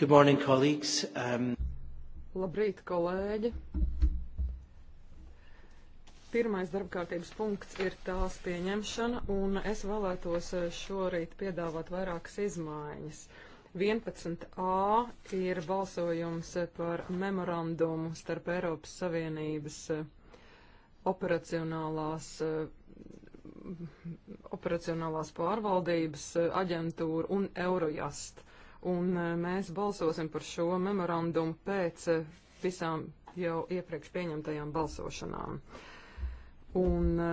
Good morning, colleagues. Um... Labrīt, kolēģi. Pirmais darbkārtības punkts ir tās pieņemšana, un es vēlētos eh, šorīt piedāvāt vairākas izmaiņas. 11a ir balsojums eh, par memorandumu starp Eiropas Savienības eh, operacionālās operacionālās pārvaldības aģentūru un Eurojust un e, mēs balsosim par šo memorandumu pēc e, visām jau iepriekš pieņemtajām balsošanām. Un e,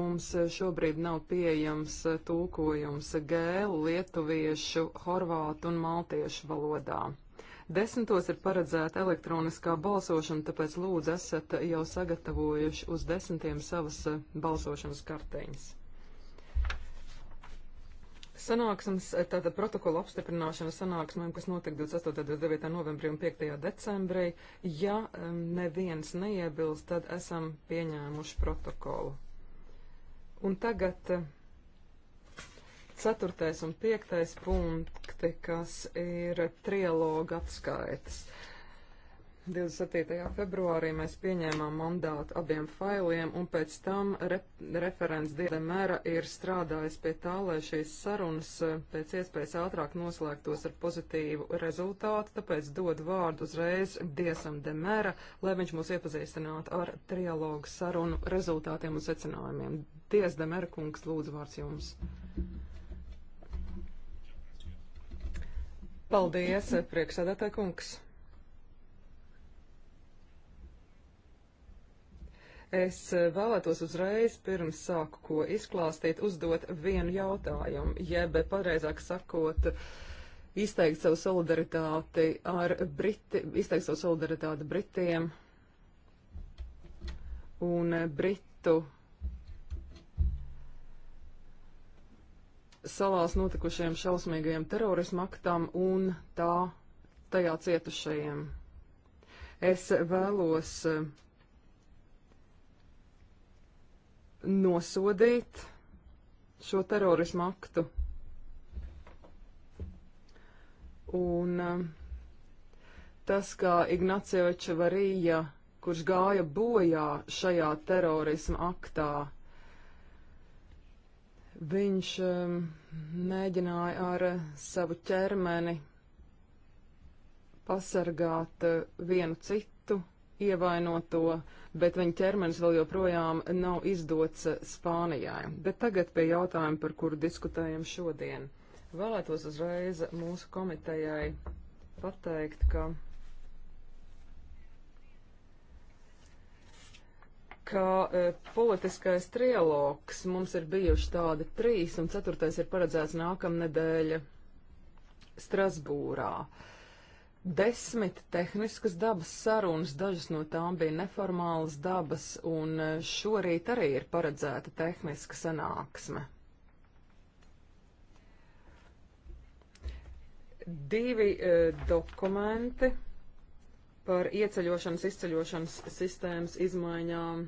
mums šobrīd nav pieejams tulkojums gēlu, lietuviešu, horvātu un maltiešu valodā. Desmitos ir paredzēta elektroniskā balsošana, tāpēc lūdzu esat jau sagatavojuši uz desmitiem savas balsošanas karteņas. Sanāksmes, eh, tātad protokola apstiprināšana sanāksmēm, kas notika 28. 29. novembrī un 5. decembrī, ja um, neviens neiebilst, tad esam pieņēmuši protokolu. Un tagad eh, ceturtais un piektais punkti, kas ir trialoga atskaitas. Uh, 27. februārī mēs pieņēmām mandātu abiem failiem, un pēc tam re referents Dieva mēra ir strādājis pie tā, lai šīs sarunas e, pēc iespējas ātrāk noslēgtos ar pozitīvu rezultātu, tāpēc dod vārdu uzreiz Diesam Demēra, lai viņš mūs iepazīstinātu ar trialogu sarunu rezultātiem un secinājumiem. Dies Demēra kungs, lūdzu vārds jums. Paldies, priekšsēdētāj kungs. Es eh, vēlētos uzreiz, pirms sāku ko izklāstīt, uzdot vienu jautājumu, jeb pareizāk sakot, izteikt savu solidaritāti ar Briti, izteikt savu solidaritāti Britiem un eh, Britu salās notikušajiem šausmīgajiem terorismu aktam un tā tajā cietušajiem. Es vēlos uh, nosodīt šo terorismu aktu. Un um, tas, kā Ignacio Čevarija, kurš gāja bojā šajā terorisma aktā, viņš um, mēģināja ar savu ķermeni pasargāt uh, vienu citu ievainoto, bet viņa ķermenis vēl joprojām nav izdots eh, Spānijai. Bet tagad pie jautājuma, par kuru diskutējam šodien. Vēlētos uzreiz mūsu komitejai pateikt, ka, ka e, politiskais trialogs mums ir bijuši tādi trīs, un ceturtais ir paredzēts nākamnedēļa Strasbūrā. E, desmit tehniskas dabas sarunas, dažas no tām bija neformālas dabas, un e, šorīt arī ir paredzēta tehniska sanāksme. Divi e, dokumenti par ieceļošanas, izceļošanas sistēmas izmaiņām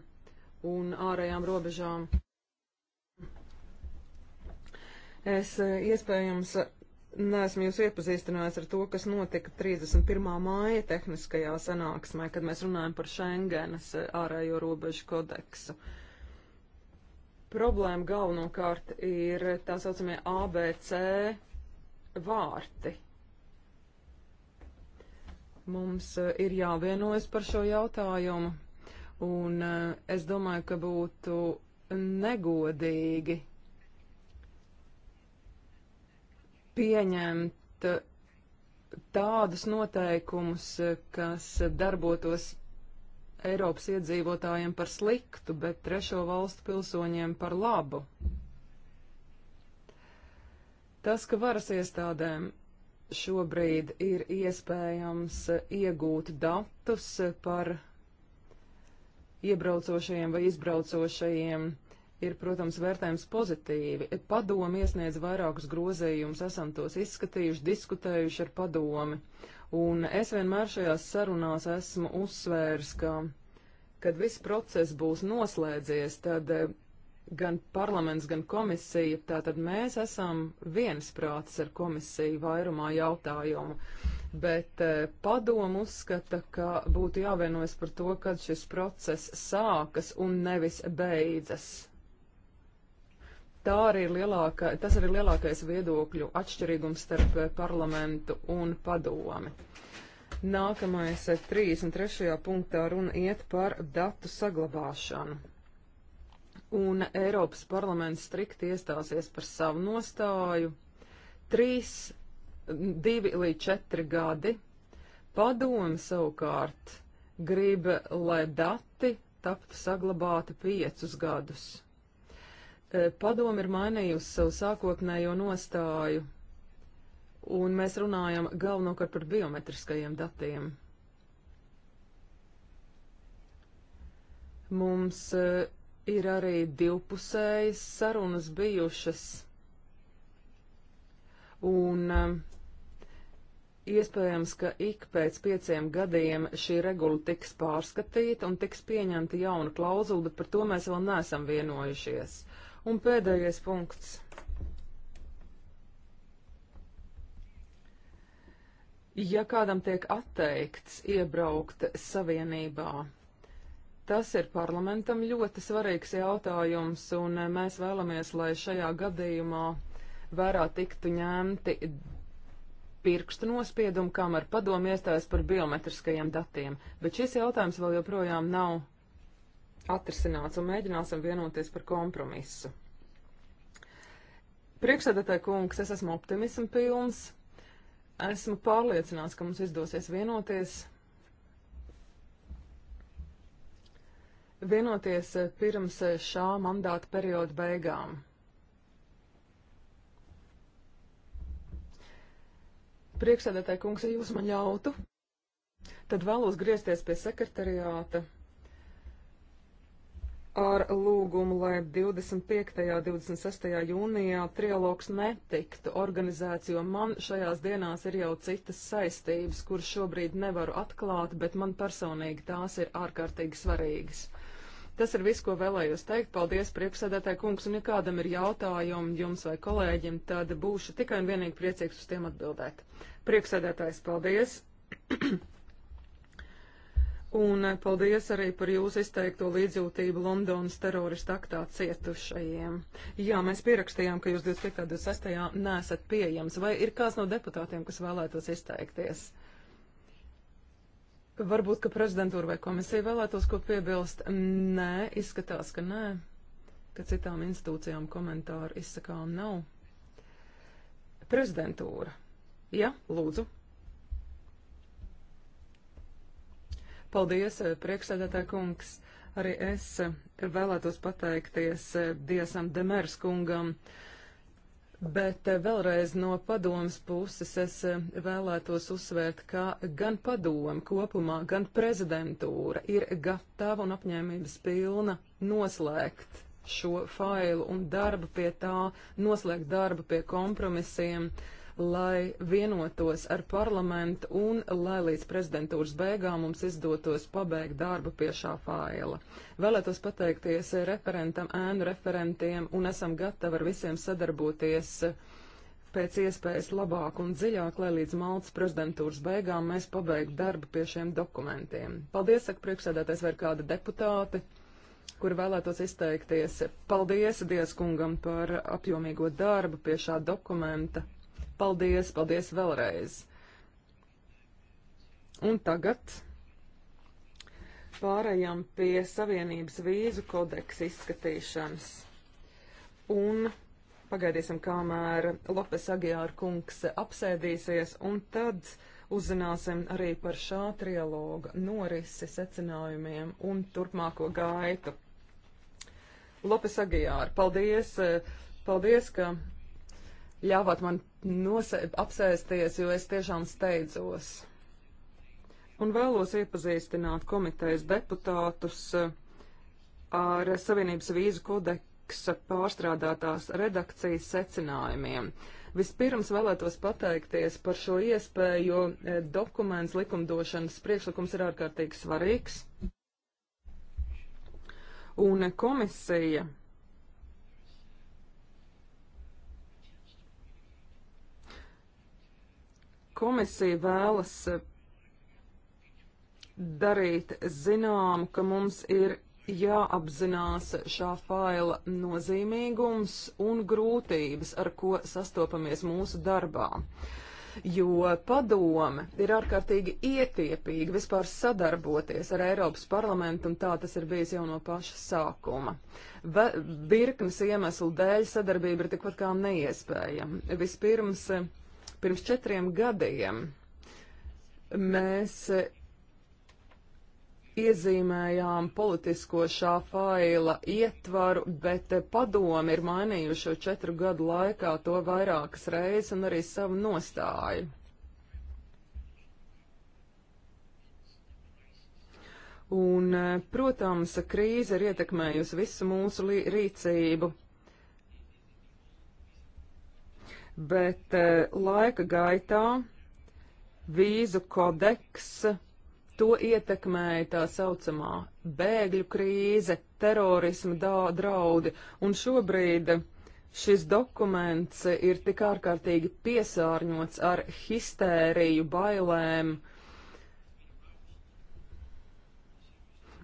un ārējām robežām. Es e, iespējams neesmu jūs iepazīstinājis ar to, kas notika 31. māja tehniskajā sanāksmē, kad mēs runājam par Schengenas eh, ārējo robežu kodeksu. Problēma galvenokārt ir tā saucamie ABC vārti. Mums eh, ir jāvienojas par šo jautājumu, un eh, es domāju, ka būtu negodīgi pieņemt uh, tādus noteikumus, uh, kas darbotos Eiropas iedzīvotājiem par sliktu, bet trešo valstu pilsoņiem par labu. Tas, ka varas iestādēm šobrīd ir iespējams uh, iegūt datus par iebraucošajiem vai izbraucošajiem ir, protams, vērtējums pozitīvi. Padomi iesniedz vairākus grozījumus, esam tos izskatījuši, diskutējuši ar padomi. Un es vienmēr šajās sarunās esmu uzsvērs, ka, kad viss process būs noslēdzies, tad eh, gan parlaments, gan komisija, tātad mēs esam viensprātis ar komisiju vairumā jautājumu. Bet eh, padomu uzskata, ka būtu jāvienojas par to, kad šis process sākas un nevis beidzas. Tā arī ir lielāka, tas arī ir lielākais viedokļu atšķirīgums starp parlamentu un padomi. Nākamais 33. Eh, punktā runa iet par datu saglabāšanu. Un Eiropas parlaments strikt iestāsies par savu nostāju. Trīs, divi līdz četri gadi. Padomi savukārt grib, lai dati taptu saglabāti piecus gadus. E, Padomi ir mainījusi savu sākotnējo nostāju, un mēs runājam galvenokārt par biometriskajiem datiem. Mums e, ir arī divpusējas sarunas bijušas, un e, iespējams, ka ik pēc pieciem gadiem šī regula tiks pārskatīta un tiks pieņemta jauna klauzula, bet par to mēs vēl neesam vienojušies. Uh, Un pēdējais punkts. Ja kādam tiek atteikts iebraukt savienībā, tas ir parlamentam ļoti svarīgs jautājums, un mēs vēlamies, lai šajā gadījumā vērā tiktu ņemti pirkstu nospiedumi, kamēr padomu iestājas par biometriskajiem datiem, bet šis jautājums vēl joprojām nav atrisināts un mēģināsim vienoties par kompromisu. Priekšsēdētāji kungs, es esmu optimismu pilns. Esmu pārliecināts, ka mums izdosies vienoties. Vienoties eh, pirms eh, šā mandāta perioda beigām. Priekšsēdētāji kungs, ja jūs man ļautu, tad vēlos griezties pie sekretariāta ar lūgumu, lai 25. un 26. jūnijā trialogs netiktu organizēts, jo man šajās dienās ir jau citas saistības, kuras šobrīd nevaru atklāt, bet man personīgi tās ir ārkārtīgi svarīgas. Tas ir viss, ko vēlējos teikt. Paldies, priekšsēdētāji kungs, un ja kādam ir jautājumi jums vai kolēģim, tad būšu tikai un vienīgi priecīgs uz tiem atbildēt. Priekšsēdētājs, paldies! Un paldies arī par jūsu izteikto līdzjūtību Londonas terorista aktā cietušajiem. Jā, mēs pierakstījām, ka jūs 25. un 26. nesat pieejams. Vai ir kāds no deputātiem, kas vēlētos izteikties? Varbūt, ka prezidentūra vai komisija vēlētos ko piebilst. Nē, izskatās, ka nē, ka citām institūcijām komentāru izsakām nav. Prezidentūra. Ja, lūdzu. Paldies, eh, priekšsēdētā kungs. Arī es eh, vēlētos pateikties eh, Diezam Demers kungam. Bet vēlreiz no padomas puses es vēlētos uzsvērt, ka gan padoma kopumā, gan prezidentūra ir gatava un apņēmības pilna noslēgt šo failu un darbu pie tā, noslēgt darbu pie kompromisiem. Uh, lai vienotos ar parlamentu un lai līdz prezidentūras beigām mums izdotos pabeigt darbu pie šā faila. Vēlētos pateikties referentam, ēnu referentiem un esam gatavi ar visiem sadarboties pēc iespējas labāk un dziļāk, lai līdz Maltas prezidentūras beigām mēs pabeigtu darbu pie šiem dokumentiem. Paldies, saka priekšsēdētājs, vai ir kādi deputāti, kuri vēlētos izteikties. Paldies Dievskungam par apjomīgo darbu pie šā dokumenta. Paldies, paldies vēlreiz! Un tagad pārējām pie Savienības vīzu kodeksa izskatīšanas. Un pagaidīsim, kamēr Lopes Agijāra kungs apsēdīsies, un tad uzzināsim arī par šā trialoga norisi secinājumiem un turpmāko gaitu. Lopes Agijāra, paldies, paldies, ka ļāvāt man apsēsties, jo es tiešām steidzos. Un vēlos iepazīstināt komitejas deputātus eh, ar Savienības vīzu kodeksa pārstrādātās redakcijas secinājumiem. Vispirms vēlētos pateikties par šo iespēju, jo eh, dokuments likumdošanas priekšlikums ir ārkārtīgi svarīgs. Un eh, komisija Komisija vēlas eh, darīt zināmu, ka mums ir jāapzinās šā faila nozīmīgums un grūtības, ar ko sastopamies mūsu darbā. Jo padome ir ārkārtīgi ietiepīga vispār sadarboties ar Eiropas parlamentu, un tā tas ir bijis jau no paša sākuma. Ve virknes iemeslu dēļ sadarbība ir tikpat kā neiespējama. Vispirms eh, Pirms četriem gadiem mēs iezīmējām politisko šā faila ietvaru, bet padomi ir mainījušo četru gadu laikā to vairākas reizes un arī savu nostāju. Un, protams, krīze ir ietekmējusi visu mūsu rīcību, bet eh, laika gaitā vīzu kodeks to ietekmēja tā saucamā bēgļu krīze, terorisma draudi, un šobrīd šis dokuments ir tik ārkārtīgi piesārņots ar histēriju, bailēm, uh,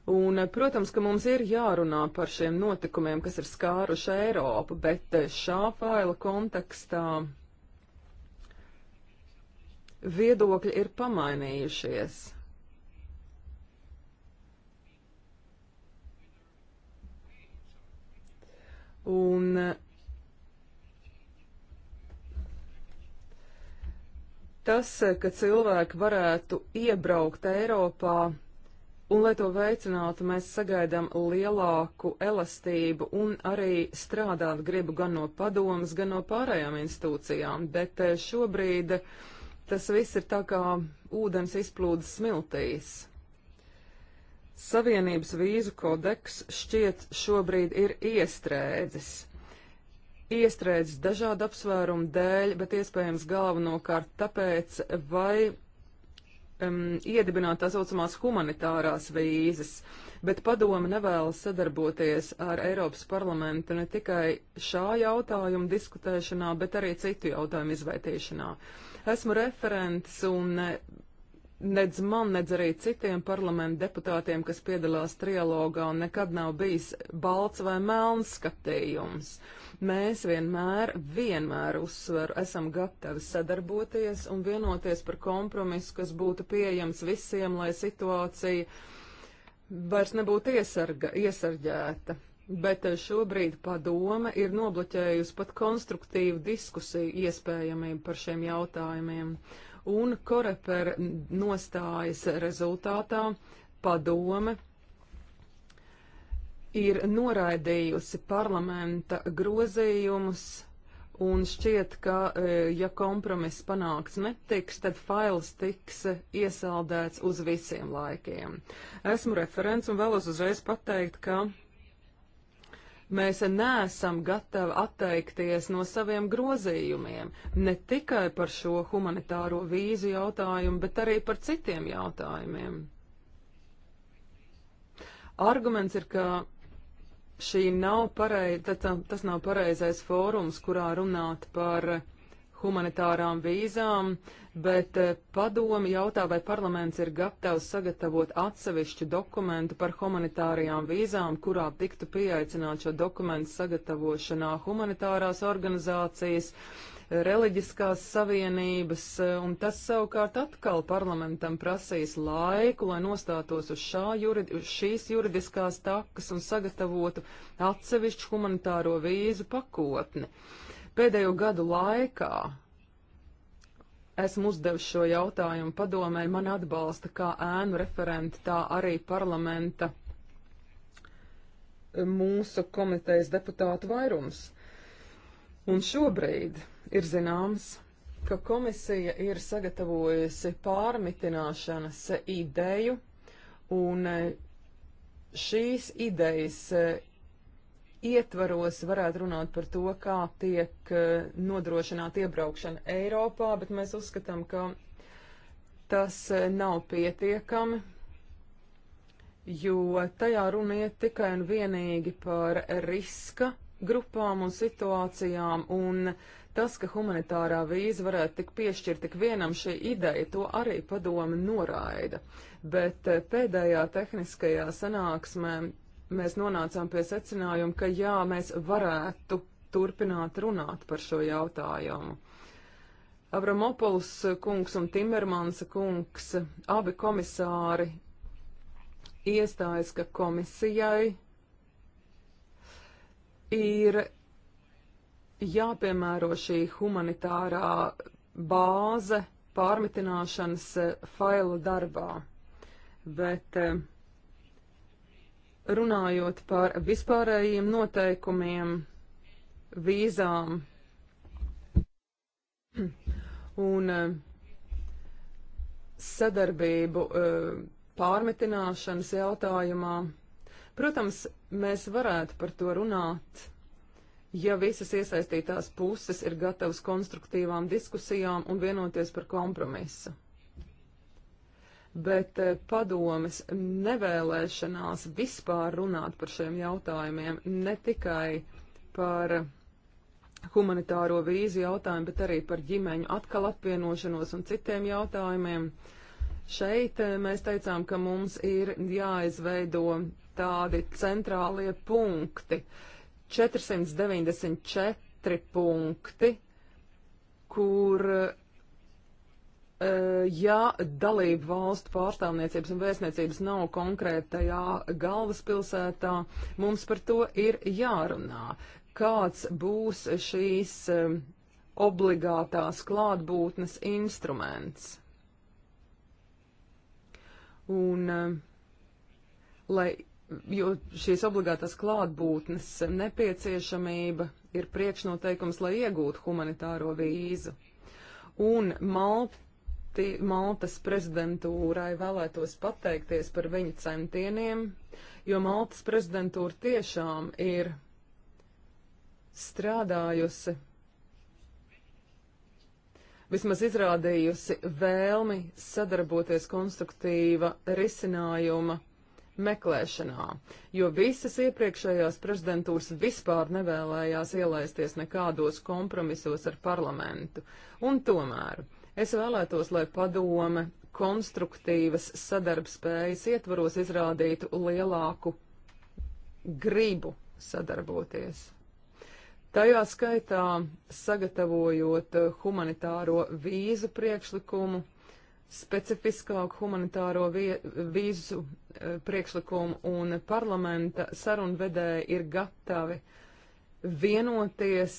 Un, protams, ka mums ir jārunā par šiem notikumiem, kas ir skāruši Eiropu, bet eh, šā faila kontekstā viedokļi ir pamainījušies. Un tas, eh, ka cilvēki varētu iebraukt Eiropā, Un, lai to veicinātu, mēs sagaidām lielāku elastību un arī strādāt gribu gan no padomas, gan no pārējām institūcijām, bet eh, šobrīd tas viss ir tā kā ūdens izplūdes smiltīs. Savienības vīzu kodeks šķiet šobrīd ir iestrēdzis. Iestrēdzis dažādu apsvērumu dēļ, bet iespējams galvenokārt tāpēc, vai um, iedibināt tā saucamās humanitārās vīzes, bet padoma nevēlas sadarboties ar Eiropas parlamentu ne tikai šā jautājuma diskutēšanā, bet arī citu jautājumu izvērtīšanā. Esmu referents un eh, nedz man, nedz arī citiem parlamentu deputātiem, kas piedalās trialogā un nekad nav bijis balts vai melns skatījums. Mēs vienmēr, vienmēr uzsveru, esam gatavi sadarboties un vienoties par kompromisu, kas būtu pieejams visiem, lai situācija vairs nebūtu iesarga, iesarģēta. Bet eh, šobrīd padome ir nobloķējusi pat konstruktīvu diskusiju iespējamību par šiem jautājumiem. Uh, un koreper nostājas rezultātā padome ir noraidījusi parlamenta grozījumus un šķiet, ka, e, ja kompromiss panāks netiks, tad fails tiks iesaldēts uz visiem laikiem. Esmu referents un vēlos uzreiz pateikt, ka Mēs neesam gatavi atteikties no saviem grozījumiem, ne tikai par šo humanitāro vīzu jautājumu, bet arī par citiem jautājumiem. Arguments ir, ka šī nav pareiz, tas nav pareizais fórums, kurā runāt par uh, humanitārām vīzām, bet eh, padomi jautā, vai parlaments ir gatavs sagatavot atsevišķu dokumentu par humanitārajām vīzām, kurā tiktu pieaicināt šo dokumentu sagatavošanā humanitārās organizācijas, reliģiskās savienības, eh, un tas savukārt atkal parlamentam prasīs laiku, lai nostātos uz, jurid, uz šīs juridiskās takas un sagatavotu atsevišķu humanitāro vīzu pakotni. Uh, Pēdējo gadu laikā esmu uzdevis šo jautājumu padomē, man atbalsta kā ēnu referenti, tā arī parlamenta e, mūsu komitejas deputātu vairums. Un šobrīd ir zināms, ka komisija ir sagatavojusi pārmitināšanas ideju, un e, šīs idejas e, ietvaros varētu runāt par to, kā tiek eh, nodrošināta iebraukšana Eiropā, bet mēs uzskatām, ka tas eh, nav pietiekami, jo tajā runa iet tikai un vienīgi par riska grupām un situācijām, un tas, ka humanitārā vīza varētu tik piešķirt tik vienam šī ideja, to arī padomi noraida. Bet eh, pēdējā tehniskajā sanāksmē mēs nonācām pie secinājuma, ka jā, mēs varētu turpināt runāt par šo jautājumu. Avramopoulos kungs un Timermansa kungs, abi komisāri, iestājas, ka komisijai ir jāpiemēro šī humanitārā bāze pārmitināšanas faila darbā. Bet eh, runājot par vispārējiem noteikumiem, vīzām un eh, sadarbību eh, pārmetināšanas jautājumā. Protams, mēs varētu par to runāt, ja visas iesaistītās puses ir gatavas konstruktīvām diskusijām un vienoties par kompromisu bet eh, padomes nevēlēšanās vispār runāt par šiem jautājumiem, ne tikai par humanitāro vīzu jautājumu, bet arī par ģimeņu atkal apvienošanos un citiem jautājumiem. Šeit eh, mēs teicām, ka mums ir jāizveido tādi centrālie punkti. 494 punkti, kur Eh, ja dalību valstu pārstāvniecības un vēstniecības nav konkrētajā galvaspilsētā, mums par to ir jārunā. Kāds būs šīs eh, obligātās klātbūtnes instruments? Un, eh, lai, jo šīs obligātās klātbūtnes nepieciešamība ir priekšnoteikums, lai iegūtu humanitāro vīzu. Un Malta Maltas prezidentūrai vēlētos pateikties par viņu centieniem, jo Maltas prezidentūra tiešām ir strādājusi, vismaz izrādījusi vēlmi sadarboties konstruktīva risinājuma meklēšanā, jo visas iepriekšējās prezidentūras vispār nevēlējās ielaisties nekādos kompromisos ar parlamentu. Un tomēr Es vēlētos, lai padome konstruktīvas sadarbspējas ietvaros izrādītu lielāku gribu sadarboties. Tajā skaitā sagatavojot humanitāro vīzu priekšlikumu, specifiskāku humanitāro vie, vīzu e, priekšlikumu un parlamenta sarunvedēji ir gatavi vienoties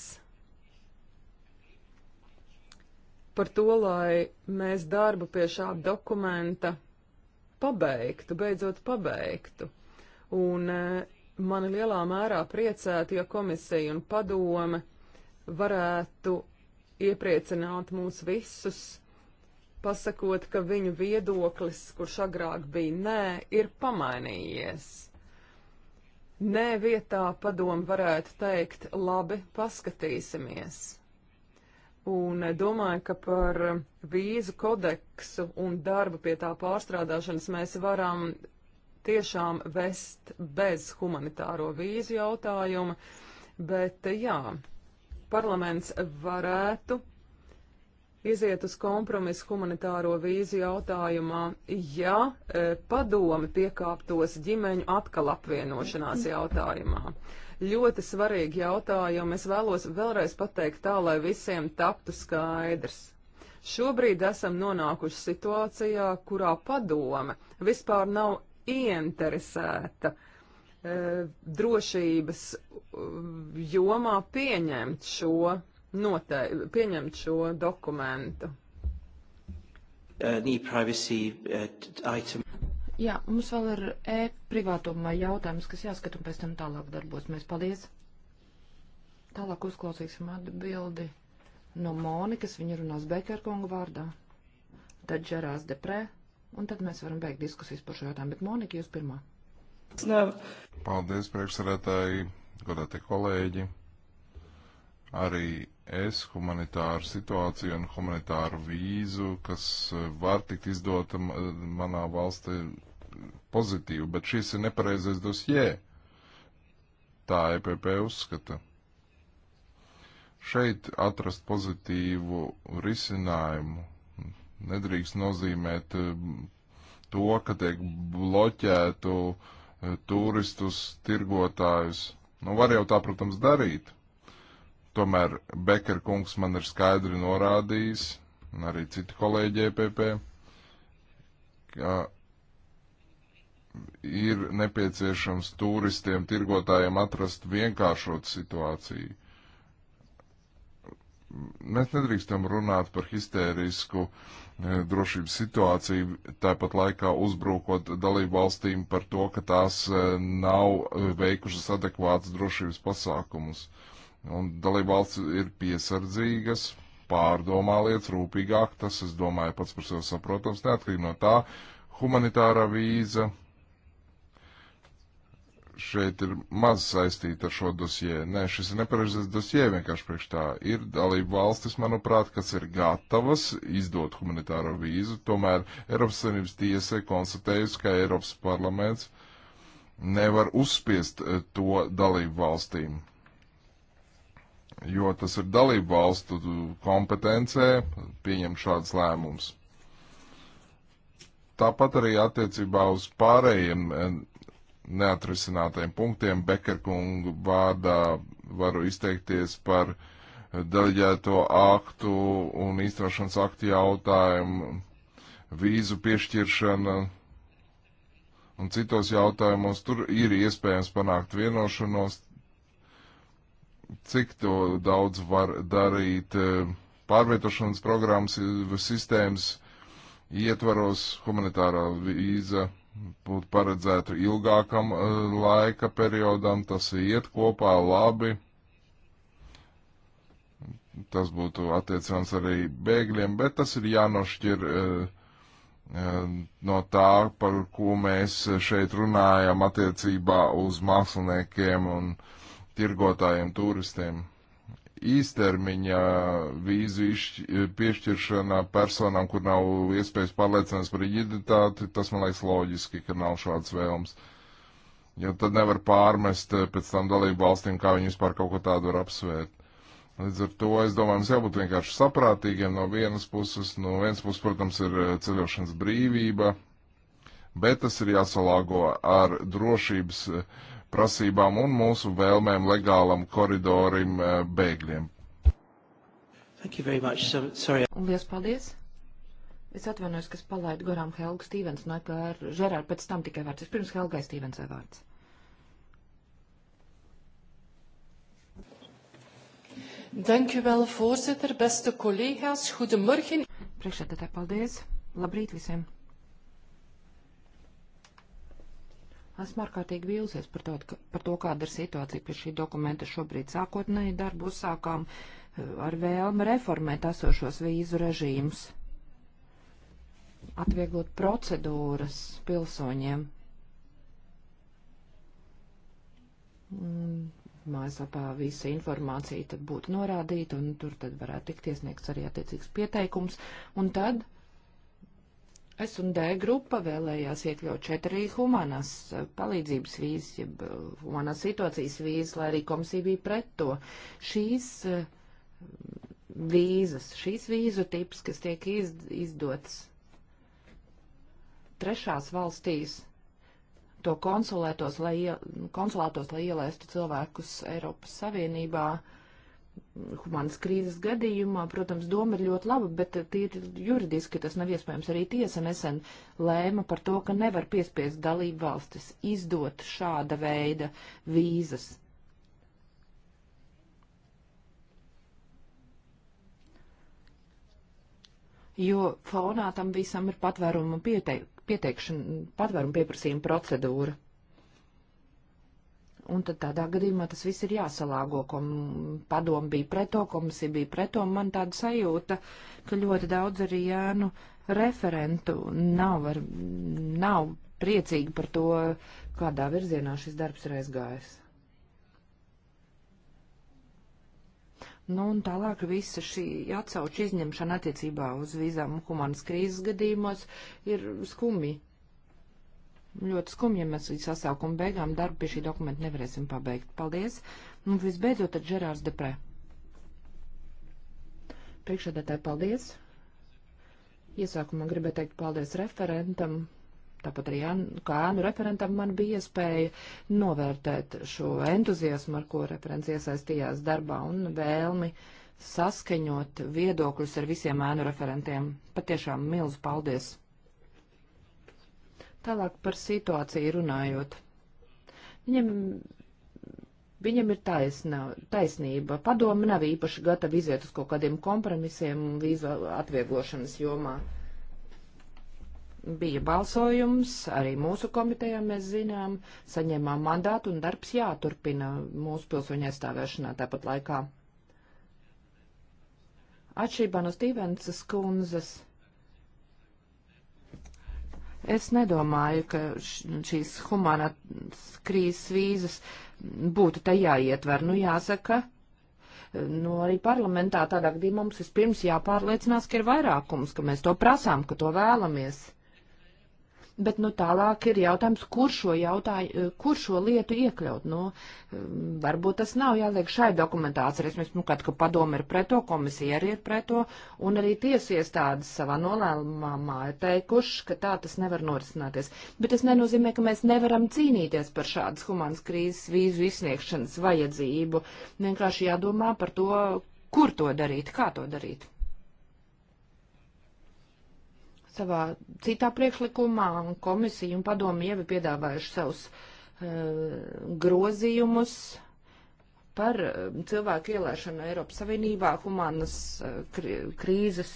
par to, lai mēs darbu pie šāda dokumenta pabeigtu, beidzot pabeigtu. Un eh, mani lielā mērā priecētu, ja komisija un padome varētu iepriecināt mūs visus, pasakot, ka viņu viedoklis, kurš agrāk bija nē, ir pamainījies. Nē, vietā padomu varētu teikt, labi, paskatīsimies un domāju, ka par vīzu kodeksu un darbu pie tā pārstrādāšanas mēs varam tiešām vest bez humanitāro vīzu jautājumu, bet jā, parlaments varētu iziet uz kompromisu humanitāro vīzu jautājumā, ja e, padomi piekāptos ģimeņu atkal apvienošanās jautājumā. Ļoti svarīgi jautājumi. Es vēlos vēlreiz pateikt tā, lai visiem taptu skaidrs. Šobrīd esam nonākuši situācijā, kurā padome vispār nav ieinteresēta e, drošības jomā pieņemt šo notei, pieņemt šo dokumentu. Uh, uh Jā, mums vēl ir e-privātumā jautājums, kas jāskat un pēc tam tālāk darbosimies. Paldies! Tālāk uzklausīsim atbildi no Monikas, viņa runās Bekerkonga vārdā, tad Džerās Deprē, un tad mēs varam beigt diskusijas par šo jautājumu. Bet Monika, jūs pirmā. Nav. Paldies, priekšsarētāji, godātie kolēģi. Arī ES humanitāru situāciju un humanitāru vīzu, kas eh, var tikt izdota manā valstī pozitīvi, bet šis ir nepareizais dosjē. Tā EPP uzskata. Šeit atrast pozitīvu risinājumu nedrīkst nozīmēt eh, to, ka tiek bloķētu eh, turistus, tirgotājus. Nu, var jau tā, protams, darīt Tomēr Beker kungs man ir skaidri norādījis, un arī citi kolēģi EPP, ka ir nepieciešams turistiem, tirgotājiem atrast vienkāršotu situāciju. Mēs nedrīkstam runāt par histērisku eh, drošības situāciju, tāpat laikā uzbrūkot dalību valstīm par to, ka tās eh, nav eh, veikušas adekvātas drošības pasākumus. Uh, Un dalībvalsts ir piesardzīgas, pārdomā lietas rūpīgāk, tas, es domāju, pats par sevi saprotams, neatkarīgi no tā, humanitārā vīza šeit ir maz saistīta ar šo dosjē. Nē, šis ir nepareizes dosjē vienkārši priekš tā. Ir dalība valstis, manuprāt, kas ir gatavas izdot humanitāro vīzu, tomēr Eiropas Savienības tiesa konstatējusi, ka Eiropas parlaments nevar uzspiest eh, to dalību valstīm jo tas ir dalību valstu kompetencē pieņemt šāds lēmums. Tāpat arī attiecībā uz pārējiem eh, neatrisinātajiem punktiem Bekerkungu vārdā varu izteikties par deleģēto aktu un īstenošanas aktu jautājumu, vīzu piešķiršana un citos jautājumos. Tur ir iespējams panākt vienošanos, cik to daudz var darīt e, pārvietošanas programmas e, sistēmas ietvaros humanitārā vīza būtu paredzēta ilgākam e, laika periodam, tas iet kopā labi. Tas būtu attiecams arī bēgļiem, bet tas ir jānošķir no tā, par ko mēs šeit runājam attiecībā uz māksliniekiem un māksliniekiem tirgotājiem, turistiem. Īstermiņa vīzu piešķiršanā personām, kur nav iespējas pārliecināties par identitāti, tas man liekas loģiski, ka nav šāds vēlms. Jo tad nevar pārmest eh, pēc tam dalību valstīm, kā viņi vispār kaut ko tādu var apsvērt. Līdz ar to, es domāju, mums jābūt vienkārši saprātīgiem no vienas puses. No vienas puses, protams, ir eh, ceļošanas brīvība, bet tas ir jāsalāgo ar drošības eh, prasībām un mūsu vēlmēm legālam koridorim eh, bēgļiem. So, Lielas paldies! Es atvainojos, ka palaidu garām Helga Stīvens, no kā ar Žerāru pēc tam tikai vārds. Es pirms Helgai Stīvensai vārds. Dank u wel, voorzitter. Beste collega's, goedemorgen. Priekšsēdētāji, paldies. Labrīt visiem. Esmu ārkārtīgi vīlusies par, to, par to, kāda ir situācija pie šī dokumenta šobrīd. Sākotnēji darbu uzsākām eh, ar vēlmu reformēt esošos vīzu režīmus, atvieglot procedūras pilsoņiem. Mājaslapā visa informācija tad būtu norādīta, un tur tad varētu tikt iesniegts arī attiecīgs pieteikums, un tad uh, S&D grupa vēlējās iekļaut četri humanās eh, palīdzības vīzes, jeb eh, humanās situācijas vīzes, lai arī komisija bija pret to. Šīs eh, vīzas, šīs vīzu tips, kas tiek iz, izdotas trešās valstīs, to konsulētos, lai, konsulētos, lai ielaistu cilvēkus Eiropas Savienībā, uh, humanas krīzes gadījumā, protams, doma ir ļoti laba, bet tīri juridiski tas nav iespējams. Arī tiesa nesen lēma par to, ka nevar piespiest dalību valstis izdot šāda veida vīzas. Jo fonā tam visam ir patvērumu pieteik, pieteikšana, patvērumu pieprasījuma procedūra. Un tad tādā gadījumā tas viss ir jāsalāgo, ko padomu bija preto, komisija bija preto, un man tāda sajūta, ka ļoti daudz arī jānu referentu nav, ar, nav priecīgi par to, kādā virzienā šis darbs ir aizgājis. Nu, un tālāk visa šī atsauču izņemšana attiecībā uz vīzām un humanas krīzes gadījumos ir skumji Ļoti skumji, ja mēs līdz sasaukuma beigām darbu pie šī dokumenta nevarēsim pabeigt. Paldies! Un visbeidzot, tad Žerārs Deprē. Priekšādātāji, paldies! Iesākumā gribēju teikt paldies referentam, tāpat arī kā ēnu referentam man bija iespēja novērtēt šo entuziasmu, ar ko referents iesaistījās darbā un vēlmi saskaņot viedokļus ar visiem ēnu referentiem. Patiešām milzu paldies! Tālāk par situāciju runājot. Viņam, viņam ir taisna, taisnība. Padoma nav īpaši gatava iziet uz kaut kādiem kompromisiem vīzu atvieglošanas jomā. Bija balsojums, arī mūsu komitejā mēs zinām, saņēmām mandātu un darbs jāturpina mūsu pilsoņu aizstāvēšanā tāpat laikā. Atšķirībā no Stīvensas kundzes Es nedomāju, ka šīs humanās krīzes vīzas būtu tajā ietver. Nu, jāsaka, nu, arī parlamentā tādā gadījumā mums vispirms jāpārliecinās, ka ir vairākums, ka mēs to prasām, ka to vēlamies bet nu, tālāk ir jautājums, kur šo, jautāju, eh, kur šo lietu iekļaut. Nu, eh, varbūt tas nav jāliek šai dokumentā. Atcerēsimies, nu, kad, ka padoma ir pret to, komisija arī ir pret to, un arī tiesu iestādes savā nolēmumā ir teikuši, ka tā tas nevar norisināties. Bet tas nenozīmē, ka mēs nevaram cīnīties par šādas humānas krīzes vīzu izsniegšanas vajadzību. Vienkārši jādomā par to, kur to darīt, kā to darīt savā citā priekšlikumā, un komisija un padomi jau ir piedāvājuši savus uh, grozījumus par eh, cilvēku ielēšanu Eiropas Savienībā humānas eh, krīzes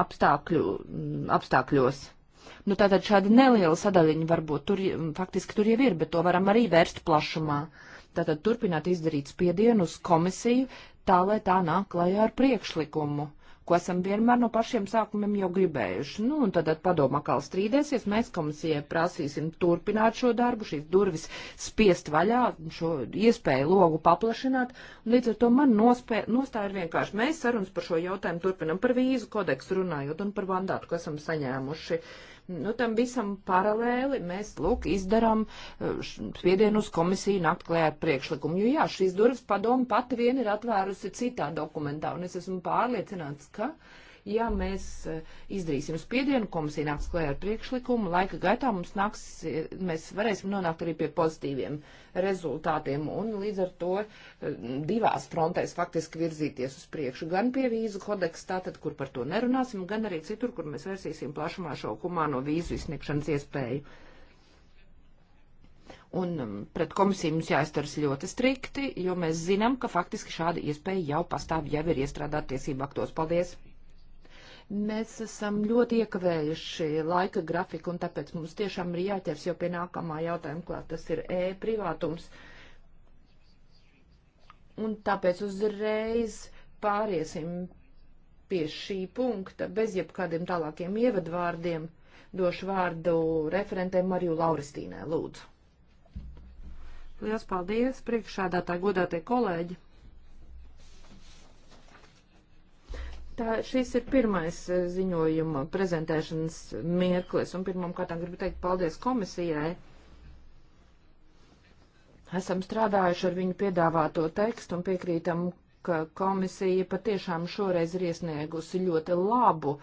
apstākļu, mm, apstākļos. Nu, tātad šāda neliela sadaļiņa varbūt tur, mm, faktiski tur jau ir, bet to varam arī vērst plašumā. Tātad turpināt izdarīt spiedienu uz komisiju tā, lai tā nāk klajā ar priekšlikumu ko esam vienmēr no pašiem sākumiem jau gribējuši. Nu, un tad padoma atkal strīdēsies, mēs komisijai prasīsim turpināt šo darbu, šīs durvis spiest vaļā, šo iespēju logu paplašināt, un līdz ar to man nospē, nostāja ir vienkārši. Mēs sarunas par šo jautājumu turpinam par vīzu kodeksu runājot un par mandātu, ko esam saņēmuši. Uh, Nu, tam visam paralēli mēs, lūk, izdarām eh, spiedienu uz komisiju nakt klējā ar priekšlikumu. Jo jā, šīs durvis padomu pati vien ir atvērusi citā dokumentā, un es esmu pārliecināts, ka. Uh, ja mēs eh, izdarīsim spiedienu, komisija nāks klajā ar priekšlikumu, laika gaitā mums nāks, eh, mēs varēsim nonākt arī pie pozitīviem rezultātiem un līdz ar to eh, divās frontēs faktiski virzīties uz priekšu, gan pie vīzu kodeksa, tātad, kur par to nerunāsim, gan arī citur, kur mēs versīsim plašumā šo humāno vīzu izsniegšanas iespēju un mm, pret komisiju mums jāizturas ļoti strikti, jo mēs zinām, ka faktiski šāda iespēja jau pastāv, jau ir iestrādāt tiesību aktos. Paldies! Mēs esam ļoti iekavējuši laika grafiku, un tāpēc mums tiešām ir jāķers jau pie nākamā jautājuma klāt. Tas ir e-privātums. Un tāpēc uzreiz pāriesim pie šī punkta bez jebkādiem tālākiem ievadvārdiem došu vārdu referentē Mariju Lauristīnē, lūdzu. Lielas paldies, priekšādātāji, godātie kolēģi! Tā, šis ir pirmais eh, ziņojuma prezentēšanas mirklis, un pirmam kārtām gribu teikt paldies komisijai. Esam strādājuši ar viņu piedāvāto tekstu un piekrītam, ka komisija patiešām šoreiz ir iesniegusi ļoti labu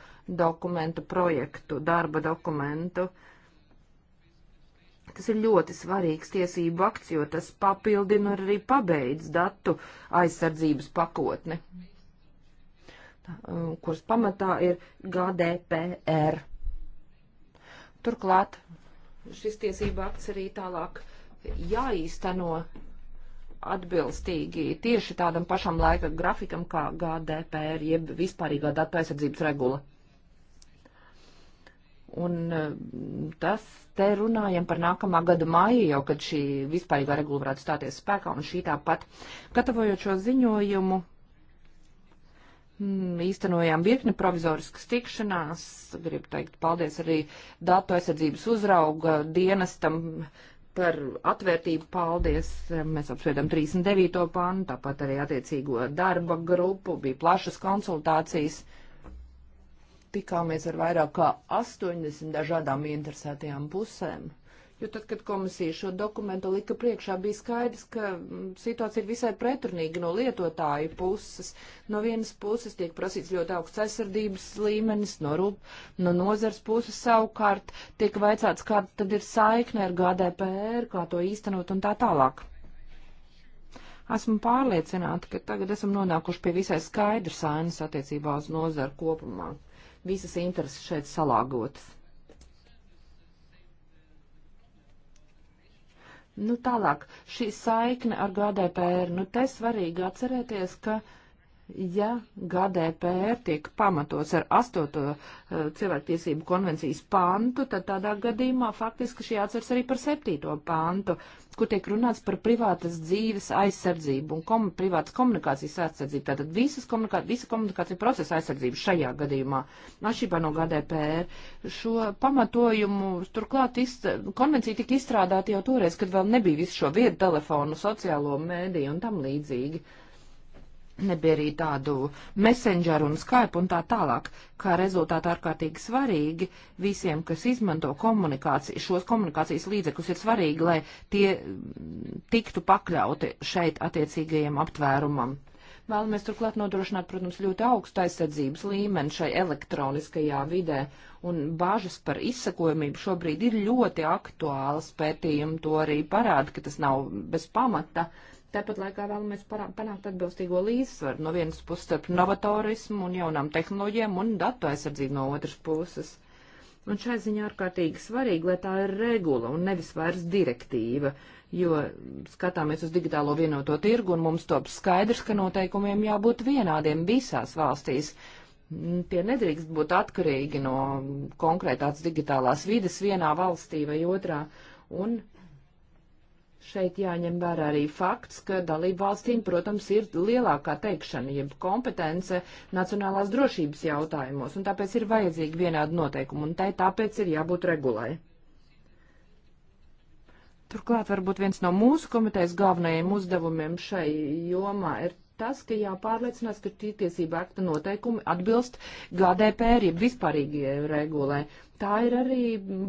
dokumentu projektu, darba dokumentu. Tas ir ļoti svarīgs tiesību akts, jo tas papildina arī pabeidz datu aizsardzības pakotni. Mm Um, kuras pamatā ir GDPR. Turklāt šis tiesība akts arī tālāk jāīsteno atbilstīgi tieši tādam pašam laika grafikam kā GDPR, jeb vispārīgā datu aizsardzības regula. Un um, tas te runājam par nākamā gada māju, jau kad šī vispārīgā regula varētu stāties spēkā un šī tāpat. Gatavojot šo ziņojumu, Mm, īstenojām virkni provizoriskas tikšanās. Gribu teikt paldies arī datu aizsardzības uzrauga dienestam par atvērtību. Paldies! Mēs apspriedām 39. pantu, tāpat arī attiecīgo darba grupu, bija plašas konsultācijas. Tikāmies ar vairāk kā 80 dažādām interesētajām pusēm. Jo tad, kad komisija šo dokumentu lika priekšā, bija skaidrs, ka mm, situācija ir visai pretrunīga no lietotāju puses. No vienas puses tiek prasīts ļoti augsts aizsardzības līmenis, no, rūp, no nozars puses savukārt tiek vaicāts, kāda tad ir saikne ar GDPR, kā to īstenot un tā tālāk. Esmu pārliecināta, ka tagad esam nonākuši pie visai skaidras sainas attiecībā uz nozaru kopumā. Visas intereses šeit salāgotas. Nu, tālāk, šī saikne ar GDPR, nu, te svarīgi atcerēties, ka uh, ja GDPR tiek pamatots ar 8. Eh, cilvēktiesību konvencijas pantu, tad tādā gadījumā faktiski šī atsvers arī par 7. pantu, kur tiek runāts par privātas dzīves aizsardzību un kom privātas komunikācijas aizsardzību. Tātad visas komunikā visa komunikācija procesa aizsardzību šajā gadījumā, atšķirībā no GDPR. Šo pamatojumu turklāt ist konvencija tika izstrādāta jau toreiz, kad vēl nebija visu šo vietu telefonu, sociālo mēdīju un tam līdzīgi. Nebija arī tādu messengeru un Skype un tā tālāk, kā rezultātā ārkārtīgi svarīgi visiem, kas izmanto komunikāciju, šos komunikācijas līdzekļus, ir svarīgi, lai tie mm, tiktu pakļauti šeit attiecīgajiem aptvērumam. Vēlamies turklāt nodrošināt, protams, ļoti augstu aizsardzības līmeni šai elektroniskajā vidē, un bažas par izsakojamību šobrīd ir ļoti aktuālas. Pētījumi to arī parāda, ka tas nav bez pamata. Uh, Tāpat laikā vēlamies panākt atbilstīgo līdzsvaru no vienas puses starp novatorismu un jaunām tehnoloģijām un datu aizsardzību no otras puses. Un šai ziņā ārkārtīgi svarīgi, lai tā ir regula un nevis vairs direktīva, jo skatāmies uz digitālo vienoto tirgu un mums top skaidrs, ka noteikumiem jābūt vienādiem visās valstīs. Mm, tie nedrīkst būt atkarīgi no konkrētās digitālās vides vienā valstī vai otrā. Un Šeit jāņem vērā arī fakts, ka dalību valstīm, protams, ir lielākā teikšana, jeb kompetence nacionālās drošības jautājumos, un tāpēc ir vajadzīgi vienādi noteikumi, un tai tāpēc ir jābūt regulai. Turklāt varbūt viens no mūsu komitejas galvenajiem uzdevumiem šai jomā ir tas, ka jāpārliecinās, ka šī tiesība akta noteikumi atbilst GDPR, jeb vispārīgie regulē. Tā ir arī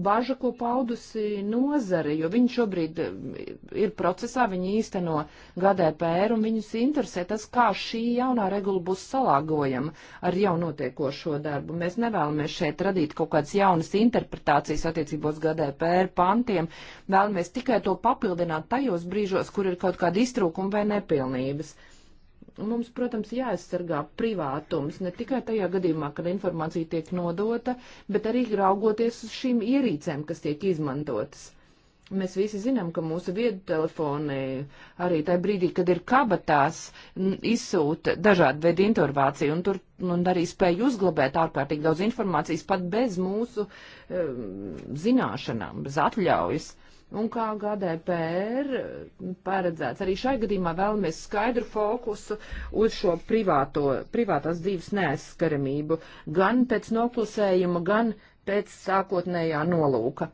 baža, ko paudusi nozare, jo viņi šobrīd eh, ir procesā, viņi īsteno GDPR un viņus interesē tas, kā šī jaunā regula būs salāgojama ar jau notiekošo darbu. Mēs nevēlamies šeit radīt kaut kādas jaunas interpretācijas attiecībos GDPR pantiem, vēlamies tikai to papildināt tajos brīžos, kur ir kaut kāda iztrūkuma vai nepilnības. Mums, protams, jāaizsargā privātums ne tikai tajā gadījumā, kad informācija tiek nodota, bet arī raugoties uz šīm ierīcēm, kas tiek izmantotas. Mēs visi zinām, ka mūsu viedtelefoni arī tajā brīdī, kad ir kabatās, izsūta dažādu veidu informāciju un tur un arī spēja uzglabēt ārkārtīgi daudz informācijas pat bez mūsu um, zināšanām, bez atļaujas. Uh, Un kā GDPR paredzēts, arī šai gadījumā vēlamies skaidru fokusu uz šo privāto, privātās dzīves neaizskaramību, gan pēc noklusējuma, gan pēc sākotnējā nolūka.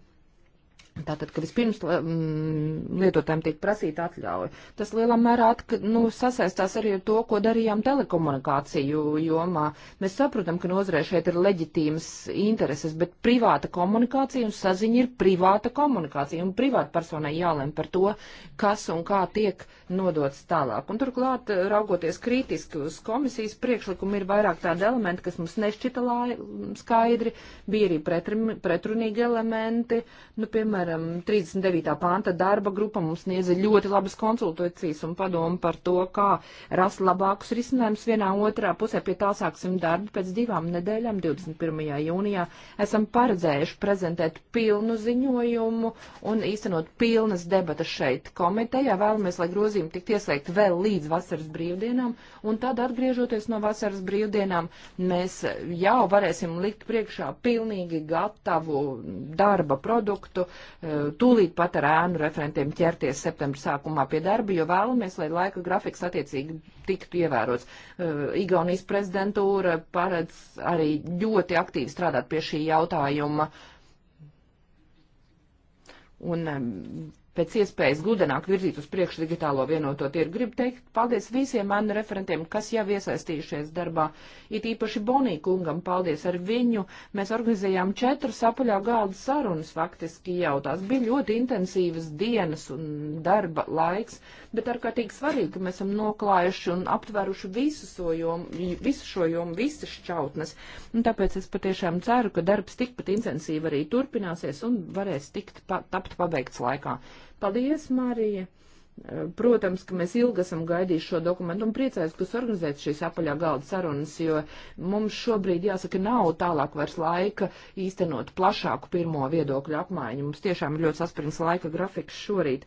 Tātad, ka vispirms mm, lietotājiem tiek prasīta atļauja. Tas lielā mērā atka, nu, sasaistās arī ar to, ko darījām telekomunikāciju jomā. Mēs saprotam, ka nozarē šeit ir leģitīmas intereses, bet privāta komunikācija un saziņa ir privāta komunikācija, un privāta personai jālem par to, kas un kā tiek nodots tālāk. Un turklāt, raugoties kritiski uz komisijas priekšlikumu, ir vairāk tādi elementi, kas mums nešķita lai, skaidri, bija arī pretrunīgi elementi, nu, piemēram, piemēram, 39. panta darba grupa mums sniedza ļoti labas konsultācijas un padomu par to, kā rast labākus risinājumus vienā otrā pusē. Pie tā sāksim darbu pēc divām nedēļām, 21. jūnijā. Esam paredzējuši prezentēt pilnu ziņojumu un īstenot pilnas debatas šeit komitejā. Vēlamies, lai grozījumi tiktu ieslēgti vēl līdz vasaras brīvdienām, un tad atgriežoties no vasaras brīvdienām, mēs jau varēsim likt priekšā pilnīgi gatavu darba produktu, tūlīt pat ar ēnu referentiem ķerties septembra sākumā pie darba, jo vēlamies, lai laika grafiks attiecīgi tiktu ievērots. Eh, Igaunijas prezidentūra paredz arī ļoti aktīvi strādāt pie šī jautājuma. Un pēc iespējas gudrāk virzīt uz priekšu digitālo vienoto tirgu. Gribu teikt paldies visiem manu referentiem, kas jau iesaistījušies darbā. It īpaši Bonī kungam paldies ar viņu. Mēs organizējām četras apaļā galda sarunas faktiski jau. Tās bija ļoti intensīvas dienas un darba laiks, bet ārkārtīgi svarīgi, ka mēs esam noklājuši un aptveruši visu, so jomu, visu šo jomu, visas šķautnes. Un tāpēc es patiešām ceru, ka darbs tikpat intensīvi arī turpināsies un varēs tikt pa, tapt pabeigts laikā. Paldies, Marija! Eh, protams, ka mēs ilgi esam gaidījuši šo dokumentu un priecājos, ka jūs organizējat šīs apaļā galda sarunas, jo mums šobrīd, jāsaka, nav tālāk vairs laika īstenot plašāku pirmo viedokļu apmaiņu. Mums tiešām ir ļoti saspringts laika grafiks šorīt.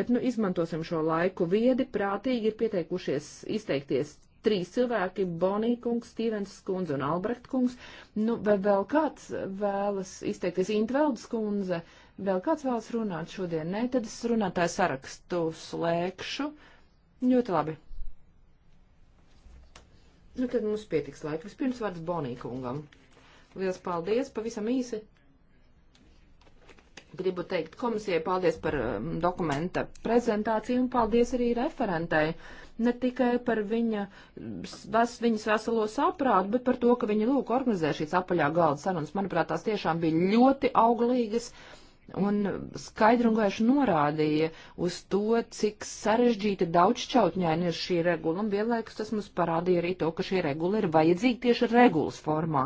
Bet, nu, izmantosim šo laiku viedi, prātīgi ir pieteikušies izteikties trīs cilvēki - Bonija kungs, Stīvens kundze un Albrecht kungs. Nu, vai vēl kāds vēlas izteikties Intveldes kundze? Uh, Vēl kāds vēlas runāt šodien? Nē, tad es runātāju sarakstu slēgšu. Ļoti labi. Nu, tad mums pietiks laika. Vispirms vārds Bonīkungam. Liels paldies, pavisam īsi. Gribu teikt komisijai paldies par um, dokumenta prezentāciju un paldies arī referentai. Ne tikai par viņa, ves, viņas veselo saprātu, bet par to, ka viņa lūk organizē šīs apaļā galda sarunas. Manuprāt, tās tiešām bija ļoti auglīgas. Uh, un skaidri un gaiši norādīja uz to, cik sarežģīta daudzšķautņaina ir šī regula, un vienlaikus tas mums parādīja arī to, ka šī regula ir vajadzīga tieši regulas formā.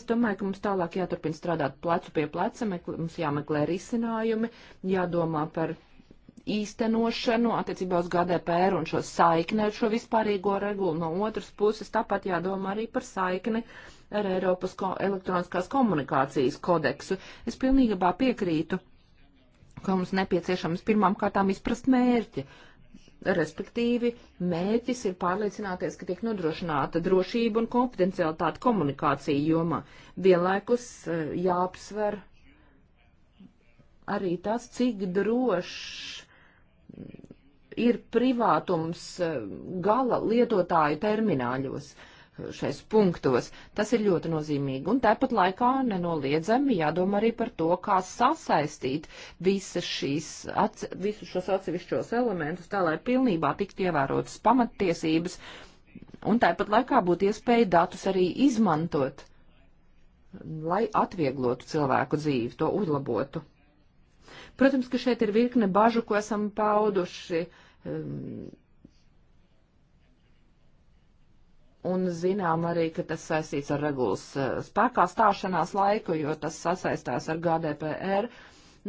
Es domāju, ka mums tālāk jāturpina strādāt plecu pie pleca, mums jāmeklē risinājumi, jādomā par īstenošanu attiecībā uz GDPR un šo saikni ar šo vispārīgo regulu. No otras puses, tāpat jādomā arī par saikni ar Eiropas ko elektroniskās komunikācijas kodeksu. Es pilnībā piekrītu, ka mums nepieciešams pirmām kārtām izprast mērķi. Respektīvi, mērķis ir pārliecināties, ka tiek nodrošināta drošība un konfidencialitāte komunikācija jomā. Vienlaikus e, jāapsver arī tas, cik drošs ir privātums e, gala lietotāju termināļos e, šais punktos. Tas ir ļoti nozīmīgi. Un tāpat laikā nenoliedzami jādomā arī par to, kā sasaistīt visas šīs, atse, visus šos atsevišķos elementus, tā lai pilnībā tiktu ievērotas pamattiesības. Un tāpat laikā būtu iespēja datus arī izmantot, lai atvieglotu cilvēku dzīvi, to uzlabotu. Protams, ka šeit ir virkne bažu, ko esam pauduši. Um, un zinām arī, ka tas saistīts ar regulas uh, spēkā stāšanās laiku, jo tas sasaistās ar GDPR.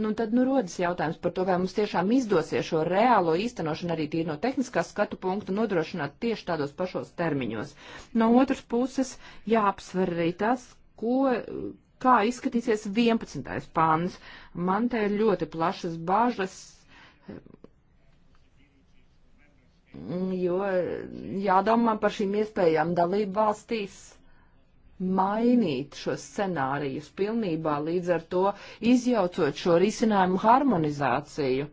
Nu, tad nu rodas jautājums par to, vai mums tiešām izdosies šo reālo īstenošanu arī tīri no tehniskā skatu punkta nodrošināt tieši tādos pašos termiņos. No otras puses jāapsver arī tas, ko, kā izskatīsies 11. pāns. Man te ir ļoti plašas bāžas, jo jādomā par šīm iespējām dalību valstīs mainīt šos scenārijus pilnībā, līdz ar to izjaucot šo risinājumu harmonizāciju,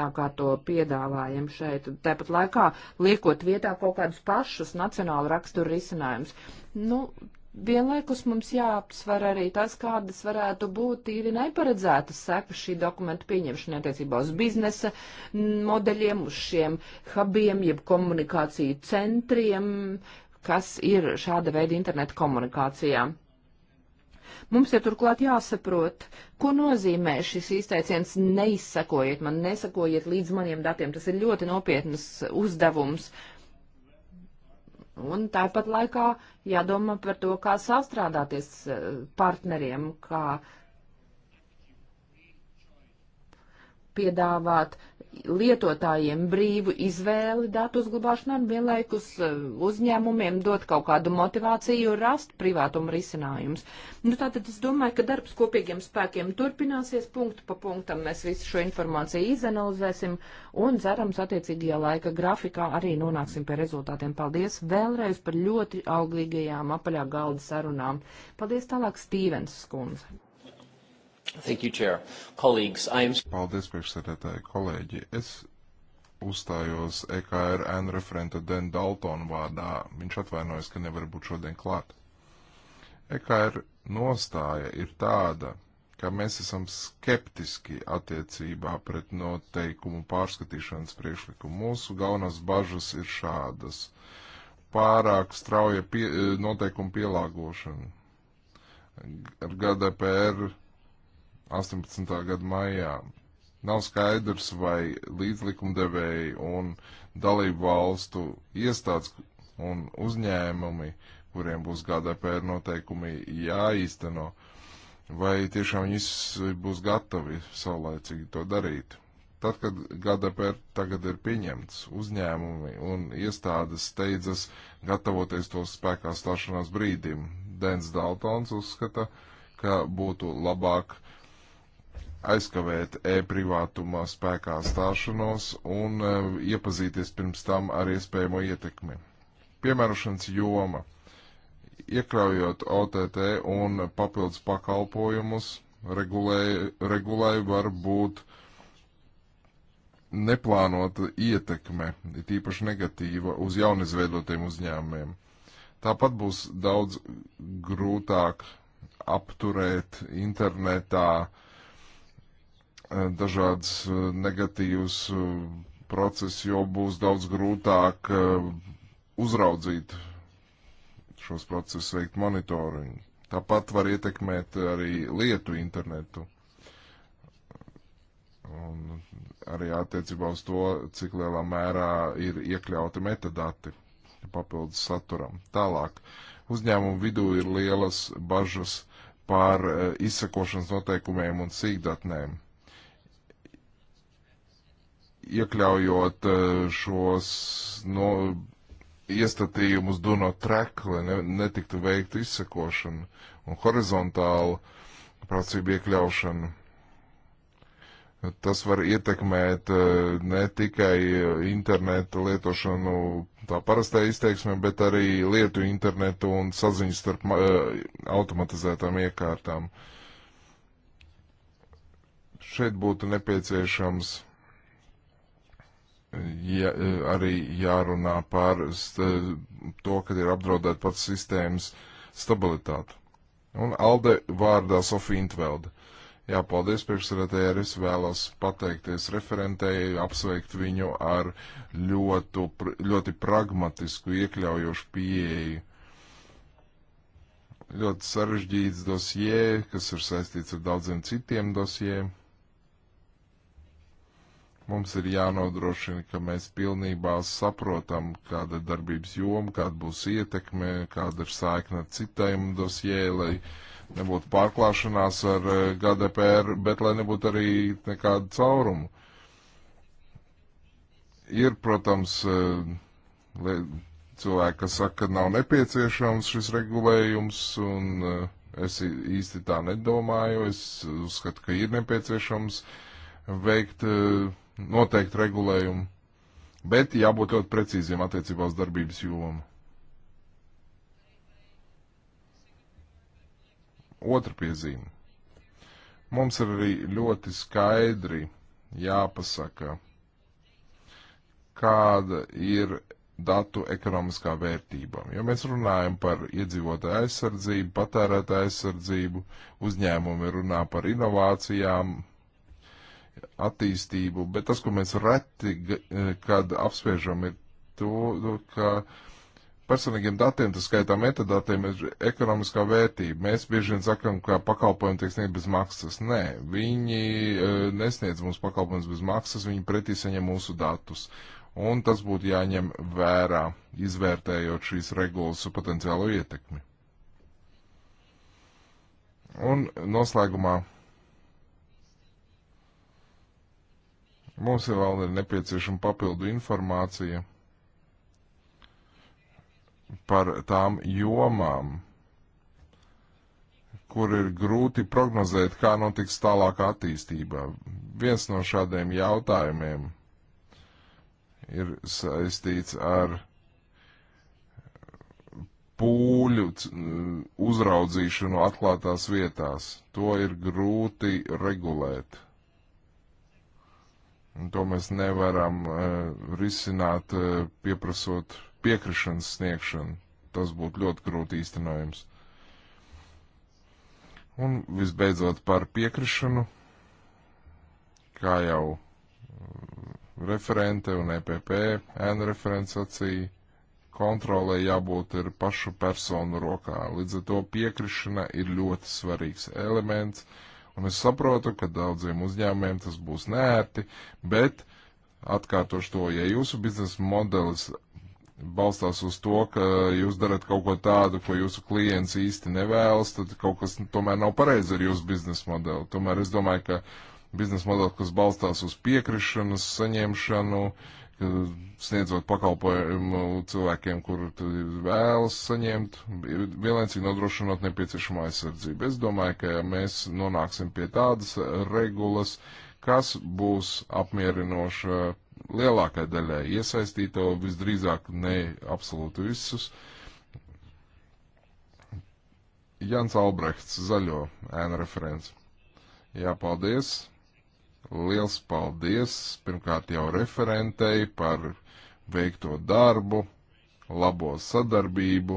tā kā to piedāvājam šeit, tāpat laikā liekot vietā kaut kādus pašus nacionālu raksturu risinājumus. Nu, vienlaikus mums jāapsver arī tas, kādas varētu būt tīri neparedzētas sekas šī dokumenta pieņemšana attiecībā uz biznesa modeļiem, uz šiem hubiem, jeb komunikāciju centriem, kas ir šāda veida interneta komunikācijā. Mums ir turklāt jāsaprot, ko nozīmē šis izteiciens neizsakojiet man, nesakojiet līdz maniem datiem. Tas ir ļoti nopietnas uzdevums, Un tāpat laikā jādomā par to, kā sastrādāties eh, partneriem, kā piedāvāt lietotājiem brīvu izvēli datu uzglabāšanā un vienlaikus eh, uzņēmumiem dot kaut kādu motivāciju rast privātumu risinājumus. Nu, tātad es domāju, ka darbs kopīgiem spēkiem turpināsies punktu pa punktam. Mēs visu šo informāciju izanalizēsim un cerams attiecīgajā laika grafikā arī nonāksim pie rezultātiem. Paldies vēlreiz par ļoti auglīgajām apaļā galda sarunām. Paldies tālāk Stīvens skundze. Thank you, Chair. Colleagues, I am... Paldies, priekšsēdētāji, kolēģi. Es uzstājos EKR N referenta Den Dalton vārdā. Viņš atvainojas, ka nevar būt šodien klāt. EKR nostāja ir tāda, ka mēs esam skeptiski attiecībā pret noteikumu pārskatīšanas priekšlikumu. Mūsu galvenās bažas ir šādas. Pārāk strauja pie, noteikumu pielāgošana. Ar GDPR 18. gada maijā. Nav skaidrs, vai līdzlikumdevēji un dalību valstu iestādes un uzņēmumi, kuriem būs GDPR noteikumi jāīsteno, vai tiešām viņi būs gatavi saulēcīgi to darīt. Tad, kad GDPR tagad ir pieņemts, uzņēmumi un iestādes steidzas gatavoties to spēkā stāšanās brīdim. Dens Daltons uzskata, ka būtu labāk aizkavēt e-privātuma spēkā stāšanos un e, iepazīties pirms tam ar iespējamo ietekmi. Piemērošanas joma iekļaujot OTT un papildus pakalpojumus, regulēju var būt neplānota ietekme, it īpaši negatīva, uz jaunizveidotiem uzņēmumiem. Tāpat būs daudz grūtāk apturēt internetā uh, dažādas eh, negatīvas eh, procesus, jo būs daudz grūtāk eh, uzraudzīt šos procesus, veikt monitoringu. Tāpat var ietekmēt arī lietu internetu. Un arī attiecībā uz to, cik lielā mērā ir iekļauti metadati papildus saturam. Tālāk, uzņēmumu vidū ir lielas bažas par izsakošanas noteikumiem un sīkdatnēm iekļaujot eh, šos no, nu, iestatījumus do not track, lai ne, netiktu veikta izsekošana un horizontāla prasība iekļaušana. Tas var ietekmēt eh, ne tikai internetu lietošanu tā parastā izteiksmē, bet arī lietu internetu un saziņu starp uh, automatizētām iekārtām. Šeit būtu nepieciešams uh, ja, arī jārunā par to, ka ir apdraudēta pats sistēmas stabilitāte. Un Alde vārdā Sofija Intvelde. Jā, paldies priekšsēdētāji, arī es vēlos pateikties referentēji, apsveikt viņu ar ļotu, ļoti pragmatisku, iekļaujošu pieeju. Ļoti sarežģīts dosie, kas ir saistīts ar daudziem citiem dosiem. Mums ir jānodrošina, ka mēs pilnībā saprotam, kāda ir darbības joma, kāda būs ietekme, kāda ir saikne ar citiem dosjē, lai nebūtu pārklāšanās ar eh, GDPR, bet lai nebūtu arī nekāda cauruma. Ir, protams, eh, cilvēki, kas saka, ka nav nepieciešams šis regulējums, un eh, es īsti tā nedomāju. Es uzskatu, ka ir nepieciešams veikt uh, noteikti regulējumu, bet jābūt ļoti precīziem attiecībā uz darbības jomu. Otra piezīme. Mums ir arī ļoti skaidri jāpasaka, kāda ir datu ekonomiskā vērtība. Jo mēs runājam par iedzīvotāju aizsardzību, patērētāju aizsardzību, uzņēmumi runā par inovācijām, attīstību, bet tas, ko mēs reti, e, kad apspiežam, ir to, ka personīgiem datiem, tas skaitā metadatiem, ir ekonomiskā vērtība. Mēs bieži vien sakam, ka pakalpojumi tiek sniegt bez maksas. Nē, viņi e, nesniedz mums pakalpojumus bez maksas, viņi pretī saņem mūsu datus. Un tas būtu jāņem vērā, izvērtējot šīs regulas potenciālo ietekmi. Un noslēgumā Mums ir vēl ir nepieciešama papildu informācija par tām jomām, kur ir grūti prognozēt, kā notiks tālāk attīstībā. Viens no šādiem jautājumiem ir saistīts ar pūļu uzraudzīšanu atklātās vietās. To ir grūti regulēt. Un to mēs nevaram uh, risināt, uh, pieprasot piekrišanas sniegšanu. Tas būtu ļoti grūti īstenojams. Un visbeidzot par piekrišanu, kā jau mm, referente un EPP, N referents acīja, kontrolē jābūt ir pašu personu rokā. Līdz ar to piekrišana ir ļoti svarīgs elements. Uh, Un es saprotu, ka daudziem uzņēmumiem tas būs nērti, bet atkārtošu to, ja jūsu biznesa modelis balstās uz to, ka jūs darat kaut ko tādu, ko jūsu klients īsti nevēlas, tad kaut kas tomēr nav pareizi ar jūsu biznesa modeli. Tomēr es domāju, ka biznesa modeli, kas balstās uz piekrišanas, saņemšanu, uh, sniedzot pakalpojumu cilvēkiem, kuri vēlas saņemt, vienlaicīgi nodrošinot nepieciešamo aizsardzību. Es domāju, ka mēs nonāksim pie tādas regulas, kas būs apmierinoša lielākai daļai iesaistīto, visdrīzāk ne absolūti visus. Jans Albrechts, zaļo ēna referents. Jā, paldies! Liels paldies pirmkārt jau referentei par veikto darbu, labo sadarbību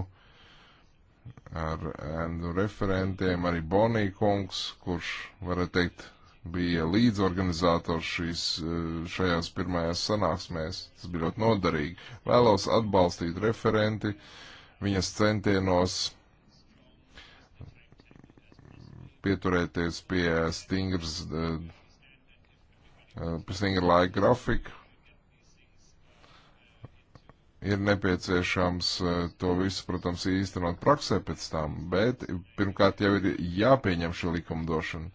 ar ēnu referentiem, arī Bonija kungs, kurš, varētu teikt, bija līdzorganizators šīs, šajās pirmajās sanāksmēs. Tas bija ļoti noderīgi. Vēlos atbalstīt referenti viņas centienos pieturēties pie stingras eh, Eh, stingri laika grafiku. Ir nepieciešams eh, to visu, protams, īstenot praksē pēc tam, bet pirmkārt jau ir jāpieņem šī likumdošana.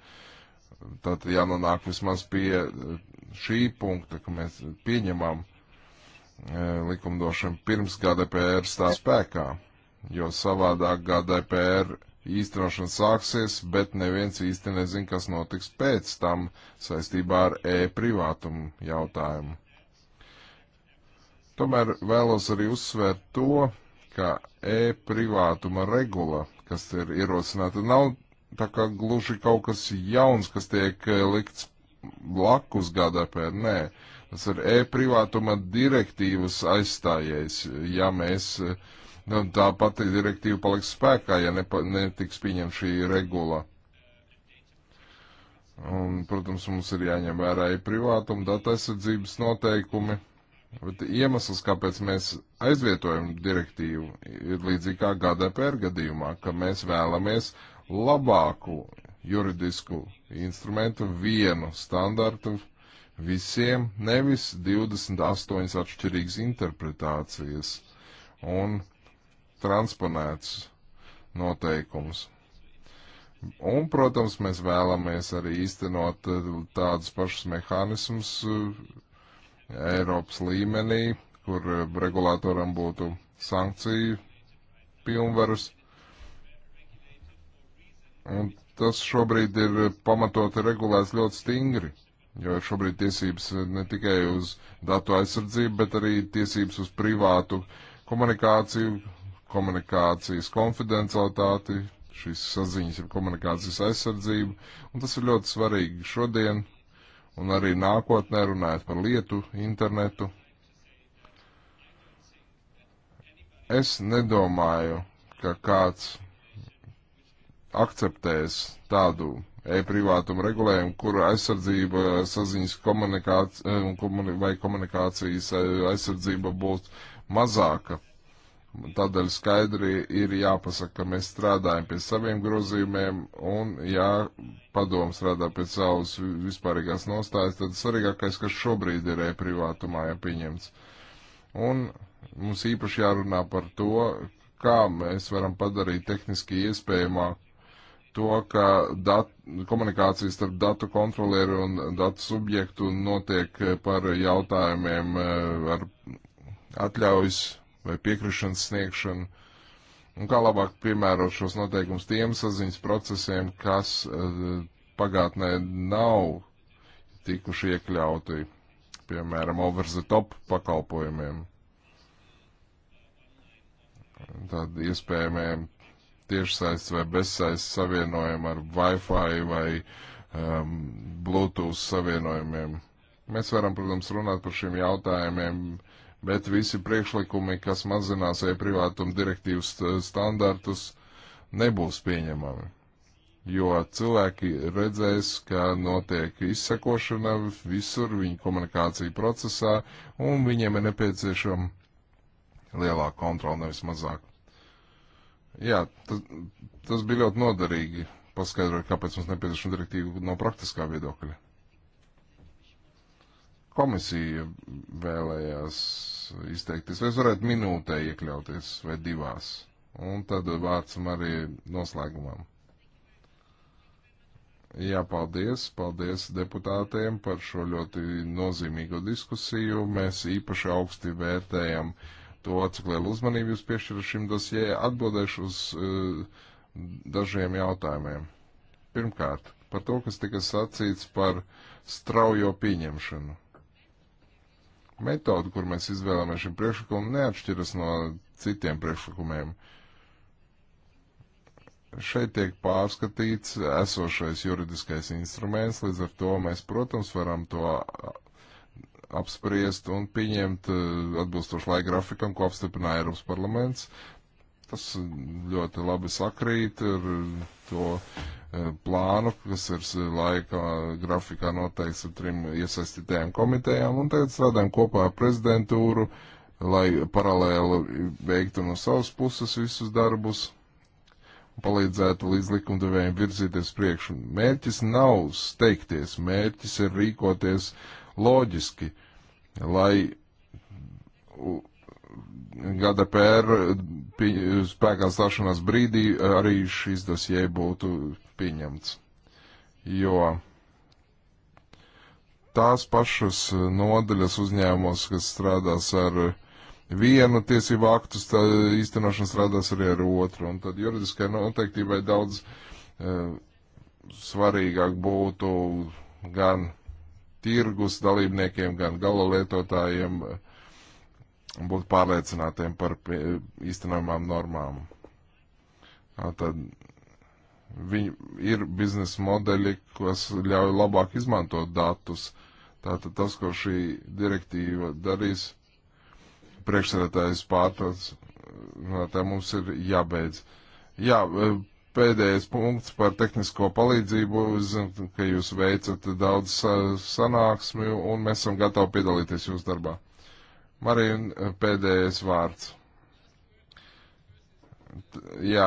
Tad jānonāk vismaz pie eh, šī punkta, ka mēs pieņemam likumdošanu pirms GDPR stāv spēkā, jo savādāk GDPR īstenošana sāksies, bet neviens īsti nezin, kas notiks pēc tam saistībā ar e-privātumu jautājumu. Tomēr vēlos arī uzsvērt to, ka e-privātuma regula, kas ir ierosināta, nav tā kā gluži kaut kas jauns, kas tiek e, likts blakus GDPR, nē. Tas ir e-privātuma direktīvas aizstājies, ja mēs uh, Nu, tā pati direktīva paliks spēkā, ja nepa, netiks pieņemta šī regula. Un, protams, mums ir jāņem vērā arī privātuma datu aizsardzības noteikumi. Bet iemesls, kāpēc mēs aizvietojam direktīvu, ir līdzīgi kā GDPR gadījumā, ka mēs vēlamies labāku juridisku instrumentu, vienu standartu visiem, nevis 28 atšķirīgas interpretācijas. Un transponēts noteikums. Un, protams, mēs vēlamies arī īstenot eh, tādus pašus mehānismus eh, Eiropas līmenī, kur eh, regulātoram būtu sankciju pilnvarus. Un tas šobrīd ir pamatoti regulēts ļoti stingri, jo šobrīd tiesības ne tikai uz datu aizsardzību, bet arī tiesības uz privātu komunikāciju, komunikācijas konfidencialitāti, šīs saziņas ir komunikācijas aizsardzība, un tas ir ļoti svarīgi šodien un arī nākotnē runājot par lietu, internetu. Es nedomāju, ka kāds akceptēs tādu e-privātumu regulējumu, kur aizsardzība, saziņas komunikācija eh, vai komunikācijas eh, aizsardzība būs mazāka Tādēļ skaidri ir jāpasaka, ka mēs strādājam pie saviem grozījumiem, un ja padomu strādā pie savas vispārīgās nostājas, tad svarīgākais, kas šobrīd ir e-privātumā, ja pieņemts. Un mums īpaši jārunā par to, kā mēs varam padarīt tehniski iespējamāk to, ka dat, komunikācijas starp datu kontrolieru un datu subjektu notiek par jautājumiem eh, ar atļaujas vai piekrišanas sniegšanu, un kā labāk piemērot šos noteikumus tiem saziņas procesiem, kas eh, pagātnē nav tikuši iekļauti, piemēram, over the top pakalpojumiem. Tad iespējamiem tiešsaistes vai bezsaistes savienojumu ar Wi-Fi vai um, Bluetooth savienojumiem. Mēs varam, protams, runāt par šiem jautājumiem bet visi priekšlikumi, kas mazinās e-privātuma direktīvas standartus, nebūs pieņemami. Jo cilvēki redzēs, ka notiek izsekošana visur viņu komunikāciju procesā, un viņiem ir nepieciešama lielāka kontrola, nevis mazāk. Jā, tas, tas bija ļoti noderīgi paskaidrot, kāpēc mums nepieciešama direktīva no praktiskā viedokļa komisija vēlējās izteikties. Vai jūs varētu minūtē iekļauties vai divās? Un tad vārdsam arī noslēgumam. Jā, paldies, paldies deputātiem par šo ļoti nozīmīgo diskusiju. Mēs īpaši augsti vērtējam to, cik lielu uzmanību jūs piešķirat šim dosjē. Atbildēšu uz uh, dažiem jautājumiem. Pirmkārt, par to, kas tika sacīts par straujo pieņemšanu. Metode, kur mēs izvēlamies šim priekšlikumam, neatšķiras no citiem priekšlikumiem. Šeit tiek pārskatīts esošais juridiskais instruments, līdz ar to mēs, protams, varam to apspriest un pieņemt e, atbilstoši laika grafikam, ko apstiprināja Eiropas parlaments. Tas ļoti labi sakrīt ar to E, plānu, kas ir laika grafikā noteikts ar trim iesaistītajām komitejām, un tagad strādājam kopā ar prezidentūru, lai paralēli veiktu no savas puses visus darbus un palīdzētu līdz likumdevējiem virzīties priekš. Mērķis nav steigties, mērķis ir rīkoties loģiski, lai GDPR spēkā stāšanās brīdī arī šis dosie būtu pieņemts. Jo tās pašas nodaļas uzņēmumos, kas strādās ar vienu tiesību aktu, īstenošana strādās arī ar otru. Un tad juridiskai noteiktībai daudz uh, svarīgāk būtu gan tirgus dalībniekiem, gan galalietotājiem uh, un būt pārliecinātiem par pie, īstenojumām normām. Tad viņi ir biznesa modeļi, kas ļauj labāk izmantot datus. Tātad tas, ko šī direktīva darīs, priekšsēdētājs pārtrauc, tā mums ir jābeidz. Jā, e, pēdējais punkts par tehnisko palīdzību. Es zinu, ka jūs veicat daudz sanāksmi un mēs esam gatavi piedalīties jūsu darbā. Marija, eh, pēdējais vārds. T, jā,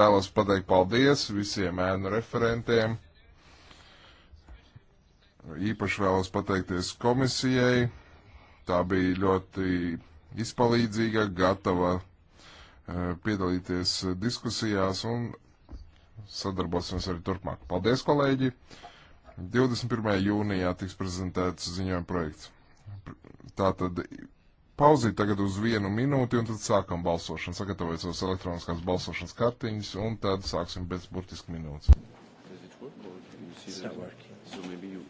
vēlos pateikt paldies visiem ēnu referentiem. Īpaši vēlos pateikties komisijai. Tā bija ļoti izpalīdzīga, gatava eh, piedalīties diskusijās un sadarbosimies arī turpmāk. Paldies, kolēģi! 21. jūnijā tiks prezentēts ziņojuma projekts. Tātad pauzīt tagad uz vienu minūti un tad sākam balsošanu. Sagatavojiet savas elektroniskās balsošanas kartiņas un tad sāksim bez burtiski minūtes. Does it work or do you see that? It's not working. So maybe you,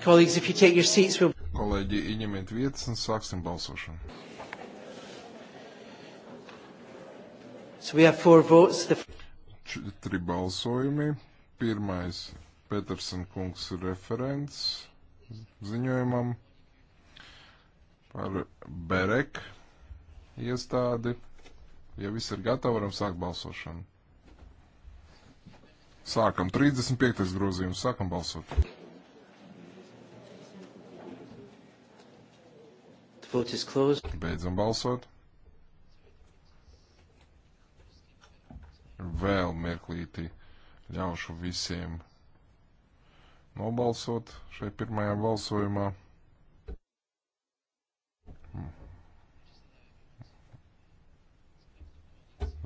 Colleagues, if you take your seats, we'll... Kolēģi, ieņemiet vietas un sāksim balsošanu. So we have four votes. The... Četri balsojumi. Pirmais Petersen kungs referents ziņojumam par Berek iestādi. Ja viss ir gatavi, varam sākt balsošanu. Sākam 35. grozījums, sākam balsot. Beidzam balsot. Vēl mirklīti ļaušu visiem nobalsot šai pirmajā balsojumā.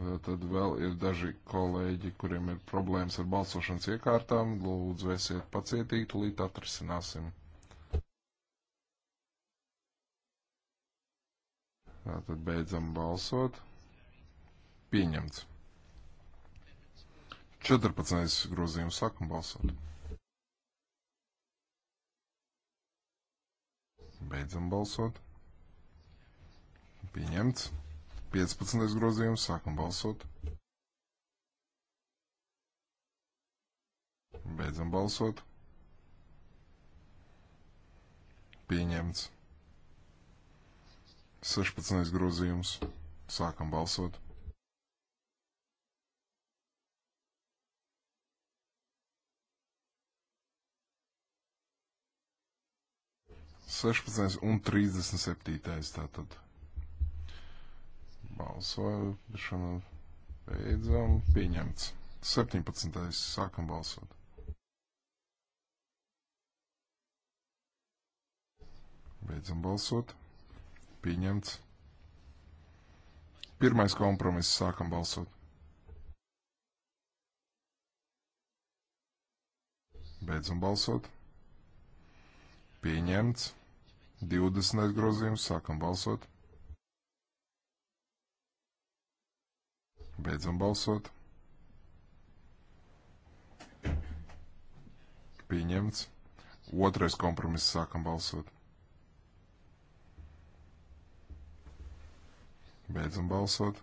Eh, tad vēl ir daži kolēģi, kuriem ir problēmas ar balsošanas iekārtām. Lūdzu, esiet pacietīgi, tūlīt atrisināsim. Eh, tad beidzam balsot. Pieņemts. 14. grozījums sākam balsot. Beidzam balsot. Pieņemts. 15. grozījums. Sākam balsot. Beidzam balsot. Pieņemts. 16. grozījums. Sākam balsot. Sešpadsmit un trīsdesmit septītais tātad Balso, šana beidzam, pieņemts. 17. sākam balsot. Beidzam balsot. Pieņemts. Pirmais kompromiss sākam balsot. Beidzam balsot. Pieņemts. 20. grozījums sākam balsot. Beidzam balsot. Pieņemts. Otrais kompromiss sākam balsot. Beidzam balsot.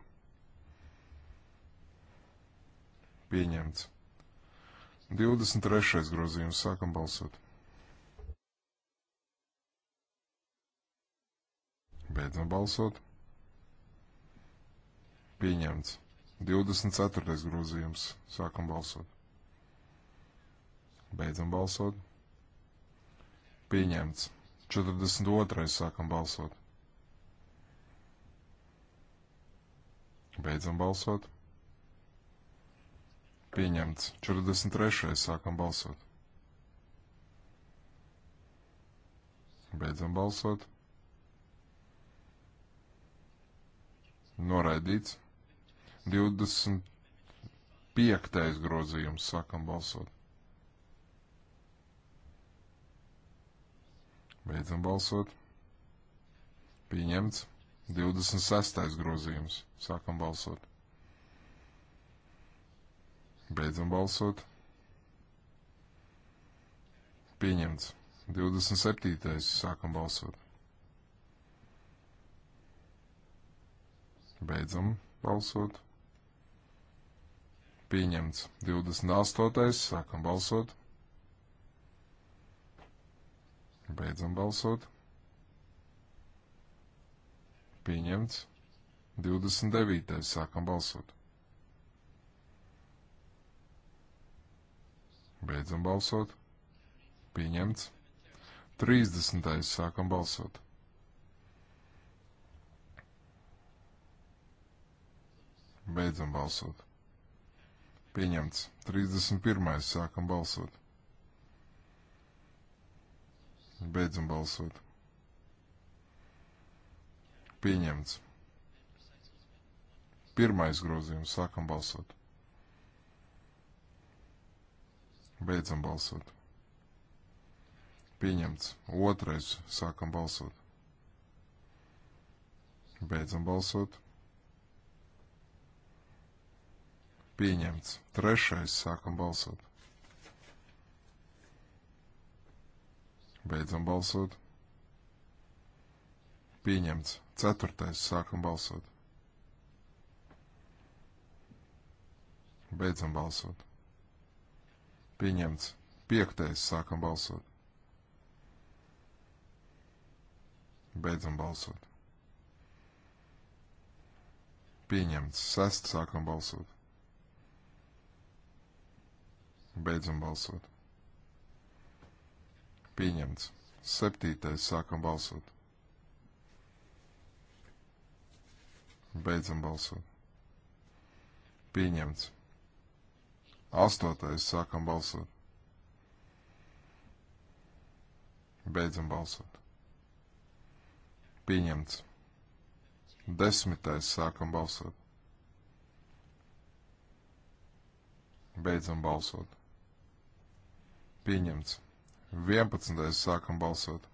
Pieņemts. 23. grozījums sākam balsot. Beidzam balsot. Pieņemts. 24. grozījums. Sākam balsot. Beidzam balsot. Pieņemts. 42. sākam balsot. Beidzam balsot. Pieņemts. 43. sākam balsot. Beidzam balsot. Noraidīts. 25. grozījums sākam balsot. Beidzam balsot. Pieņemts. 26. grozījums. Sākam balsot. Beidzam balsot. Pieņemts. 27. sākam balsot. Beidzam balsot pieņemts. 28. sākam balsot. Beidzam balsot. Pieņemts. 29. sākam balsot. Beidzam balsot. Pieņemts. 30. sākam balsot. Beidzam balsot. Pieņemts. 31. Sākam balsot. Beidzam balsot. Pieņemts. Pirmais grozījums. Sākam balsot. Beidzam balsot. Pieņemts. Otrais. Sākam balsot. Beidzam balsot. pieņemts. Trešais sākam balsot. Beidzam balsot. Pieņemts. Ceturtais sākam balsot. Beidzam balsot. Pieņemts. Piektais sākam balsot. Beidzam balsot. Pieņemts. Sest sākam balsot. Beidzam balsot. Pieņemts. Septītais. Sākam balsot. Beidzam balsot. Pieņemts. Astotais. Sākam balsot. Beidzam balsot. Pieņemts. Desmitais. Sākam balsot. Beidzam balsot pieņemts. 11. sākam balsot.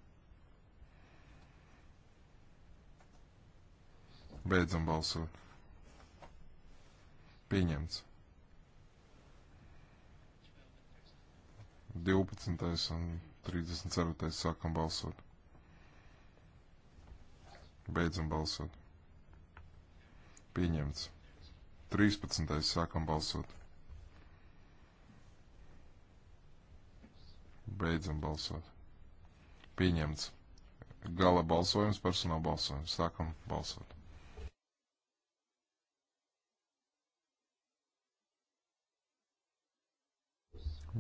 Beidzam balsot. Pieņemts. 12. un 34. sākam balsot. Beidzam balsot. Pieņemts. 13. sākam balsot. Beidzam balsot. Pieņemts. Gala balsojums, personāla balsojums. Sākam balsot.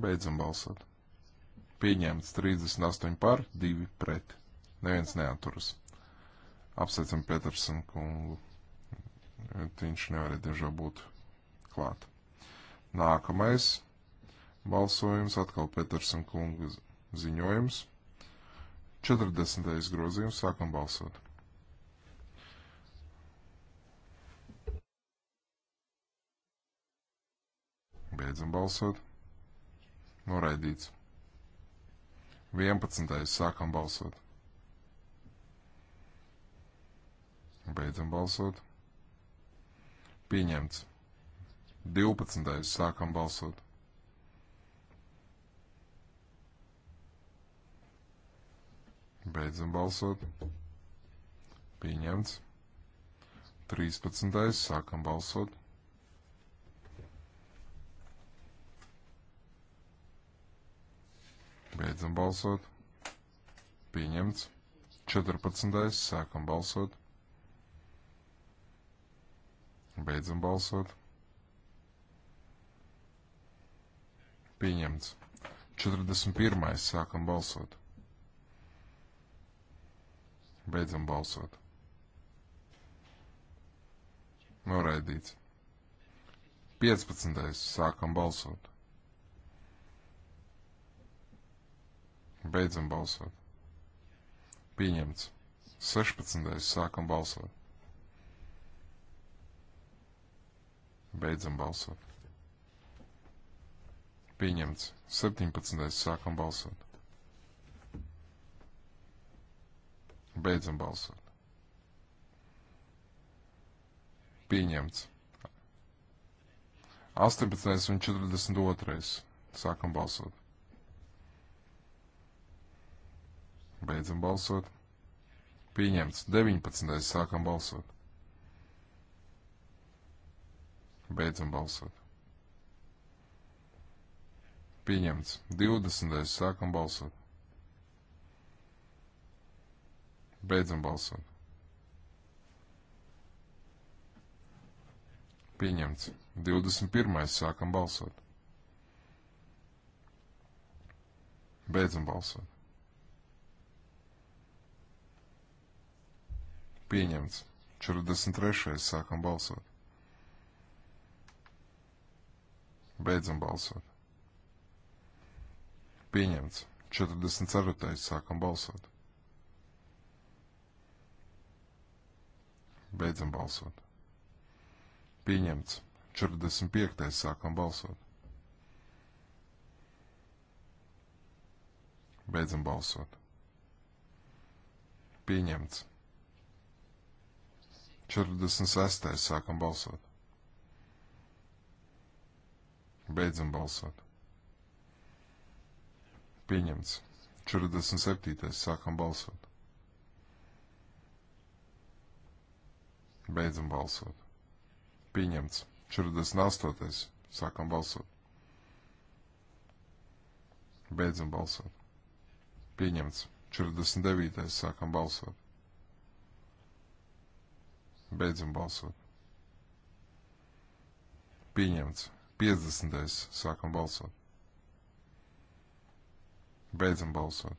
Beidzam balsot. Pieņemts 38 par, 2 pret. Neviens neaturas. Apsveicam Petersonu kungu. Viņš nevarēja, diemžēl, būt klāt. Nākamais balsojums, atkal Petersen kunga ziņojums. 40. grozījums, sākam balsot. Beidzam balsot. Noraidīts. 11. sākam balsot. Beidzam balsot. Pieņemts. 12. sākam balsot. Beidzam balsot. Pieņemts. 13. Sākam balsot. Beidzam balsot. Pieņemts. 14. Sākam balsot. Beidzam balsot. Pieņemts. 41. Sākam balsot. Beidzam balsot. Noraidīts. 15. Sākam balsot. Beidzam balsot. Pieņemts. 16. Sākam balsot. Beidzam balsot. Pieņemts. 17. Sākam balsot. Beidzam balsot. Pieņemts. 18. un 42. Sākam balsot. Beidzam balsot. Pieņemts. 19. Sākam balsot. Beidzam balsot. Pieņemts. 20. Sākam balsot. Beidzam balsot. Pieņemts. 21. sākam balsot. Beidzam balsot. Pieņemts. 43. sākam balsot. Beidzam balsot. Pieņemts. 44. sākam balsot. Beidzam balsot. Pieņemts. 45. sākam balsot. Beidzam balsot. Pieņemts. 46. sākam balsot. Beidzam balsot. Pieņemts. 47. sākam balsot. Beidzam balsot. Pieņemts. 48. Sākam balsot. Beidzam balsot. Pieņemts. 49. Sākam balsot. Beidzam balsot. Pieņemts. 50. Sākam balsot. Beidzam balsot.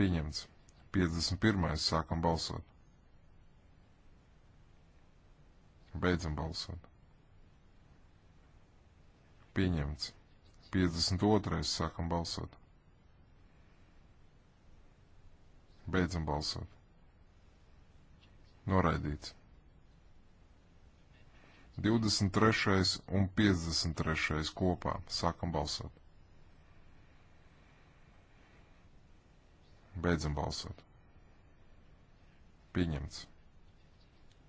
Pieņemts. 51. Sākam balsot. Beidzam balsot. Pieņemts. 52. Sākam balsot. Beidzam balsot. Noraidīts. 23. un 53. kopā. Sākam balsot. Beidzam balsot. Pieņemts.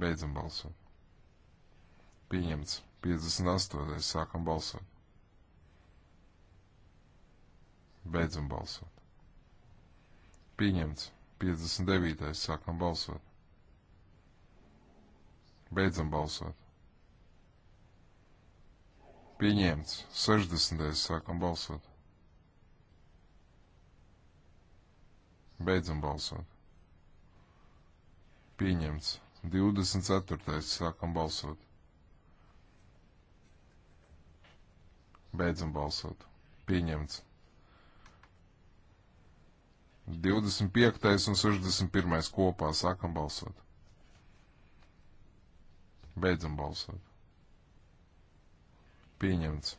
Beidzam balsot. Pieņemts. 58. Sākam balsot. Beidzam balsot. Pieņemts. 59. Sākam balsot. Beidzam balsot. Pieņemts. 60. Sākam balsot. Beidzam balsot. Pieņemts. 24. sākam balsot. Beidzam balsot. Pieņemts. 25. un 61. kopā sākam balsot. Beidzam balsot. Pieņemts.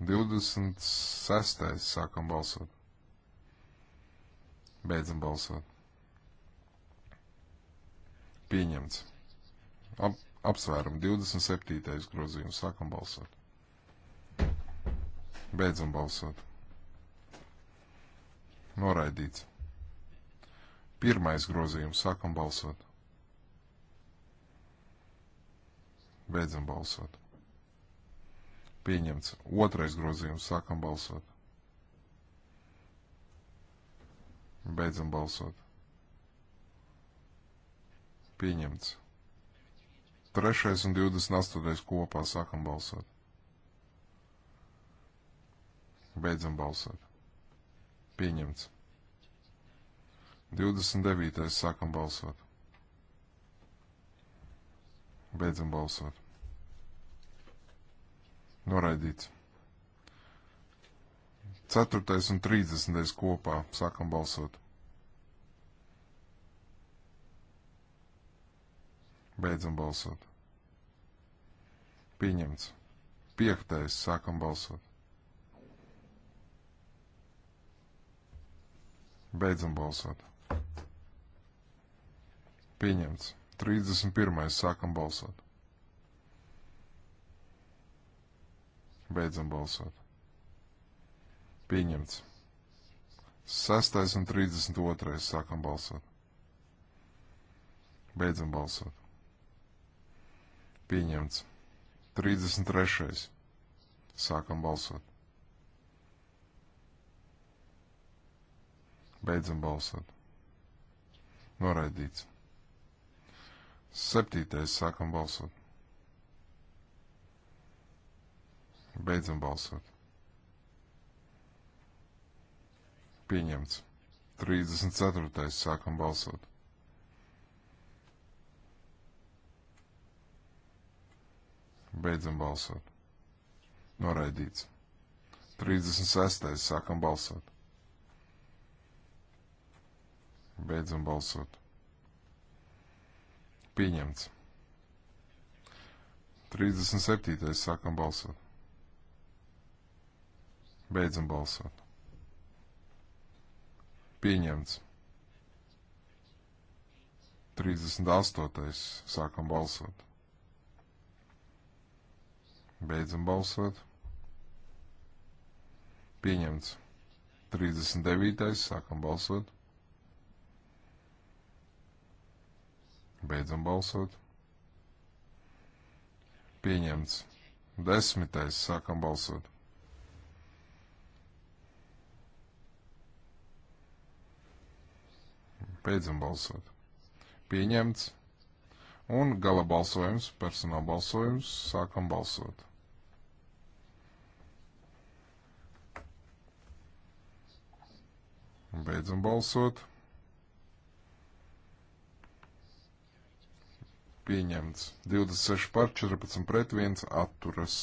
26. sākam balsot. Beidzam balsot. Pieņemts. Ap, apsvērumu 27. grozījums. Sākam balsot. Beidzam balsot. Noraidīts. Pirmais grozījums. Sākam balsot. Beidzam balsot. Pieņemts. Otrais grozījums. Sākam balsot. Beidzam balsot. Pieņemts. 3. un 28. kopā sākam balsot. Beidzam balsot. Pieņemts. 29. sākam balsot. Beidzam balsot. Noraidīts. 4. un 30. kopā sākam balsot. Beidzam balsot. Pieņemts. Piektais. Sākam balsot. Beidzam balsot. Pieņemts. 31. Sākam balsot. Beidzam balsot. Pieņemts. 6. un 32. Sākam balsot. Beidzam balsot. Pieņemts. 33. Sākam balsot. Beidzam balsot. Noraidīts. Septītais sākam balsot. Beidzam balsot. Pieņemts. 34. sākam balsot. Beidzam balsot. Noraidīts. 36. Sākam balsot. Beidzam balsot. Pieņemts. 37. Sākam balsot. Beidzam balsot. Pieņemts. 38. Sākam balsot. Beidzam balsot. Pieņemts. 39. Sākam balsot. Beidzam balsot. Pieņemts. Desmitais. Sākam balsot. Beidzam balsot. Pieņemts. Un gala balsojums, personāla balsojums, sākam balsot. Beidzam balsot. Pieņemts. 26 par 14 pret 1 atturas.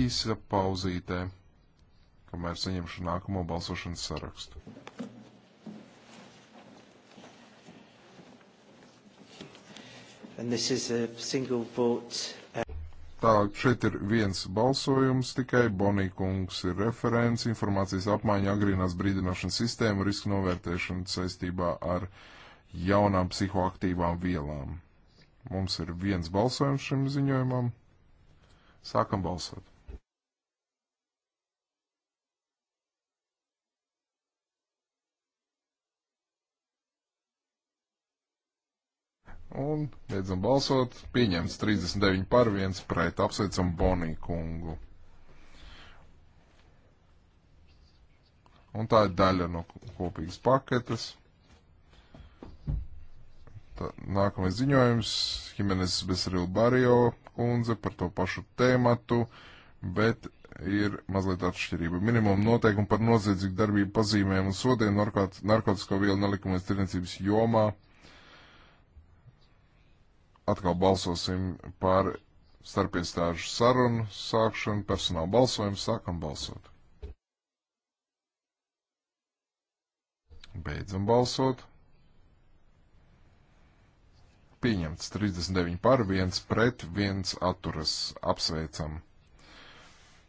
Īsa pauzītē, kamēr saņemšu nākamo balsošanas sarakstu. and this is a single vote. Uh, Tā, šeit ir viens balsojums tikai. Bonīkungs ir referents informācijas apmaiņa agrīnās brīdināšanas sistēmu risku novērtēšanu saistībā ar jaunām psihoaktīvām vielām. Mums ir viens balsojums šim ziņojumam. Sākam balsot. Un beidzam balsot. Pieņemts 39 par 1 pret. Apsveicam Boniju kungu. Un tā ir daļa no kopīgas paketes. Tā, nākamais ziņojums - Himenes Besaril Barrio kundze par to pašu tēmatu, bet ir mazliet atšķirība. Minimuma noteikumi par noziedzīgu darbību pazīmēm un sodiem narkotisko vielu nelikumēs tirniecības jomā atkal balsosim par starpiestāžu sarunu sākšanu, personāla balsojumu, sākam balsot. Beidzam balsot. Pieņemts 39 par, 1 pret, 1 atturas. Apsveicam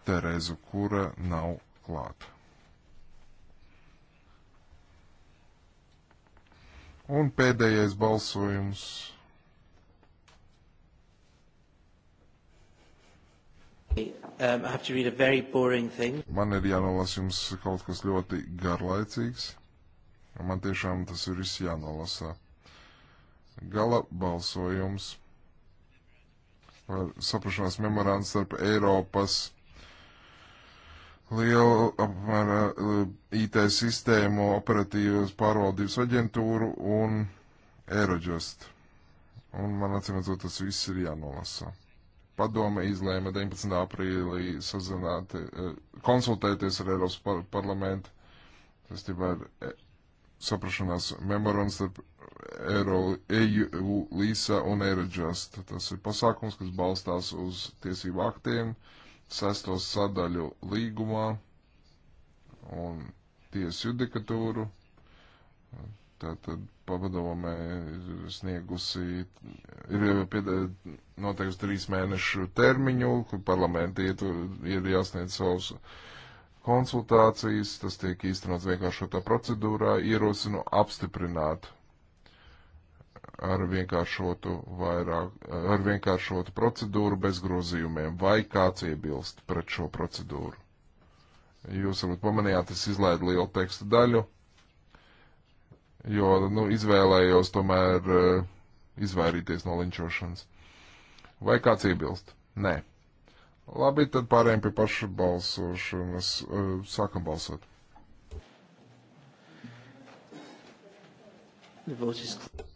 Terezu, kura nav klāta. Un pēdējais balsojums. Um, I have to read a very boring thing. Man ir jānolasa jums kaut kas ļoti garlaicīgs. Man tiešām tas ir viss jānolasa. Gala balsojums par saprašanās memorandu starp Eiropas lielu apmēra uh, IT sistēmu operatīvas pārvaldības aģentūru un Eirodžast. Un man acīmredzot, tas viss ir jānolasa. Padome izlēma 19. aprīlī sazināt, eh, konsultēties ar Eiropas par parlamentu saistībā ar eh, saprašanās memorandu starp Eiro, EU, LISA un Eirodžast. Tas ir pasākums, kas balstās uz tiesību aktiem, sestos sadaļu līgumā un tiesu judikatūru. Tātad padome ir sniegusi, ir noteikusi trīs mēnešu termiņu, kur parlamenti ietur, ir jāsniedz savus konsultācijas, tas tiek īstenots vienkāršotā procedūrā, ierosinu apstiprināt ar vienkāršotu, vairāk, ar vienkāršotu procedūru bez grozījumiem, vai kāds iebilst pret šo procedūru. Jūs varbūt pamanījāt, es izlaidu lielu tekstu daļu jo nu, izvēlējos tomēr eh, izvairīties no linčošanas. Vai kāds iebilst? Nē. Labi, tad pārējiem pie paša balsošanas. Eh, sākam balsot.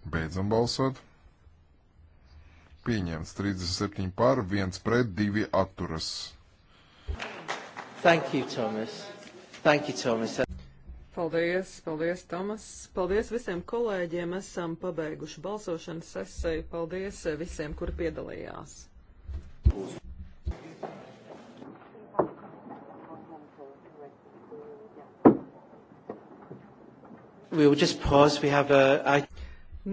Beidzam balsot. Pieņemts 37 pār, 1 pret, 2 atturas. Thank you, Thomas. Thank you, Thomas. Paldies, paldies, Tomas. Paldies visiem kolēģiem. Esam pabeiguši balsošanas sesiju. Paldies visiem, kuri piedalījās. We will just pause. We have a, I...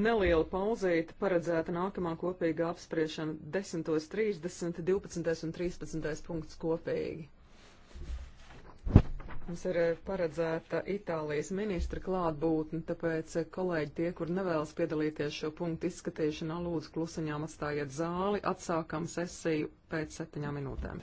Neliela pauzīte paredzēta nākamā kopīga apspriešana 10.30, 12. un 13. punkts kopīgi. Mums ir eh, paredzēta Itālijas ministra klātbūtne, tāpēc eh, kolēģi tie, kur nevēlas piedalīties šo punktu izskatīšanā, lūdzu klusiņām atstājiet zāli. Atsākam sesiju pēc septiņām minūtēm.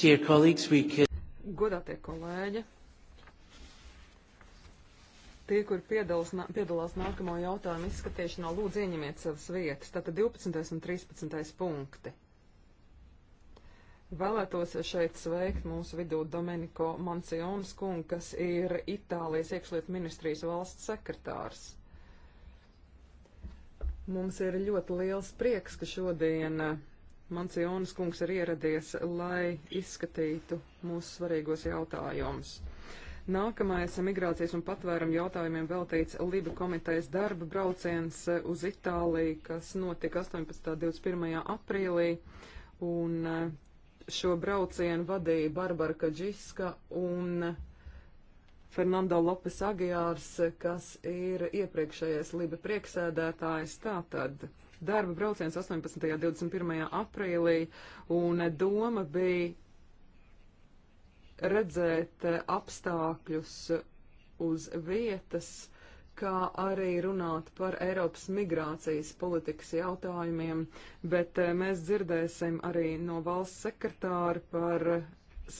Dear colleagues, we can... Godātie kolēģi, tie, kur piedalās, piedalās nākamo jautājumu izskatīšanā, lūdzu ieņemiet savas vietas. Tātad 12. un 13. punkti. Vēlētos šeit sveikt mūsu vidū Domeniko Mancionas kungu, kas ir Itālijas iekšlietu ministrijas valsts sekretārs. Mums ir ļoti liels prieks, ka šodien uh, Mansionas kungs ir ieradies, lai izskatītu mūsu svarīgos jautājumus. Nākamais migrācijas un patvērumu jautājumiem veltīts Liba komitejas darba brauciens eh, uz Itāliju, kas notika 18. un 21. aprīlī. Un eh, šo braucienu vadīja Barbara Kaģiska un Fernando Lopes Agijārs, kas ir iepriekšējais Liba prieksēdētājs. Tātad darba brauciens 18. un 21. aprīlī, un doma bija redzēt eh, apstākļus uz vietas, kā arī runāt par Eiropas migrācijas politikas jautājumiem, bet eh, mēs dzirdēsim arī no valsts sekretāra par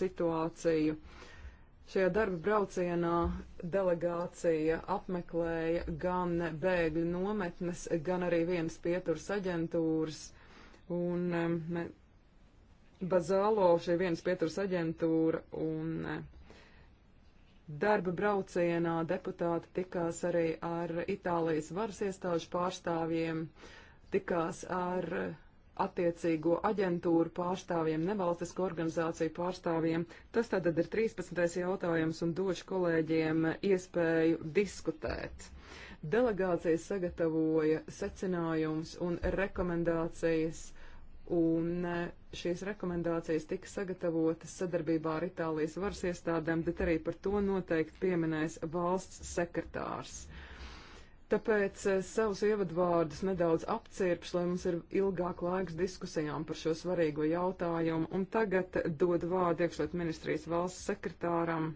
situāciju. Uh, Šajā darba braucienā delegācija apmeklēja gan bēgļu nometnes, gan arī vienas pieturas aģentūras. Un um, me, Bazālo šī vienas pieturas aģentūra un um, darba braucienā deputāti tikās arī ar Itālijas varas iestāžu pārstāvjiem, tikās ar attiecīgo aģentūru pārstāvjiem, nevalstisko organizāciju pārstāvjiem. Tas tātad ir 13. jautājums un došu kolēģiem iespēju diskutēt. Delegācija sagatavoja secinājums un rekomendācijas, un šīs rekomendācijas tika sagatavotas sadarbībā ar Itālijas varas iestādēm, bet arī par to noteikti pieminēs valsts sekretārs. Uh, Tāpēc eh, savus ievadvārdus nedaudz apcirpšu, lai mums ir ilgāk laiks diskusijām par šo svarīgo jautājumu. Un tagad dodu vārdu iekšliet ministrijas valsts sekretāram.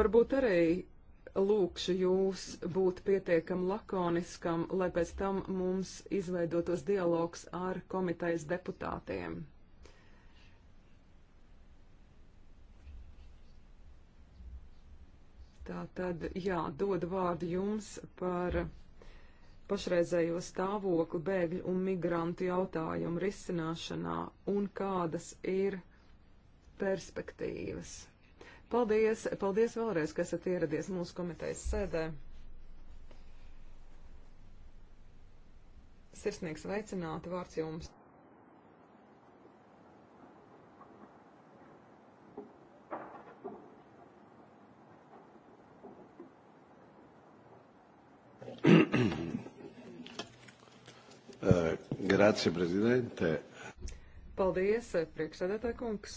Varbūt arī lūkšu jūs būt pietiekam lakoniskam, lai pēc tam mums izveidotos dialogs ar komitejas deputātiem. Tā tad, jā, dod vārdu jums par pašreizējo stāvokli bēgļu un migrantu jautājumu risināšanā un kādas ir perspektīvas. Paldies, paldies vēlreiz, ka esat ieradies mūsu komitejas sēdē. Sirsnīgs veicināti vārds jums. Grācija, prezidente. Paldies, priekšsēdētāj kungs.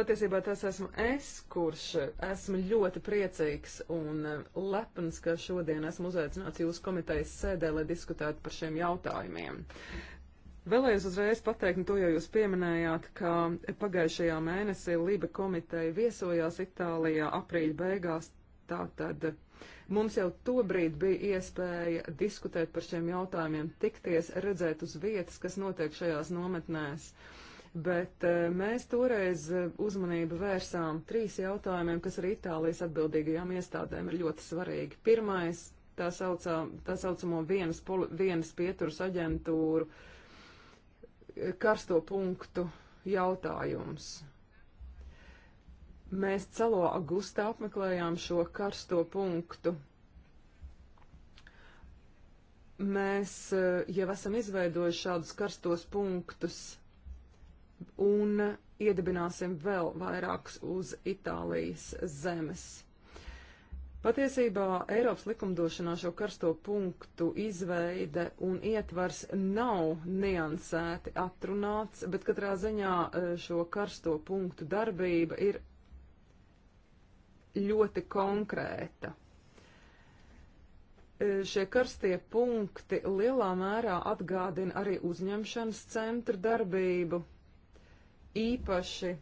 Patiesībā tas esmu es, kurš esmu ļoti priecīgs un lepns, ka šodien esmu uzaicināts jūsu komitejas sēdē, lai diskutētu par šiem jautājumiem. Vēlējos uzreiz pateikt, to jau jūs pieminējāt, ka pagājušajā mēnesī Liba komiteja viesojās Itālijā aprīļa beigās, tātad Mums jau tobrīd bija iespēja diskutēt par šiem jautājumiem, tikties, redzēt uz vietas, kas notiek šajās nometnēs. Bet eh, mēs toreiz eh, uzmanību vērsām trīs jautājumiem, kas arī Itālijas atbildīgajām iestādēm ir ļoti svarīgi. Pirmais tā, saucā, tā saucamo vienas, poli, vienas pieturas aģentūru eh, karsto punktu jautājums mēs celo augustā apmeklējām šo karsto punktu. Mēs eh, jau esam izveidojuši šādus karstos punktus un iedibināsim vēl vairākus uz Itālijas zemes. Patiesībā Eiropas likumdošanā šo karsto punktu izveide un ietvars nav niansēti atrunāts, bet katrā ziņā eh, šo karsto punktu darbība ir ļoti konkrēta. E, šie karstie punkti lielā mērā atgādina arī uzņemšanas centra darbību. Īpaši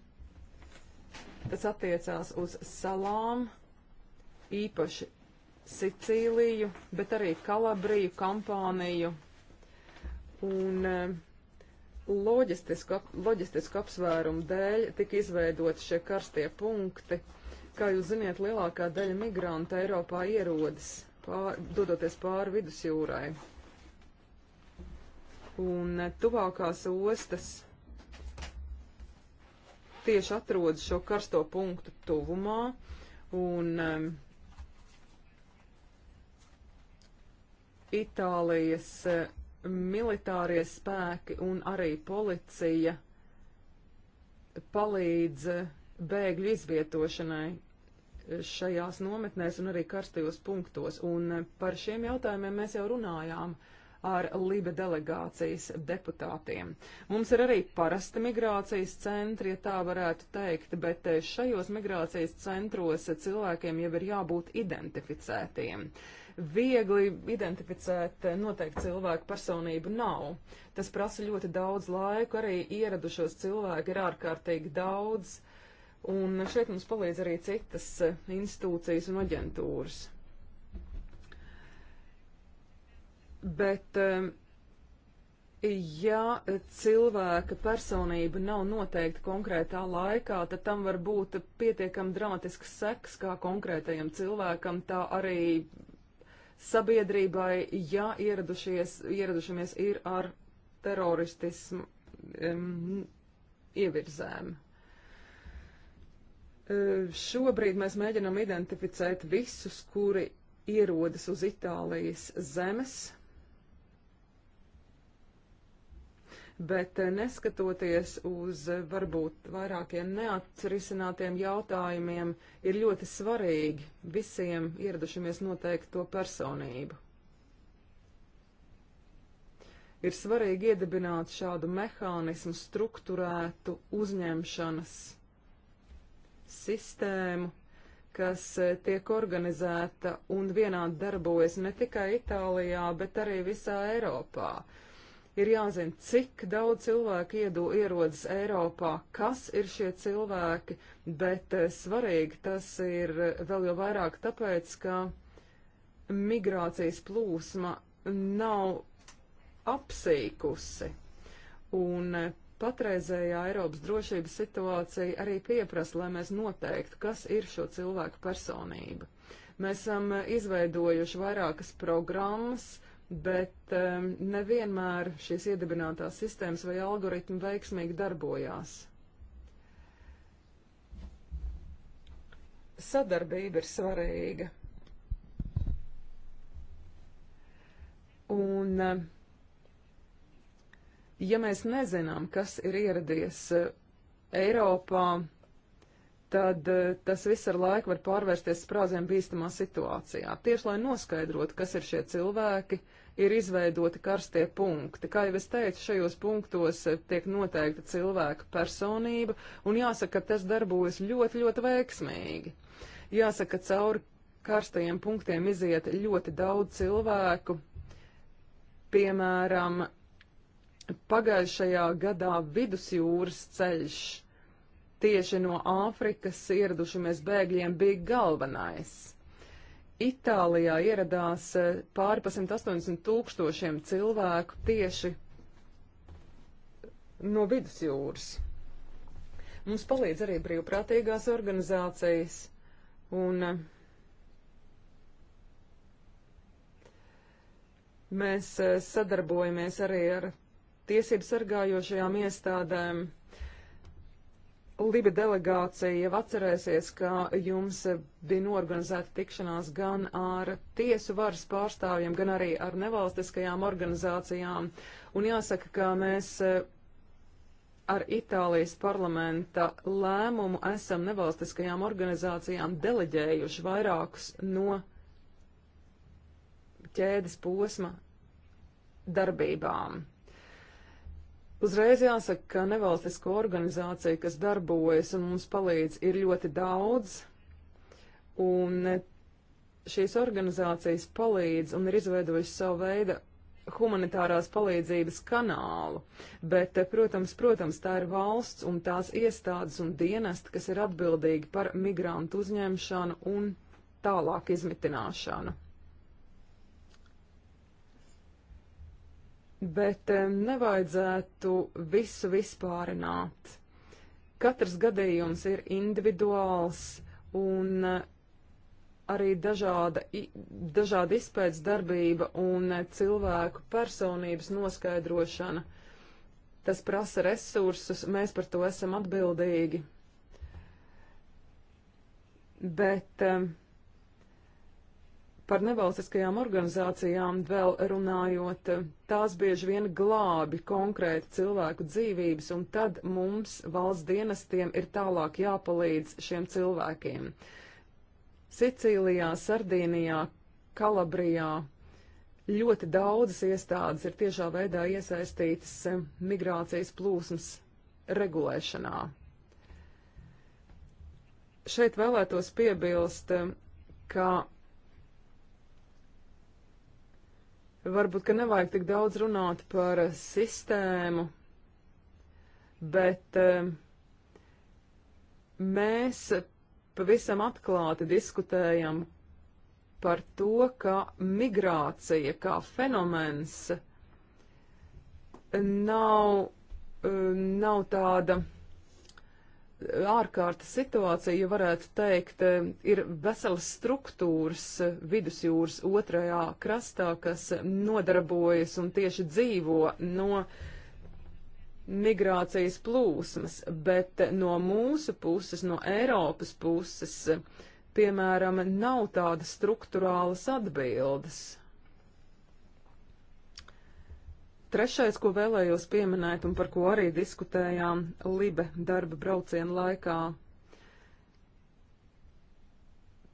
tas attiecās uz salām, īpaši Sicīliju, bet arī Kalabriju, Kampāniju. Un e, loģistisku, loģistisku apsvērumu dēļ tika izveidoti šie karstie punkti Kā jūs ziniet, lielākā daļa migrantu Eiropā ierodas, pār, dodoties pāri vidusjūrai. Un eh, tuvākās ostas tieši atrodas šo karsto punktu tuvumā. Un, um, Itālijas uh, militārie spēki un arī policija palīdz uh, bēgļu izvietošanai šajās nometnēs un arī karstajos punktos. Un eh, par šiem jautājumiem mēs jau runājām ar Libe delegācijas deputātiem. Mums ir arī parasti migrācijas centri, ja tā varētu teikt, bet eh, šajos migrācijas centros cilvēkiem jau ir jābūt identificētiem. Viegli identificēt eh, noteikti cilvēku personību nav. Tas prasa ļoti daudz laika, arī ieradušos cilvēku ir ārkārtīgi daudz Un šeit mums palīdz arī citas eh, institūcijas un aģentūras. Bet, eh, ja cilvēka personība nav noteikta konkrētā laikā, tad tam var būt pietiekami dramatisks seks kā konkrētajam cilvēkam, tā arī sabiedrībai, ja ieradušamies ir ar teroristismu um, ievirzēm. Šobrīd mēs mēģinām identificēt visus, kuri ierodas uz Itālijas zemes, bet neskatoties uz varbūt vairākiem neatrisinātiem jautājumiem, ir ļoti svarīgi visiem ieradušamies noteikt to personību. Ir svarīgi iedibināt šādu mehānismu struktūrētu uzņemšanas sistēmu, kas e, tiek organizēta un vienādi darbojas ne tikai Itālijā, bet arī visā Eiropā. Ir jāzina, cik daudz cilvēku iedu, ierodas Eiropā, kas ir šie cilvēki, bet e, svarīgi tas ir e, vēl jau vairāk tāpēc, ka migrācijas plūsma nav apsīkusi. Un patreizējā Eiropas drošības situācija arī pieprasa, lai mēs noteiktu, kas ir šo cilvēku personība. Mēs esam izveidojuši vairākas programmas, bet um, nevienmēr šīs iedibinātās sistēmas vai algoritmi veiksmīgi darbojās. Sadarbība ir svarīga. Un uh, um, Ja mēs nezinām, kas ir ieradies eh, Eiropā, tad eh, tas viss ar laiku var pārvērsties sprādzien bīstamā situācijā. Tieši lai noskaidrotu, kas ir šie cilvēki, ir izveidoti karstie punkti. Kā jau es teicu, šajos punktos eh, tiek noteikta cilvēka personība, un jāsaka, ka tas darbojas ļoti, ļoti veiksmīgi. Jāsaka, ka cauri karstajiem punktiem iziet ļoti daudz cilvēku, piemēram, pagājušajā gadā vidusjūras ceļš tieši no Āfrikas ieradušamies bēgļiem bija galvenais. Itālijā ieradās eh, pāri pa 180 tūkstošiem cilvēku tieši no vidusjūras. Mums palīdz arī brīvprātīgās organizācijas un eh, mēs eh, sadarbojamies arī ar tiesību sargājošajām iestādēm. Liba delegācija jau atcerēsies, ka jums bija norganizēta tikšanās gan ar tiesu varas pārstāvjiem, gan arī ar nevalstiskajām organizācijām. Un jāsaka, ka mēs eh, ar Itālijas parlamenta lēmumu esam nevalstiskajām organizācijām deleģējuši vairākus no ķēdes posma darbībām. Uzreiz jāsaka, ka nevalstisko organizāciju, kas darbojas un mums palīdz, ir ļoti daudz, un šīs organizācijas palīdz un ir izveidojuši savu veidu humanitārās palīdzības kanālu, bet, protams, protams, tā ir valsts un tās iestādes un dienesti, kas ir atbildīgi par migrantu uzņemšanu un tālāk izmitināšanu. bet nevajadzētu visu vispārināt. Katrs gadījums ir individuāls un eh, arī dažāda, dažāda izpētes darbība un eh, cilvēku personības noskaidrošana. Tas prasa resursus, mēs par to esam atbildīgi. Bet um, Par nevalstiskajām organizācijām vēl runājot, tās bieži vien glābi konkrēti cilvēku dzīvības, un tad mums valsts dienestiem ir tālāk jāpalīdz šiem cilvēkiem. Sicīlijā, Sardīnijā, Kalabrijā ļoti daudzas iestādes ir tiešā veidā iesaistītas eh, migrācijas plūsmas regulēšanā. Šeit vēlētos piebilst, eh, ka Varbūt, ka nevajag tik daudz runāt par eh, sistēmu, bet eh, mēs pavisam atklāti diskutējam par to, ka migrācija kā fenomens nav, eh, nav tāda ārkārtas situācija, varētu teikt, eh, ir veselas struktūras vidusjūras otrajā krastā, kas nodarbojas un tieši dzīvo no migrācijas plūsmas, bet no mūsu puses, no Eiropas puses, piemēram, nav tādas struktūrālas atbildes. Trešais, ko vēlējos pieminēt un par ko arī diskutējām Libe darba brauciena laikā,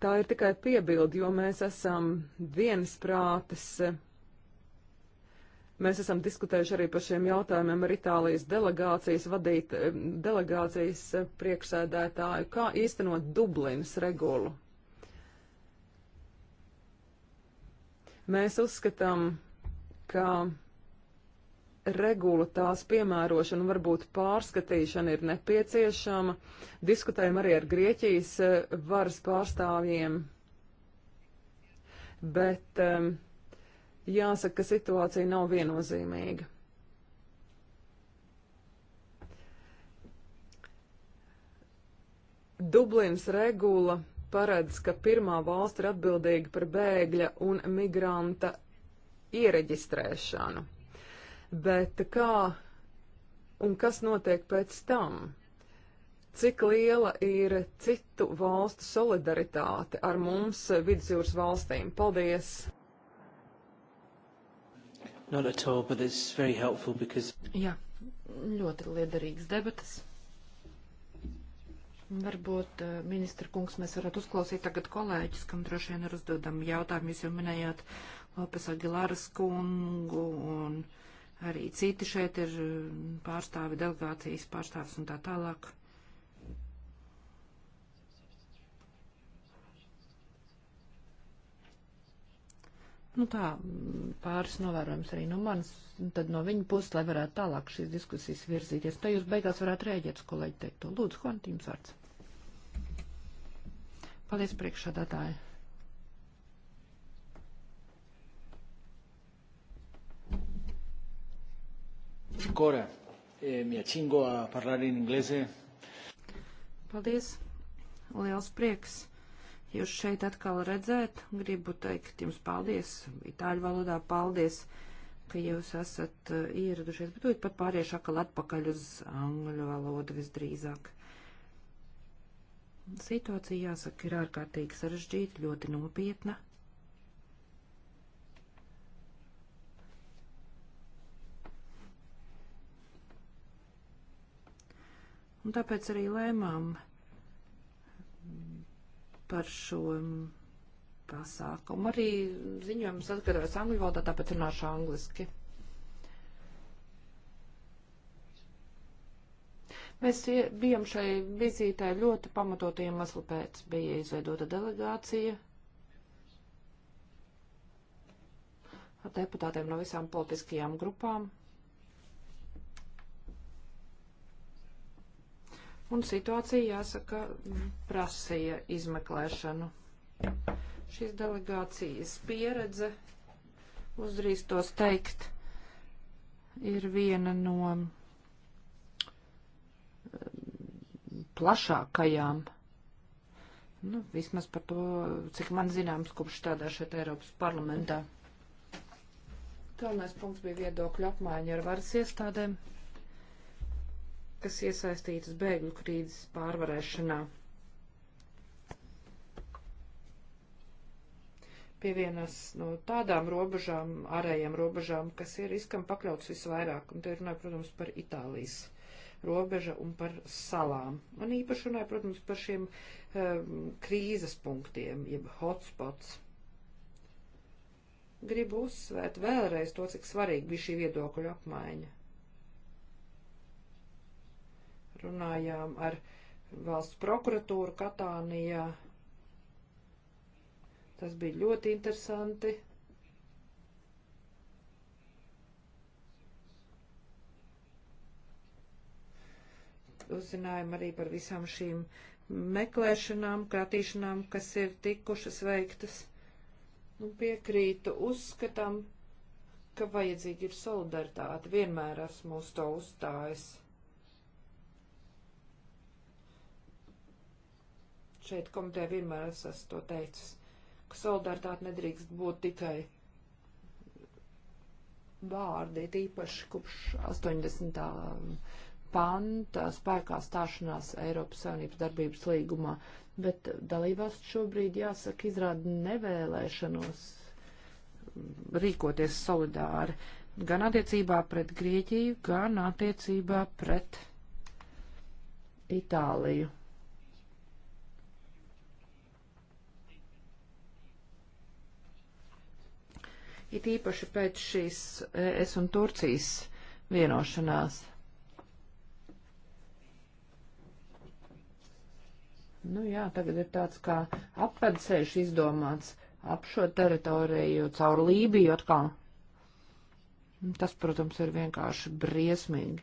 tā ir tikai piebildi, jo mēs esam viensprātis. Mēs esam diskutējuši arī par šiem jautājumiem ar Itālijas delegācijas vadīt, delegācijas priekšsēdētāju, kā īstenot Dublinas regulu. Mēs uzskatām, ka regula tās piemērošana un varbūt pārskatīšana ir nepieciešama. Diskutējam arī ar Grieķijas eh, varas pārstāvjiem. Bet um, jāsaka, ka situācija nav viennozīmīga. Dublins regula paredz, ka pirmā valsts ir atbildīga par bēgļa un migranta iereģistrēšanu bet kā un kas notiek pēc tam? Cik liela ir citu valstu solidaritāte ar mums vidusjūras valstīm? Paldies! Not at all, but it's very helpful because... Jā, ļoti liederīgs debatas. Varbūt, eh, ministra kungs, mēs varētu uzklausīt tagad kolēģis, kam droši vien ir uzdodami jautājumi. Jūs jau minējāt Lopes Agilāras kungu un. Uh, arī citi šeit ir mm, pārstāvi, delegācijas pārstāvis un tā tālāk. Nu tā, mm, pāris novērojums arī no manas, tad no viņa puses, lai varētu tālāk šīs diskusijas virzīties. Tā jūs beigās varētu rēģēt, kolēģi teikt to. Lūdzu, Honti, jums vārds. Paldies priekšādātāji. ancora. E mi accingo e a parlare in inglese. Paldies. Liels prieks jūs šeit atkal redzēt. Gribu teikt jums paldies, itāļu valodā paldies, ka jūs esat e, ieradušies, bet tūlīt pat pāriešu atkal atpakaļ uz angļu valodu visdrīzāk. Situācija, jāsaka, ir ārkārtīgi sarežģīta, ļoti nopietna. Un tāpēc arī lēmām par šo pasākumu. Arī ziņojums atgatavojas angļu valodā, tāpēc runāšu angliski. Mēs bijām šai vizītē ļoti pamatotu iemeslu pēc. Bija izveidota delegācija ar deputātiem no visām politiskajām grupām. Un situācija, jāsaka, prasīja izmeklēšanu. Šīs delegācijas pieredze, uzdrīstos teikt, ir viena no um, plašākajām. Nu, vismaz par to, cik man zināms, kopš tādā šeit Eiropas parlamentā. Galvenais punkts bija viedokļu apmaiņa ar varas iestādēm kas iesaistītas bēgļu krīzes pārvarēšanā. Pie vienas no tādām robežām, ārējām robežām, kas ir riskam pakļauts visvairāk, un te runāju, protams, par Itālijas robeža un par salām. Un īpaši runāju, protams, par šiem um, krīzes punktiem, jeb hotspots. Gribu uzsvērt vēlreiz to, cik svarīgi bija šī viedokļu apmaiņa runājām ar valsts prokuratūru Katānijā. Tas bija ļoti interesanti. Uzzinājām arī par visām šīm meklēšanām, kratīšanām, kas ir tikušas veiktas. Un nu, piekrītu uzskatam, ka vajadzīgi ir solidaritāte. Vienmēr esmu uz to uzstājis. Šeit komitē vienmēr es esmu to teicis, ka solidaritāte nedrīkst būt tikai vārdi, tīpaši kopš 80. panta spēkā stāšanās Eiropas Savienības darbības līgumā, bet dalībās šobrīd jāsaka izrāda nevēlēšanos rīkoties solidāri gan attiecībā pret Grieķiju, gan attiecībā pret Itāliju. it īpaši pēc šīs es un Turcijas vienošanās. Nu jā, tagad ir tāds kā apvedzceļš izdomāts ap šo teritoriju, caur Lībiju atkal. Tas, protams, ir vienkārši briesmīgi.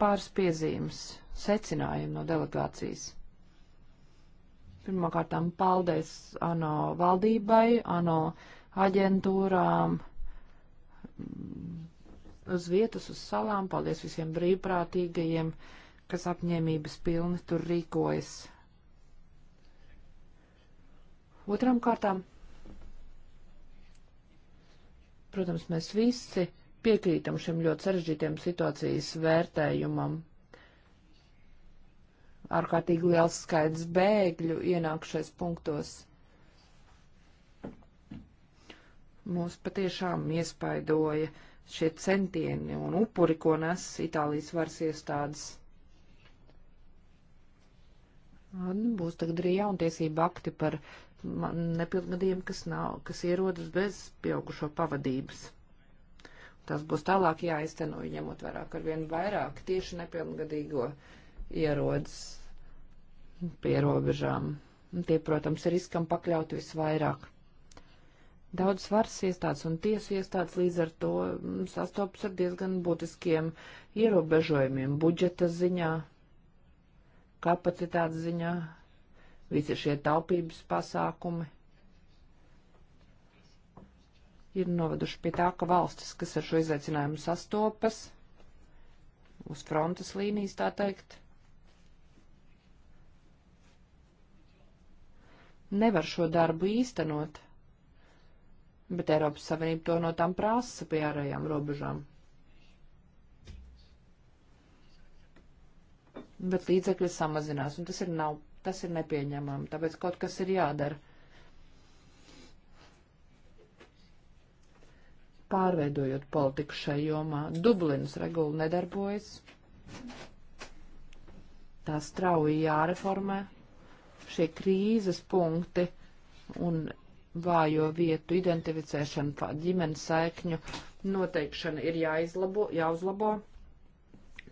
pāris piezīmes, secinājumi no delegācijas. Pirmkārtām paldies ANO valdībai, ANO aģentūrām uz vietas, uz salām. Paldies visiem brīvprātīgajiem, kas apņēmības pilni tur rīkojas. Otram kārtām, protams, mēs visi piekrītam šim ļoti sarežģītiem situācijas vērtējumam. Ārkārtīgi liels skaits bēgļu ienākšais punktos. Mūs patiešām iespaidoja šie centieni un upuri, ko nes Itālijas varas iestādes. Un būs tagad arī jauntiesība akti par nepilngadiem, kas nav, kas ierodas bez pieaugušo pavadības. Tas būs tālāk jāizteno, ņemot vairāk ar vien vairāk tieši nepilngadīgo ierodas pie robežām. Un tie, protams, ir riskam pakļauti visvairāk. Daudz varas iestādes un tiesu iestādes līdz ar to mm, sastopas ar diezgan būtiskiem ierobežojumiem budžeta ziņā, kapacitātes ziņā, visi šie taupības pasākumi ir noveduši pie tā, ka valstis, kas ar šo izaicinājumu sastopas, uz frontes līnijas tā teikt, nevar šo darbu īstenot, bet Eiropas Savienība to no tām prasa pie ārējām robežām. Bet līdzekļi samazinās, un tas ir, nav, tas ir nepieņemami, tāpēc kaut kas ir jādara pārveidojot politiku šai jomā. Dublinas regula nedarbojas. Tā strauji jāreformē. Šie krīzes punkti un vājo vietu identificēšana, ģimenes saikņu noteikšana ir jāizlabo, jāuzlabo,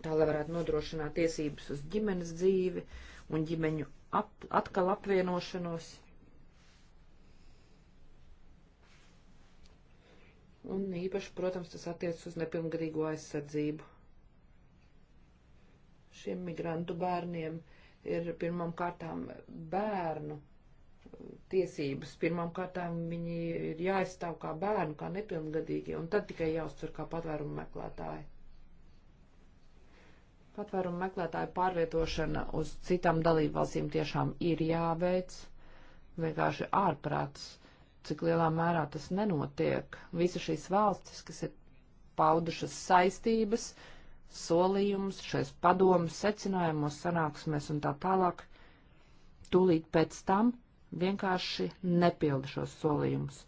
tā lai varētu nodrošināt tiesības uz ģimenes dzīvi un ģimeņu ap, atkal apvienošanos. Un īpaši, protams, tas attiecas uz nepilngadīgo aizsardzību. Šiem migrantu bērniem ir pirmām kārtām bērnu uh, tiesības. Pirmām kārtām viņi ir jāizstāv kā bērnu, kā nepilngadīgi, un tad tikai jāuztver kā patvērumu meklētāji. Patvērumu meklētāju pārvietošana uz citām dalībvalstīm tiešām ir jāveic vienkārši ārprāts cik lielā mērā tas nenotiek. Visa šīs valstis, kas ir paudušas saistības, solījumus, šais padomus, secinājumos, sanāksmēs un tā tālāk, tūlīt pēc tam vienkārši nepilda šos solījumus.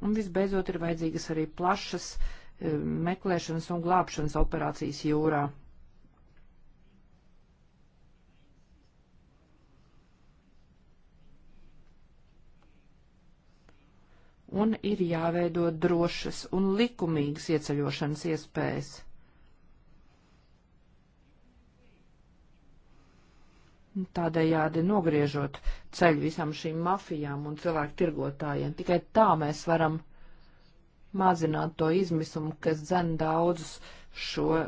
Un visbeidzot ir vajadzīgas arī plašas eh, meklēšanas un glābšanas operācijas jūrā. un ir jāveido drošas un likumīgas ieceļošanas iespējas. Tādējādi nogriežot ceļu visām šīm mafijām un cilvēku tirgotājiem. Tikai tā mēs varam mazināt to izmisumu, kas dzen daudzus šo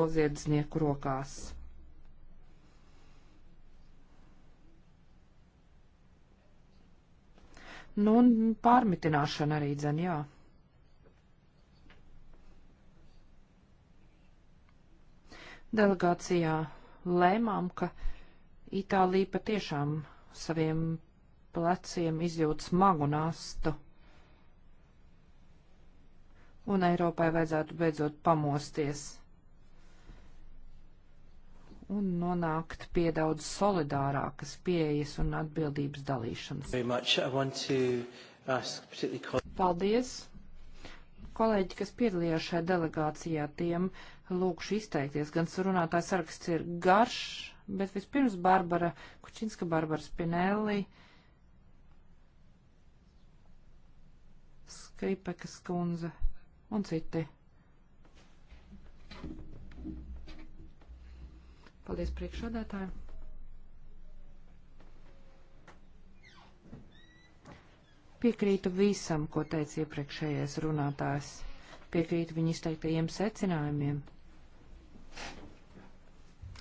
noziedznieku rokās. Nu, un pārmitināšana arī dzen, jā. Delegācijā lēmām, ka Itālija patiešām saviem pleciem izjūt smagu nastu. Un Eiropai vajadzētu beidzot pamosties un nonākt pie daudz solidārākas pieejas un atbildības dalīšanas. Paldies! Kolēģi, kas piedalījās šajā delegācijā, tiem lūkšu izteikties. Gan runātājs saraksts ir garš, bet vispirms Barbara Kučinska, Barbara Spinelli, Skripekas kundze un citi. Paldies priekšādātāju. Piekrītu visam, ko teica iepriekšējais runātājs. Piekrītu viņa izteiktajiem secinājumiem.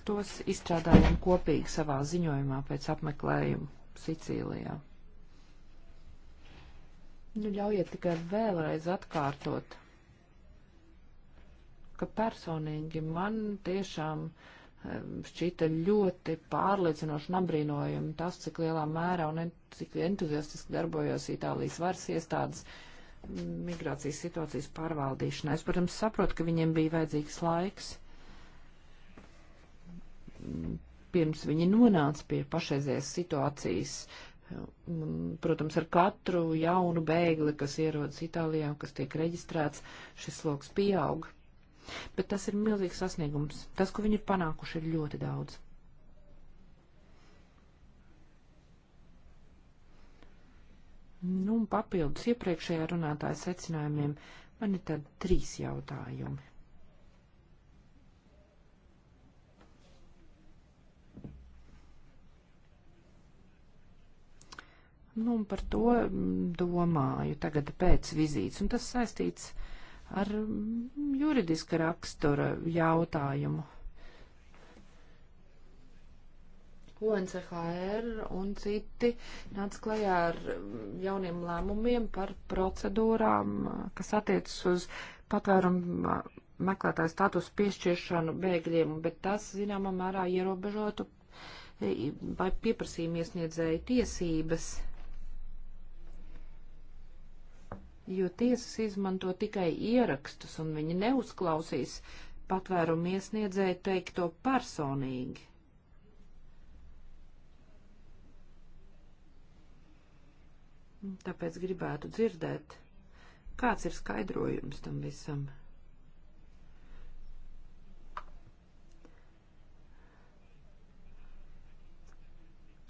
Tos izstrādājam kopīgi savā ziņojumā pēc apmeklējuma Sicīlijā. Nu, ļaujiet tikai vēlreiz atkārtot, ka personīgi man tiešām uh, šķita ļoti pārliecinoši un apbrīnojami tas, cik lielā mērā un ent cik entuziastiski darbojos Itālijas varas iestādes migrācijas situācijas pārvaldīšanā. Es, protams, saprotu, ka viņiem bija vajadzīgs laiks pirms viņi nonāca pie pašreizējās situācijas. Protams, ar katru jaunu bēgli, kas ierodas Itālijā un kas tiek reģistrēts, šis sloks pieauga. Bet tas ir milzīgs sasniegums. Tas, ko viņi ir panākuši, ir ļoti daudz. Nu, un papildus iepriekšējā runātāja secinājumiem man ir tad trīs jautājumi. Nu, un par to mm, domāju tagad pēc vizītes, un tas saistīts ar mm, juridiska rakstura jautājumu. UNCHR un citi nāca klajā ar mm, jauniem lēmumiem par procedūrām, kas attiecas uz patvērumu mm, meklētāju statusu piešķiršanu bēgļiem, bet tas, zināmā mērā, ierobežotu e, vai pieprasījuma iesniedzēju tiesības. jo tiesas izmanto tikai ierakstus un viņi neuzklausīs patvērumu iesniedzēju teikto personīgi. Tāpēc gribētu dzirdēt, kāds ir skaidrojums tam visam.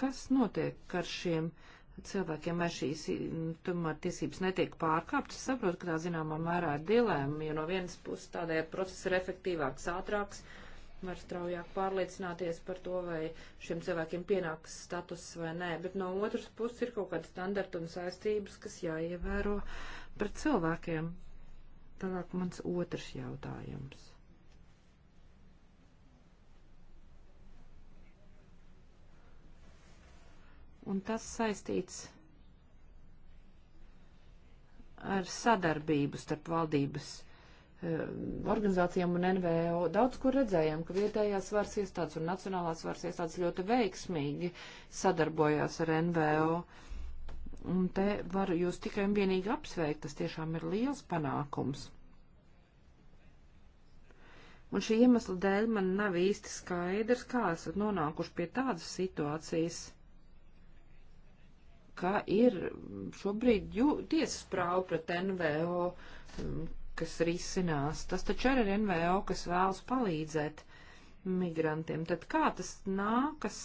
Kas notiek ar šiem uh, cilvēkiem ar šīs mm, tomēr tiesības netiek pārkāptas, saprot, ka tā zināmā mērā ir dilēma, jo no vienas puses tādējādi process ir efektīvāks, ātrāks, var straujāk pārliecināties par to, vai šiem cilvēkiem pienāks status vai nē, bet no otras puses ir kaut kāda standarta un saistības, kas jāievēro pret cilvēkiem. Tālāk mans otrs jautājums. un tas saistīts ar sadarbību starp valdības eh, organizācijām un NVO. Daudz kur redzējām, ka vietējās varas iestādes un nacionālās varas iestādes ļoti veiksmīgi sadarbojās ar NVO. Un te varu jūs tikai un vienīgi apsveikt, tas tiešām ir liels panākums. Un šī iemesla dēļ man nav īsti skaidrs, kā esat nonākuši pie tādas situācijas ka ir šobrīd jū, tiesas prāva pret NVO, mm, kas risinās. Tas taču arī ir NVO, kas vēlas palīdzēt migrantiem. Tad kā tas nākas,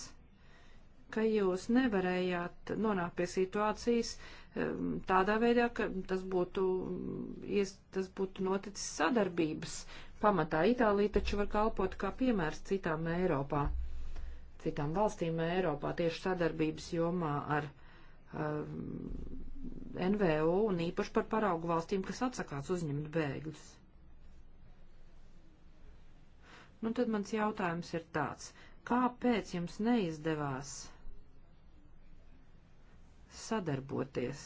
ka jūs nevarējāt nonākt pie situācijas mm, tādā veidā, ka tas būtu, mm, tas būtu noticis sadarbības pamatā. Itālija taču var kalpot kā piemērs citām Eiropā, citām valstīm Eiropā tieši sadarbības jomā ar. Um, NVO un īpaši par paraugu valstīm, kas atsakās uzņemt bēgļus. Nu, tad mans jautājums ir tāds, kāpēc jums neizdevās sadarboties?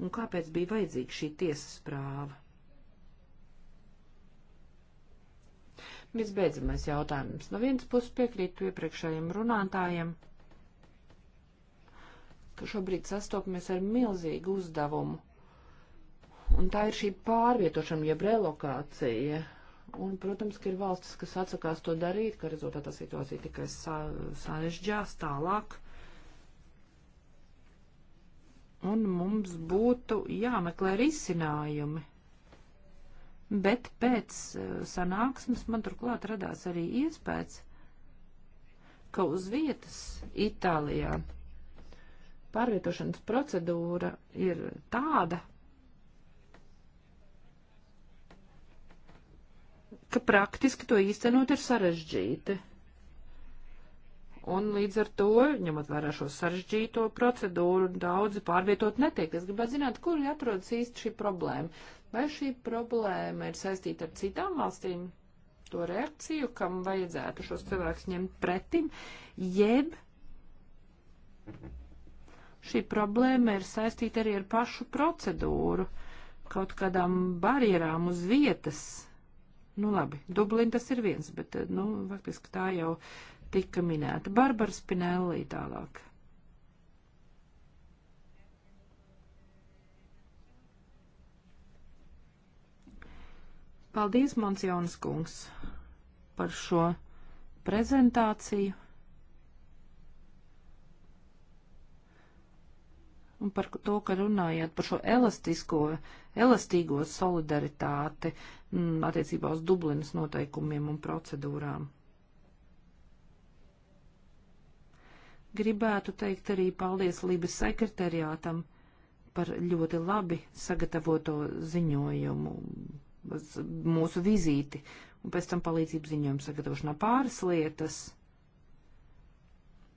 Un kāpēc bija vajadzīga šī tiesas prāva? Visbeidzamais jautājums. No vienas puses piekrītu iepriekšējiem runātājiem ka šobrīd sastopamies ar milzīgu uzdevumu. Un tā ir šī pārvietošana, jeb relokācija. Un, protams, ka ir valstis, kas atsakās to darīt, ka rezultātā situācija tikai sarežģās tālāk. Un mums būtu jāmeklē risinājumi. Bet pēc eh, sanāksmes man turklāt radās arī iespējas, ka uz vietas Itālijā pārvietošanas procedūra ir tāda, ka praktiski to īstenot ir sarežģīti. Un līdz ar to, ņemot vērā šo sarežģīto procedūru, daudzi pārvietot netiek. Es gribētu zināt, kur atrodas īsti šī problēma. Vai šī problēma ir saistīta ar citām valstīm, to reakciju, kam vajadzētu šos cilvēkus ņemt pretim, jeb Šī problēma ir saistīta arī ar pašu procedūru, kaut kādām barjerām uz vietas. Nu labi, Dublin tas ir viens, bet, eh, nu, faktiski tā jau tika minēta. Barbara Spinelli tālāk. Paldies, Mansjonas kungs, par šo prezentāciju. un par to, ka runājāt par šo elastisko, elastīgo solidaritāti m, mm, attiecībā uz Dublinas noteikumiem un procedūrām. Gribētu teikt arī paldies Libes sekretariātam par ļoti labi sagatavoto ziņojumu, mūsu vizīti, un pēc tam palīdzību ziņojumu sagatavošanā pāris lietas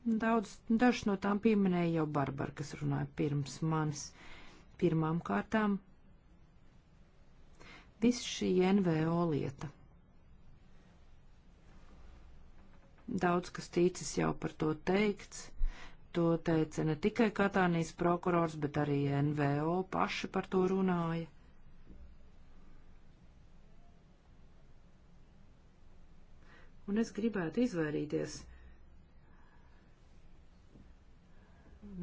Daudz, dažs no tām pieminēja jau Barbara, kas runāja pirms manis. Pirmām kārtām viss šī NVO lieta. Daudz, kas ticis jau par to teikts, to teica ne tikai Katānijas prokurors, bet arī NVO paši par to runāja. Un es gribētu izvairīties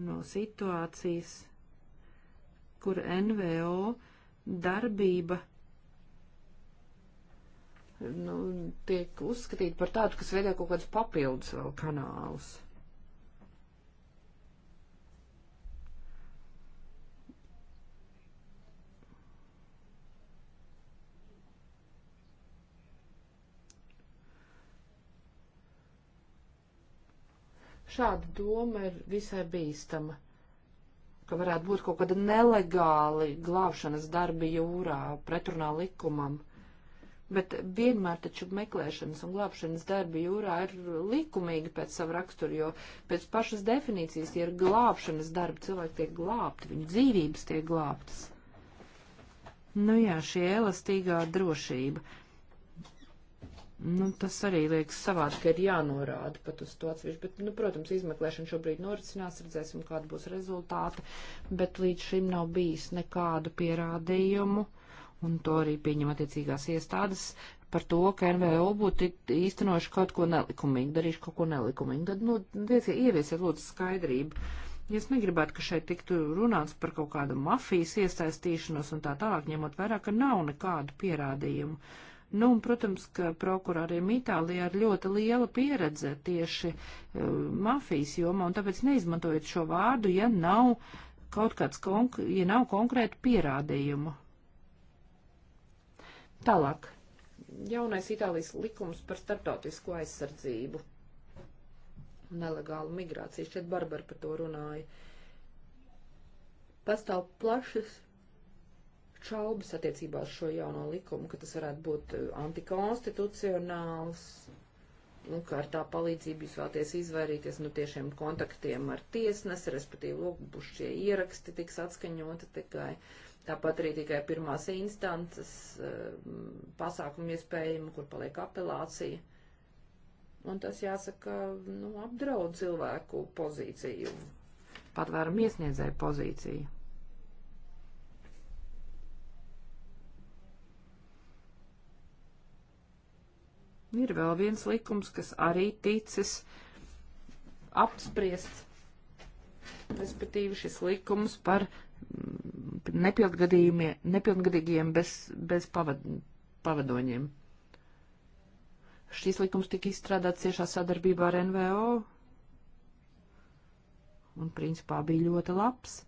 no situācijas, kur NVO darbība nu, tiek uzskatīta par tādu, kas veido kaut kādus papildus vēl kanālus. Šāda doma ir visai bīstama, ka varētu būt kaut kāda nelegāli glābšanas darbi jūrā pretrunā likumam. Bet vienmēr taču meklēšanas un glābšanas darbi jūrā ir likumīgi pēc savu raksturu, jo pēc pašas definīcijas, ja ir glābšanas darbi, cilvēki tiek glābti, viņu dzīvības tiek glābtas. Nu jā, šī elastīgā drošība. Nu, tas arī liekas savādi, ka ir jānorāda pat uz to atsevišķi, bet, nu, protams, izmeklēšana šobrīd norisinās, redzēsim, kāda būs rezultāti, bet līdz šim nav bijis nekādu pierādījumu, un to arī pieņem attiecīgās iestādes, par to, ka NVO būtu īstenojuši kaut ko nelikumīgu, darījuši kaut ko nelikumīgu. Tad, nu, diezgan ieviesiet lūdzu skaidrību. Ja es negribētu, ka šeit tiktu runāts par kaut kādu mafijas iesaistīšanos un tā tālāk, ņemot vērā, ka nav nekādu pierādījumu. Uh, Nu, un, protams, ka prokuroriem Itālijā ir ļoti liela pieredze tieši uh, mafijas jomā, un tāpēc neizmantojiet šo vārdu, ja nav kaut kāds, konk ja nav konkrēta pierādījuma. Tālāk. Jaunais Itālijas likums par starptautisko aizsardzību. Nelegāla migrācija. Šeit Barbara par to runāja. Pastāv plašas šaubas attiecībā uz šo jauno likumu, ka tas varētu būt eh, antikonstitucionāls, nu, ka ar tā palīdzību jūs vēlaties izvairīties no nu, tiešiem kontaktiem ar tiesnesi, respektīvi, lūk, būs šie ieraksti tiks atskaņoti tikai. Tāpat arī tikai pirmās instances eh, pasākumu iespējama, kur paliek apelācija. Un tas jāsaka, nu, apdraud cilvēku pozīciju, patvērumu iesniedzēju pozīciju. Ir vēl viens likums, kas arī ticis apspriests, respektīvi šis likums par mm, nepilngadīgiem bez, bez pavad, pavadoņiem. Šis likums tika izstrādāts ciešā sadarbībā ar NVO un principā bija ļoti labs.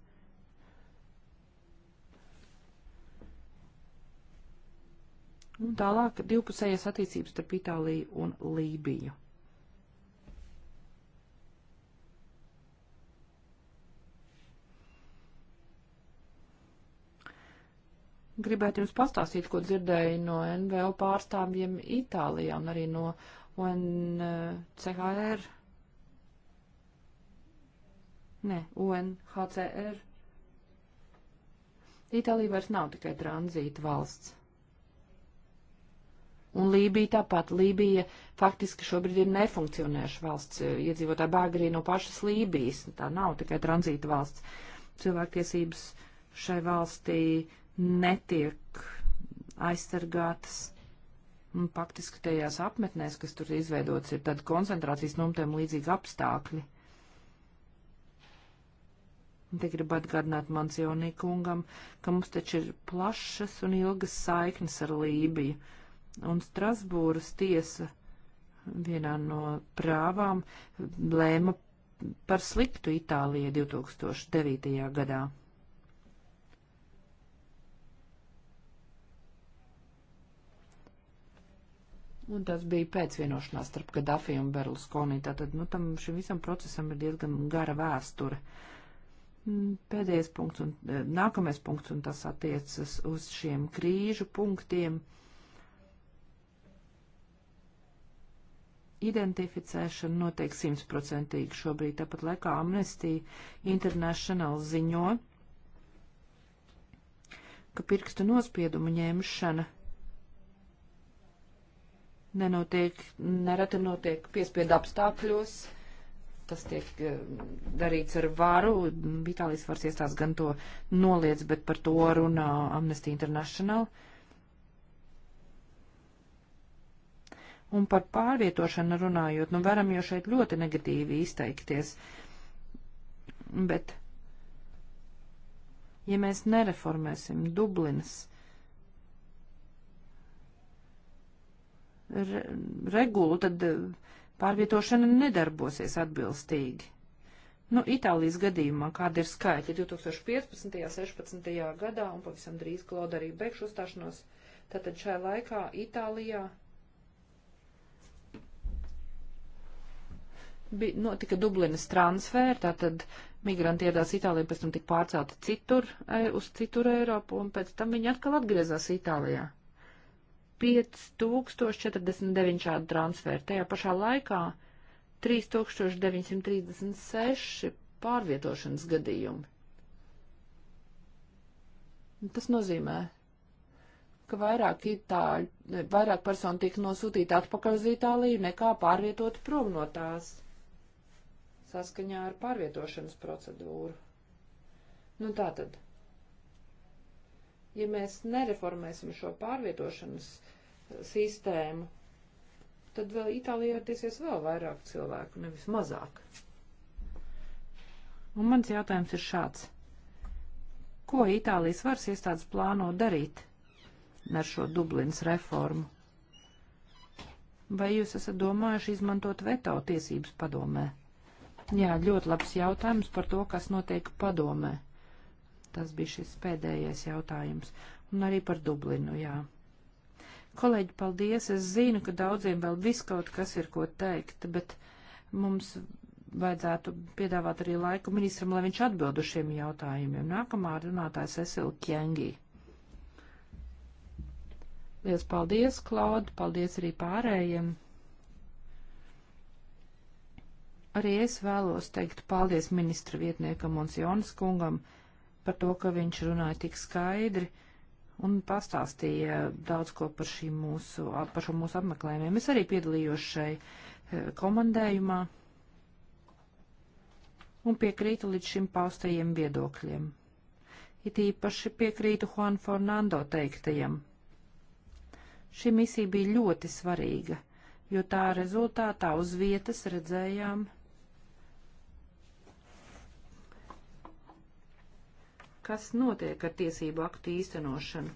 Un tālāk divpusējās attiecības starp Itāliju un Lībiju. Gribētu jums pastāstīt, ko dzirdēju no NVO pārstāvjiem Itālijā un arī no UNCHR. Nē, UNHCR. Itālija vairs nav tikai tranzīta valsts. Un Lībija tāpat. Lībija faktiski šobrīd ir nefunkcionēša valsts. Iedzīvotāji bēg arī no pašas Lībijas. Tā nav tikai tranzīta valsts. Cilvēktiesības šai valstī netiek aizsargātas. Un faktiski tajās apmetnēs, kas tur izveidots, ir tad koncentrācijas numtēm līdzīgi apstākļi. Un te gribu atgādināt Mancionī kungam, ka mums taču ir plašas un ilgas saiknes ar Lībiju. Uh, un Strasbūras tiesa vienā no prāvām lēma par sliktu Itālijai 2009. gadā. Un tas bija pēc vienošanās starp Gaddafi un Berluskoni. Tātad, nu, tam šim visam procesam ir diezgan gara vēsture. Mm, pēdējais punkts un eh, nākamais punkts, un tas attiecas uz šiem krīžu punktiem. Uh, identificēšana notiek simtprocentīgi šobrīd. Tāpat laikā Amnesty International ziņo, ka pirkstu nospiedumu ņemšana nenotiek, nereti notiek piespiedu apstākļos. Tas tiek eh, darīts ar varu. Itālijas varas iestāsts gan to noliedz, bet par to runā Amnesty International. Uh, Un par pārvietošanu runājot, nu varam jau šeit ļoti negatīvi izteikties, bet ja mēs nereformēsim Dublinas re regulu, tad eh, pārvietošana nedarbosies atbilstīgi. Nu, Itālijas gadījumā, kāda ir skaitļa 2015. 16. gadā, un pavisam drīz Klauda arī beigšu uzstāšanos, tātad šajā laikā Itālijā bija, notika Dublinas transfer, tātad migranti ieradās Itālijā, pēc tam tika pārcelti citur, e, uz citur Eiropu, un pēc tam viņi atkal atgriezās Itālijā. 5049 šādi transferi. Tajā pašā laikā 3936 pārvietošanas gadījumi. Tas nozīmē, ka vairāk, itāļu, vairāk personu tika nosūtīta atpakaļ uz Itāliju nekā pārvietot prom no tās saskaņā ar pārvietošanas procedūru. Nu tā tad, ja mēs nereformēsim šo pārvietošanas eh, sistēmu, tad vēl Itālijā ieradīsies vēl vairāk cilvēku, nevis mazāk. Un mans jautājums ir šāds. Ko Itālijas varas iestādes plāno darīt ar šo Dublinas reformu? Vai jūs esat domājuši izmantot veto tiesības padomē? Jā, ļoti labs jautājums par to, kas notiek padomē. Tas bija šis pēdējais jautājums. Un arī par Dublinu, jā. Kolēģi, paldies. Es zinu, ka daudziem vēl viskaut kas ir ko teikt, bet mums vajadzētu piedāvāt arī laiku ministram, lai viņš atbild uz šiem jautājumiem. Nākamā runātāja Cecilija Kjengī. Lielas paldies, Klauda, paldies arī pārējiem. Arī es vēlos teikt paldies ministra vietniekam un Sionas kungam par to, ka viņš runāja tik skaidri un pastāstīja daudz ko par, mūsu, par šo mūsu apmeklējumiem. Es arī piedalījos šai eh, komandējumā un piekrītu līdz šim paustajiem viedokļiem. It īpaši piekrītu Juan Fernando teiktajam. Šī misija bija ļoti svarīga, jo tā rezultātā uz vietas redzējām kas notiek ar tiesību aktu īstenošanu.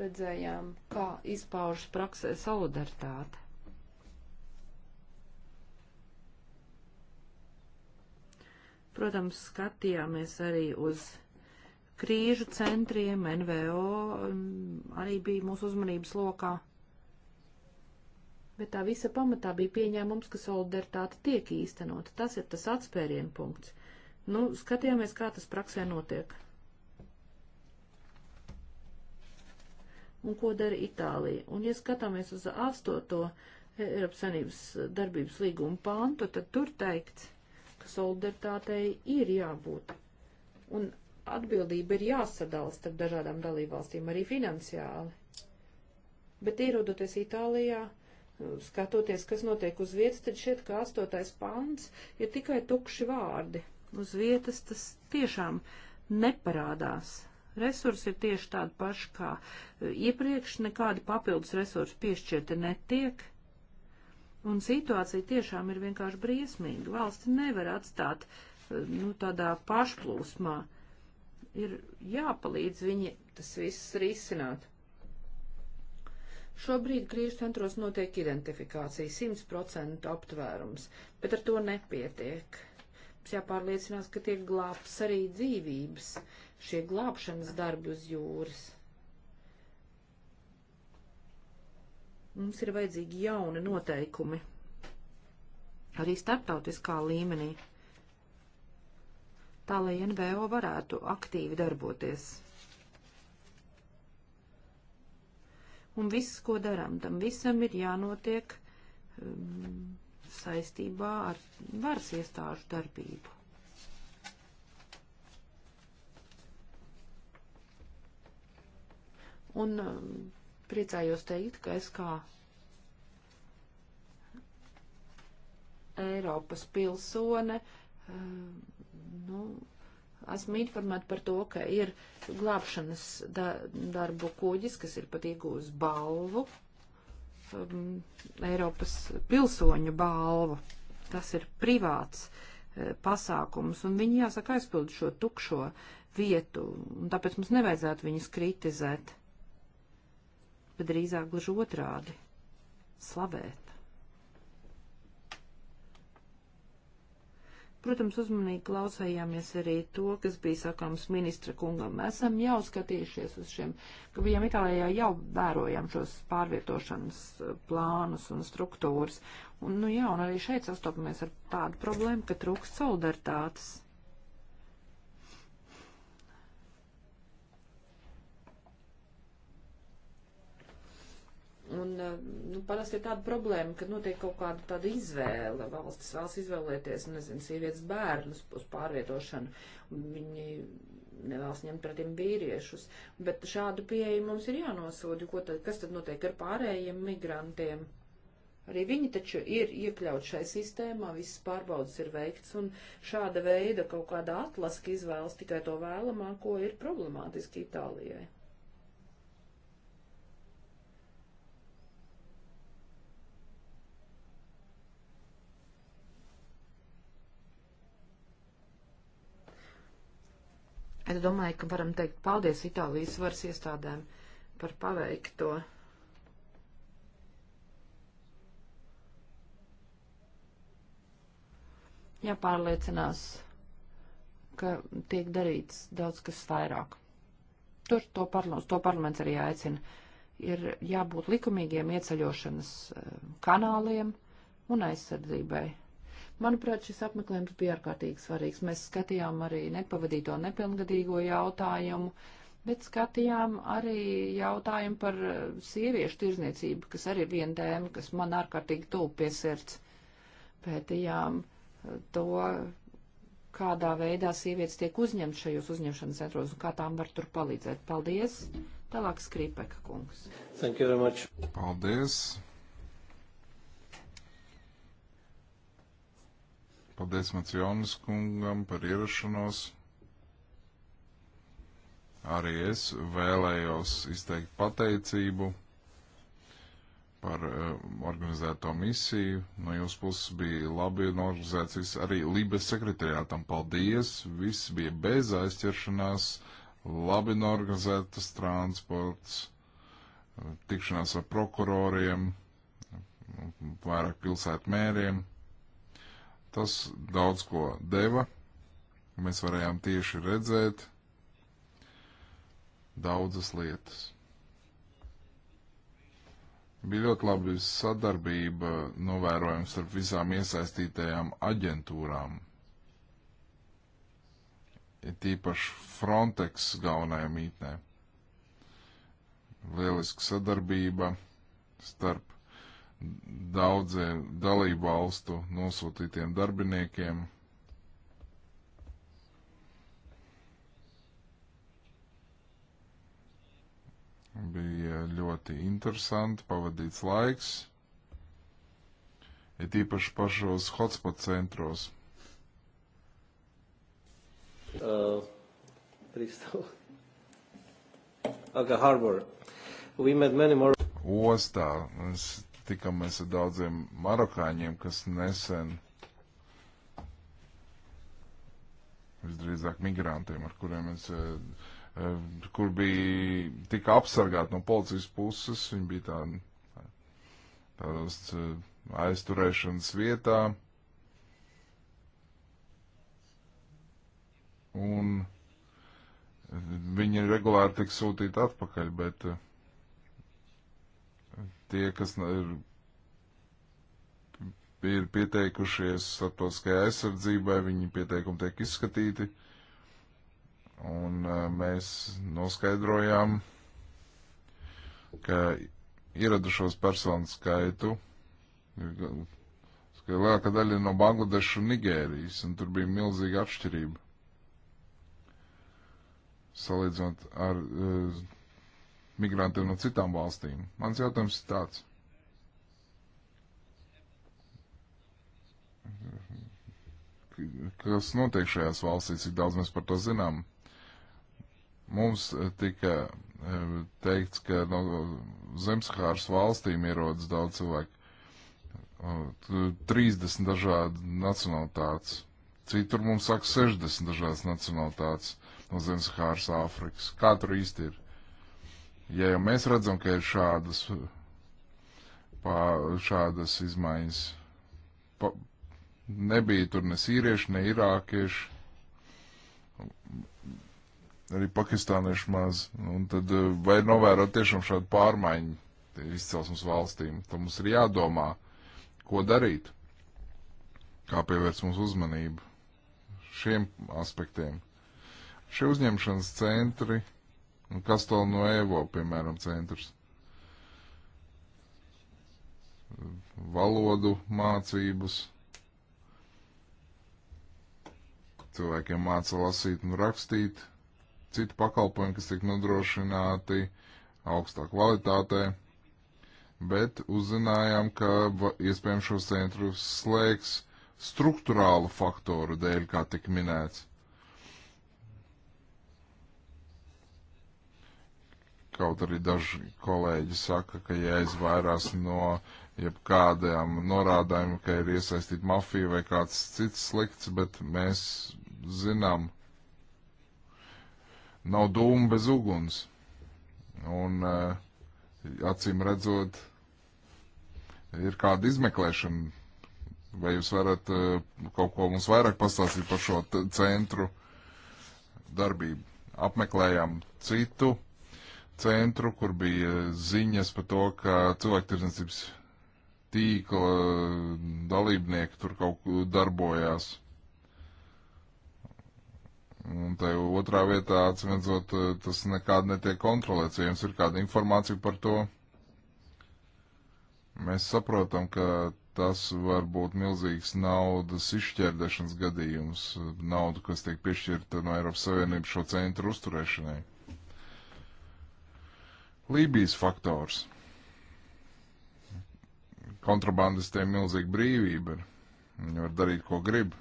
Redzējām, kā izpaužas praksē solidaritāte. Protams, skatījāmies arī uz krīžu centriem, NVO arī bija mūsu uzmanības lokā. Bet tā visa pamatā bija pieņēmums, ka solidaritāte tiek īstenota. Tas ir tas atspērienu punkts. Nu, skatījāmies, kā tas praksē notiek. Un ko dara Itālija? Un, ja skatāmies uz 8. E- Eiropas Sanības darbības līguma pantu, tad tur teikts, ka solidaritātei ir jābūt. Un atbildība ir jāsadala starp dažādām dalībvalstīm, arī finansiāli. Bet ierodoties Itālijā, skatoties, kas notiek uz vietas, tad šķiet, ka astotais pants ir tikai tukši vārdi uz vietas tas tiešām neparādās. Resursi ir tieši tādi paši kā e, iepriekš, nekādi papildus resursi piešķirti netiek. Un situācija tiešām ir vienkārši briesmīga. Valsti nevar atstāt e, nu, tādā pašplūsmā. Ir jāpalīdz viņi tas viss risināt. Šobrīd krīžu centros notiek identifikācija, 100% aptvērums, bet ar to nepietiek mums jāpārliecinās, ka tiek glābts arī dzīvības, šie glābšanas darbi uz jūras. Mums ir vajadzīgi jauni noteikumi, arī starptautiskā līmenī, tā lai NVO varētu aktīvi darboties. Un viss, ko darām, tam visam ir jānotiek. Um, saistībā ar varas iestāžu darbību. Un um, priecājos teikt, ka es kā Eiropas pilsone um, nu, esmu informēta par to, ka ir glābšanas da darbu kuģis, kas ir pat iegūs balvu um, Eiropas pilsoņu balvu. Tas ir privāts uh, pasākums, un viņi jāsaka aizpild šo tukšo vietu, un tāpēc mums nevajadzētu viņus kritizēt, bet drīzāk gluži otrādi - slavēt. Protams, uzmanīgi klausējāmies arī to, kas bija sakāms ministra kungam. Mēs esam jau skatījušies uz šiem, ka bijām Itālijā jau vērojam šos pārvietošanas eh, plānus un struktūras. Un, nu jā, un arī šeit sastopamies ar tādu problēmu, ka trūkst solidaritātes. Un, eh, nu, parasti ir tāda problēma, ka notiek kaut kāda tāda izvēle. Valstis vēlas izvēlēties, nu, nezinu, sievietes bērnus uz pārvietošanu. Viņi nevēlas ņemt pretim vīriešus. Bet šādu pieeju mums ir jānosoda, ko tad, kas tad notiek ar pārējiem migrantiem. Arī viņi taču ir iekļauti šai sistēmā, visas pārbaudas ir veikts, un šāda veida kaut kāda atlaska izvēlas tikai to vēlamāko ir problemātiski Itālijai. Es domāju, ka varam teikt paldies Itālijas varas iestādēm par paveikto. Jāpārliecinās, ka tiek darīts daudz kas vairāk. Tur to, parla to parlaments arī aicina. Ir jābūt likumīgiem ieceļošanas eh, kanāliem un aizsardzībai. Manuprāt, šis apmeklējums bija ārkārtīgi svarīgs. Mēs skatījām arī nepavadīto nepilngadīgo jautājumu, bet skatījām arī jautājumu par eh, sieviešu tirzniecību, kas arī ir viena tēma, kas man ārkārtīgi tuvu pie sirds. Pētījām eh, to, kādā veidā sievietes tiek uzņemtas šajos uzņemšanas centros un kā tām var tur palīdzēt. Paldies! Tālāk Skripeka kungs. Thank you very much. Paldies! Paldies Macionas kungam par ierašanos. Arī es vēlējos izteikt pateicību par uh, organizēto misiju. No jūsu puses bija labi organizēts viss. Arī Libes sekretariātam paldies. Viss bija bez aizķeršanās, labi organizētas transports, eh, tikšanās ar prokuroriem, vairāk pilsētu mēriem. Tas daudz ko deva. Mēs varējām tieši redzēt daudzas lietas. Bija ļoti labi sadarbība novērojams ar visām iesaistītajām aģentūrām. Ir tīpaši Frontex galvenajā mītnē. Lieliska sadarbība starp daudziem dalību valstu nosūtītiem darbiniekiem. Bija ļoti interesanti pavadīts laiks, ir īpaši pašos hotspot centros. Uh, okay, harbor. We met many more. Ostā. Es tikamies ar daudziem marokāņiem, kas nesen visdrīzāk migrantiem, ar kuriem es, eh, eh, kur bija tik apsargāti no policijas puses, viņi bija tā, tādos eh, aizturēšanas vietā. Un viņi regulāri tiek sūtīti atpakaļ, bet uh, tie, kas ir, ir pieteikušies starptautiskajai aizsardzībai, viņi pieteikumi tiek izskatīti. Un mēs noskaidrojām, ka ieradušos personu skaitu ka lielākā daļa ir no Bangladešas un Nigērijas, un tur bija milzīga atšķirība. Salīdzinot ar uh, migrantiem no citām valstīm. Mans jautājums ir tāds. Kas notiek šajās valstīs, cik daudz mēs par to zinām? Mums tika eh, teikts, ka no Zemsahāras valstīm ierodas daudz cilvēku. 30 dažādi nacionalitātes. Citur mums saka 60 dažādas nacionalitātes no Zemesahāras Āfrikas. Kā tur īsti ir? Ja jau mēs redzam, ka ir šādas, pā, šādas izmaiņas, pa, nebija tur ne sīrieši, ne irākieši, arī pakistānieši maz, un tad eh, vai novērot tiešām šādu pārmaiņu izcelsmes valstīm, tad mums ir jādomā, ko darīt, kā pievērst mums uzmanību šiem aspektiem. Šie uzņemšanas centri Kastel no Evo, piemēram, centrs. Valodu mācības. Cilvēkiem māca lasīt un rakstīt. Citi pakalpojumi, kas tiek nodrošināti augstā kvalitātē. Bet uzzinājām, ka iespējams šos centrus slēgs struktūrālu faktoru dēļ, kā tik minēts kaut arī daži kolēģi saka, ka jāizvairās no jebkādām norādēm, ka ir iesaistīta mafija vai kāds cits slikts, bet mēs zinām, nav dūma bez uguns. Un eh, acīm redzot, ir kāda izmeklēšana. Vai jūs varat eh, kaut ko mums vairāk pastāstīt par šo centru darbību? Apmeklējām citu centru, kur bija ziņas par to, ka cilvēktirdzniecības tīkla dalībnieki tur kaut kur darbojās. Un tai otrā vietā, atsimedzot, tas nekād netiek kontrolēts, ja jums ir kāda informācija par to. Mēs saprotam, ka tas var būt milzīgs naudas izšķērdešanas gadījums, nauda, kas tiek piešķirta no Eiropas Savienības šo centru uzturēšanai. Lībijas faktors. Kontrabandistiem milzīga brīvība ir. Viņi var darīt, ko grib.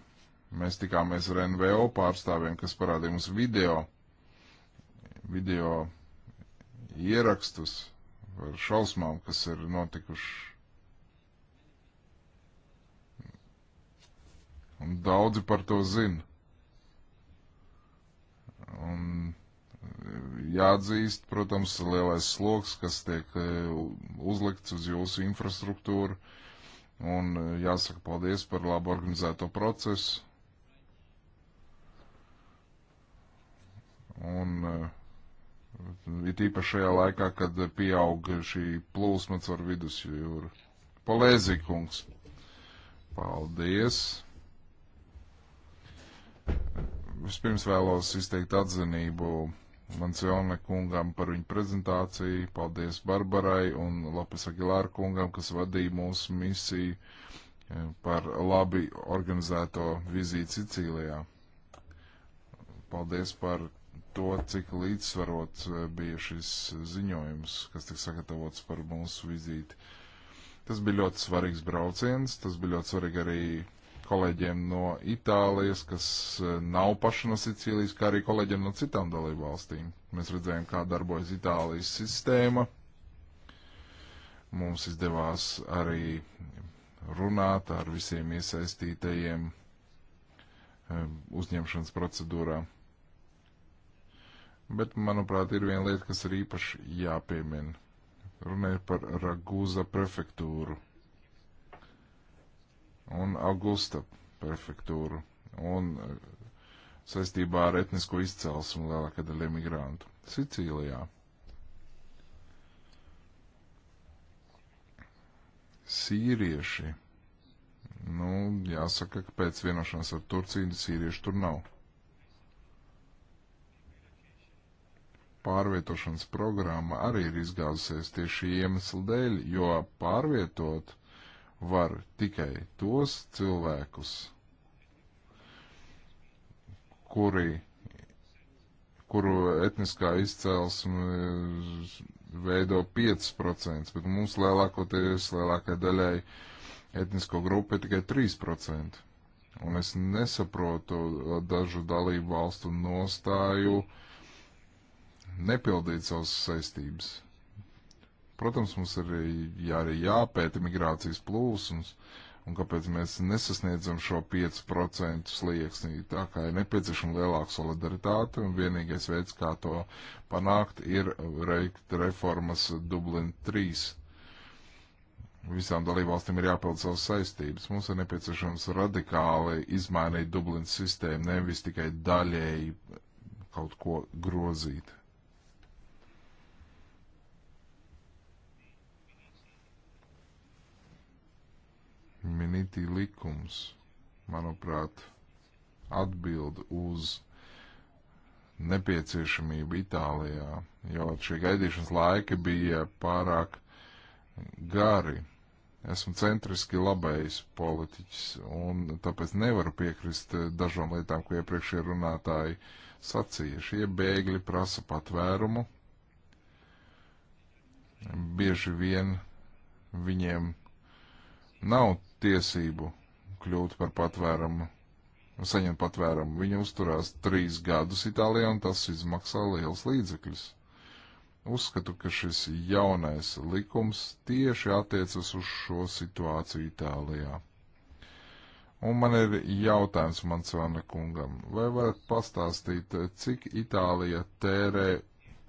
Mēs tikāmies ar NVO pārstāvjiem, kas parādīja mums video, video ierakstus par šausmām, kas ir notikuši. Un daudzi par to zina. Un jāatzīst, protams, lielais sloks, kas tiek e, uzlikts uz jūsu infrastruktūru. Un e, jāsaka paldies par labu organizēto procesu. Un e, it īpaši šajā laikā, kad pieaug šī plūsma caur vidusjūru. Palēzīkungs. Paldies. Vispirms vēlos izteikt atzinību Mancione kungam par viņu prezentāciju, paldies Barbarai un Lopes Agilāra kungam, kas vadīja mūsu misiju eh, par labi organizēto vizīti Sicīlijā. Paldies par to, cik līdzsvarots eh, bija šis ziņojums, kas tika sagatavots par mūsu vizīti. Tas bija ļoti svarīgs brauciens, tas bija ļoti svarīgi arī kolēģiem no Itālijas, kas eh, nav paši no Sicīlijas, kā arī kolēģiem no citām dalību valstīm. Mēs redzējām, kā darbojas Itālijas sistēma. Mums izdevās arī runāt ar visiem iesaistītajiem eh, uzņemšanas procedūrā. Bet, manuprāt, ir viena lieta, kas ir īpaši jāpiemina. Runājot par Ragūza prefektūru un Augusta prefektūru un eh, saistībā ar etnisko izcelsmu lielākā daļa imigrantu Sicīlijā. Sīrieši. Nu, jāsaka, ka pēc vienošanās ar Turciju sīrieši tur nav. Pārvietošanas programma arī ir izgāzusies tieši iemesla dēļ, jo pārvietot uh, var tikai tos cilvēkus, kuri, kuru etniskā izcelsme veido 5%, bet mums lielākoties lielākai daļai etnisko grupu ir tikai 3%. Un es nesaprotu dažu dalību valstu nostāju nepildīt savas saistības. Protams, mums ir jā, arī jāpēta migrācijas plūsmas un kāpēc mēs nesasniedzam šo 5% slieksni. Tā kā ir nepieciešama lielāka solidaritāte un vienīgais veids, kā to panākt, ir veikt reformas Dublin 3. Visām dalībvalstīm ir jāpild savas saistības. Mums ir nepieciešams radikāli izmainīt Dublin sistēmu, nevis tikai daļēji kaut ko grozīt. minītī likums, manuprāt, atbild uz nepieciešamību Itālijā, jo šie gaidīšanas laiki bija pārāk gari. Esmu centriski labējs politiķis, un tāpēc nevaru piekrist dažām lietām, ko iepriekšējie runātāji sacīja. Šie bēgļi prasa patvērumu. Bieži vien viņiem nav tiesību kļūt par patvērumu, saņemt patvērumu. Viņa uzturās trīs gadus Itālijā, un tas izmaksā liels līdzekļus. Uzskatu, ka šis jaunais likums tieši attiecas uz šo situāciju Itālijā. Un man ir jautājums Mansona kungam. Vai varat pastāstīt, cik Itālija tērē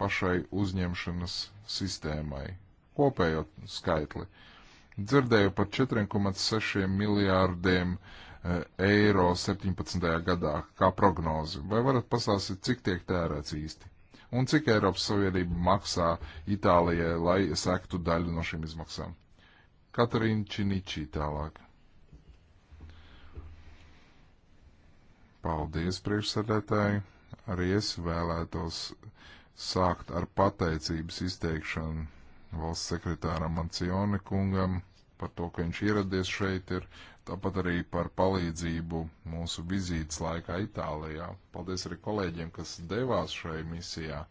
pašai uzņemšanas sistēmai? Kopējot skaitli. Uh, Dzirdēju par 4,6 miljārdiem e, eiro 17. gadā kā prognozi. Vai varat pastāstīt, cik tiek tērēts īsti? Un cik Eiropas Savienība maksā Itālijai, lai sektu daļu no šīm izmaksām? Katarīna Činičī tālāk. Paldies, priekšsēdētāji! Arī es vēlētos sākt ar pateicības izteikšanu valsts sekretāram Mancione kungam par to, ka viņš ieradies šeit, ir tāpat arī par palīdzību mūsu vizītes laikā Itālijā. Paldies arī kolēģiem, kas devās šai misijā.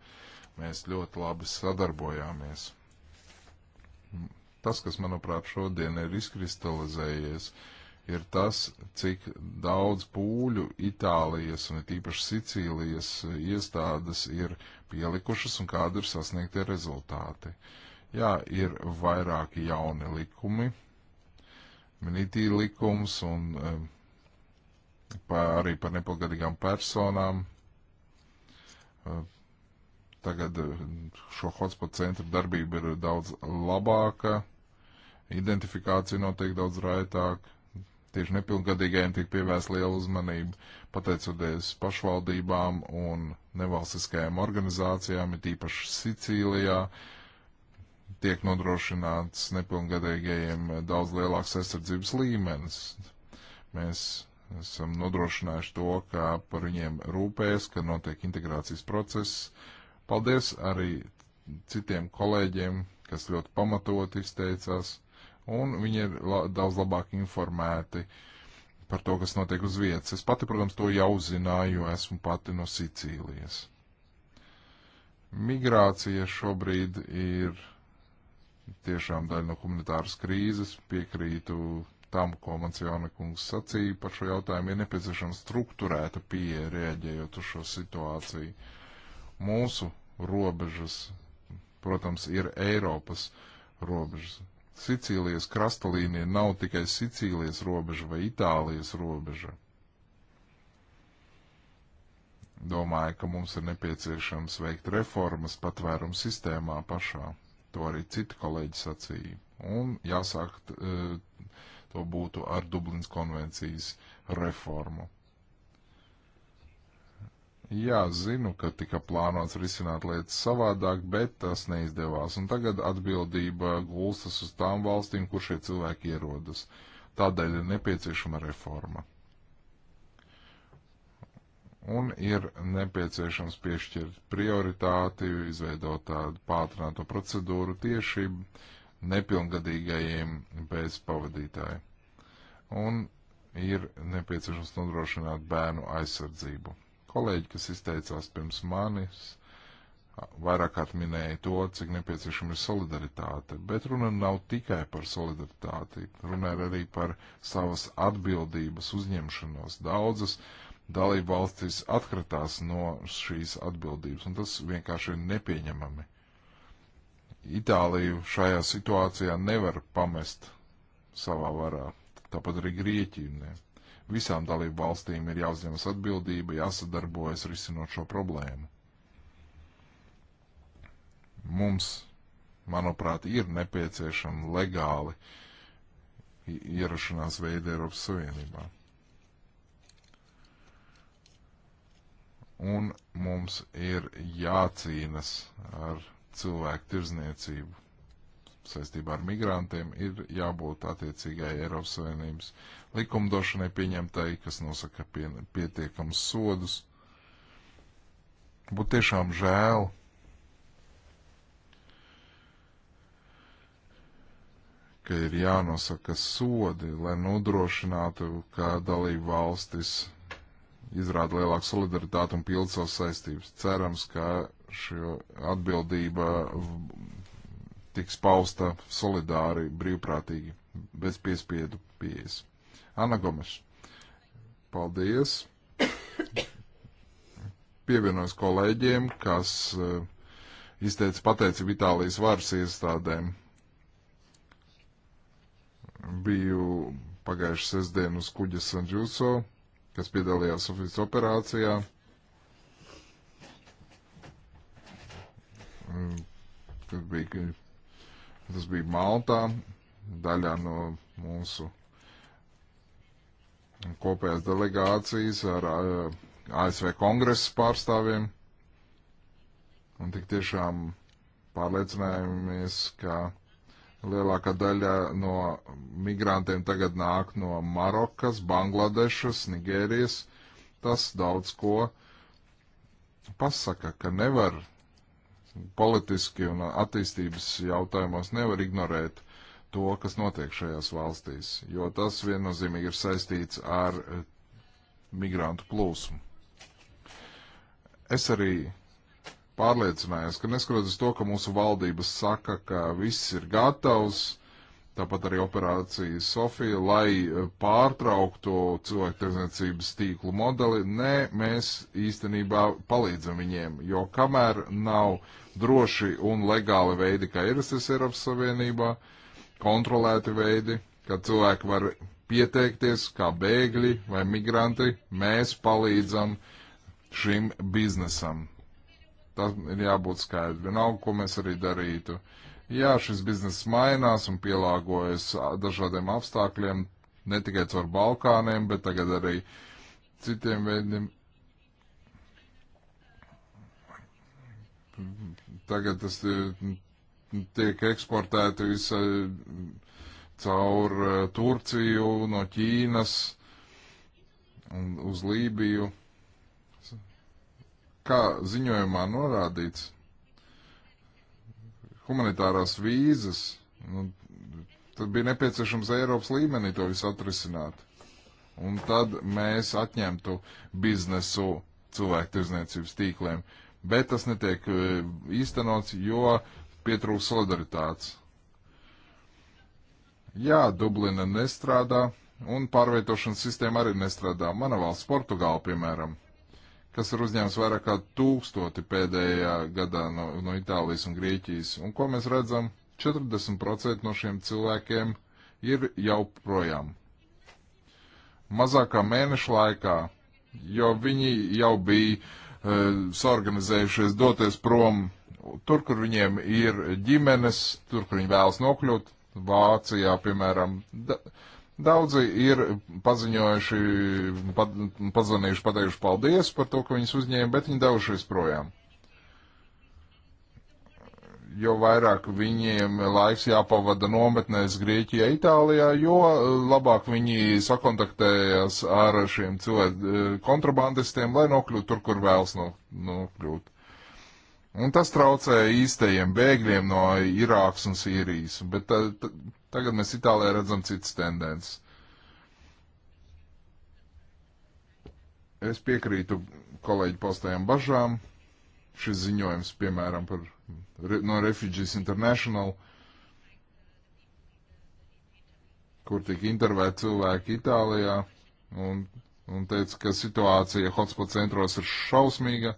Mēs ļoti labi sadarbojāmies. Tas, kas, manuprāt, šodien ir izkristalizējies, ir tas, cik daudz pūļu Itālijas un tīpaši Sicīlijas iestādes ir pielikušas un kādi ir sasniegtie rezultāti. Uh, Jā, ir vairāki jauni likumi, minitī likums un um, pār, arī par nepilngadīgām personām. Uh, tagad uh, šo hotspot centru darbība ir daudz labāka, identifikācija noteikti daudz raitāka. Tieši nepilngadīgajiem tiek pievērsta liela uzmanība, pateicoties pašvaldībām un nevalstiskajām organizācijām, it īpaši Sicīlijā, uh, tiek nodrošināts nepilngadīgajiem daudz lielāks aizsardzības līmenis. Mēs esam nodrošinājuši to, ka par viņiem rūpēs, ka notiek integrācijas process. Paldies arī citiem kolēģiem, kas ļoti pamatot izteicās, un viņi ir la daudz labāk informēti par to, kas notiek uz vietas. Es pati, protams, to jau zināju, jo esmu pati no Sicīlijas. Migrācija šobrīd ir tiešām daļa no humanitāras krīzes. Piekrītu tam, ko Manciona kungs sacīja par šo jautājumu, ir nepieciešama struktūrēta pieeja rēģējot uz šo situāciju. Mūsu robežas, protams, ir Eiropas robežas. Sicīlijas krasta līnija nav tikai Sicīlijas robeža vai Itālijas robeža. Domāju, ka mums ir nepieciešams veikt reformas patvērumu sistēmā pašā to arī citi kolēģi sacīja. Un jāsāk eh, to būtu ar Dublins konvencijas reformu. Jā, zinu, ka tika plānots risināt lietas savādāk, bet tas neizdevās, un tagad atbildība gulstas uz tām valstīm, kur šie cilvēki ierodas. Tādēļ ir nepieciešama reforma un ir nepieciešams piešķirt prioritāti, izveidot tādu pātrināto procedūru tieši nepilngadīgajiem bez pavadītāja. Un ir nepieciešams nodrošināt bērnu aizsardzību. Kolēģi, kas izteicās pirms manis, vairāk kārt minēja to, cik nepieciešama ir solidaritāte, bet runa nav tikai par solidaritāti, runa ir arī par savas atbildības uzņemšanos. Daudzas uh, dalību valstis atkritās no šīs atbildības, un tas vienkārši ir nepieņemami. Itāliju šajā situācijā nevar pamest savā varā, tāpat arī Grieķiju. Ne. Visām dalību valstīm ir jāuzņemas atbildība, jāsadarbojas risinot šo problēmu. Mums, manuprāt, ir nepieciešama legāli ierašanās veida Eiropas Savienībā. un mums ir jācīnas ar cilvēku tirzniecību. Saistībā ar migrantiem ir jābūt attiecīgai Eiropas Savienības likumdošanai pieņemtai, kas nosaka pie, pietiekams sodus. Būtu tiešām žēl, ka ir jānosaka sodi, lai nodrošinātu, ka dalību valstis izrāda lielāku solidaritāti un pild savas saistības. Cerams, ka šī atbildība tiks pausta solidāri, brīvprātīgi, bez piespiedu pieejas. Anna Gomes, paldies! Pievienos kolēģiem, kas uh, izteica pateicību Itālijas varas iestādēm. Biju pagājušas sestdien uz kuģa Sanģūso, kas piedalījās Sofijas operācijā. Tas bija, tas bija Maltā, daļā no mūsu kopējās delegācijas ar eh, ASV kongresa pārstāvjiem. Un tik tiešām pārliecinājamies, ka Lielākā daļa no migrantiem tagad nāk no Marokas, Bangladešas, Nigērijas. Tas daudz ko pasaka, ka nevar politiski un attīstības jautājumos nevar ignorēt to, kas notiek šajās valstīs, jo tas viennozīmīgi ir saistīts ar migrantu plūsmu. Es arī pārliecinājies, ka neskatoties to, ka mūsu valdības saka, ka viss ir gatavs, tāpat arī operācija Sofija, lai e, pārtrauktu cilvēku tirdzniecības tīklu modeli, nē, mēs īstenībā palīdzam viņiem, jo kamēr nav droši un legāli veidi, kā ierasties Eiropas Savienībā, kontrolēti veidi, kad cilvēki var pieteikties kā bēgļi vai migranti, mēs palīdzam šim biznesam. Tas ir jābūt skaidri. Vienalga, ko mēs arī darītu. Jā, šis bizness mainās un pielāgojas dažādiem apstākļiem, ne tikai caur Balkāniem, bet tagad arī citiem veidiem. Tagad tas eh, tiek eksportēti visai mm, caur eh, Turciju, no Ķīnas un uz Lībiju. Kā ziņojumā norādīts, humanitārās vīzas, nu, tad bija nepieciešams Eiropas līmenī to visu atrisināt. Un tad mēs atņemtu biznesu cilvēku tirzniecības tīkliem. Bet tas netiek e, īstenots, jo pietrūkst solidaritātes. Jā, Dublina nestrādā, un pārvietošanas sistēma arī nestrādā. Mana valsts Portugāla, piemēram, kas ir uzņēmis vairāk kā tūkstoti pēdējā gadā no, no Itālijas un Grieķijas. Un ko mēs redzam? 40% no šiem cilvēkiem ir jau projām. Mazākā mēneša laikā, jo viņi jau bija uh, e, sorganizējušies doties prom tur, kur viņiem ir ģimenes, tur, kur viņi vēlas nokļūt, Vācijā, piemēram, da, uh, Daudzi ir paziņojuši, pazvanījuši, pateikuši paldies par to, ka viņus uzņēma, bet viņi devušies projām. Jo vairāk viņiem laiks jāpavada nometnēs Grieķijā, Itālijā, jo labāk viņi sakontaktējas ar šiem cilvēkiem eh, kontrabandistiem, lai nokļūtu tur, kur vēlas nokļūt. Un tas traucēja īstajiem bēgļiem no Irākas un Sīrijas. Bet ta, ta, tagad mēs Itālijā redzam citas tendences. Es piekrītu kolēģi paustajām bažām. Šis ziņojums, piemēram, par, no Refugees International, kur tika intervēt cilvēki Itālijā un, un teica, ka situācija hotspot centros ir šausmīga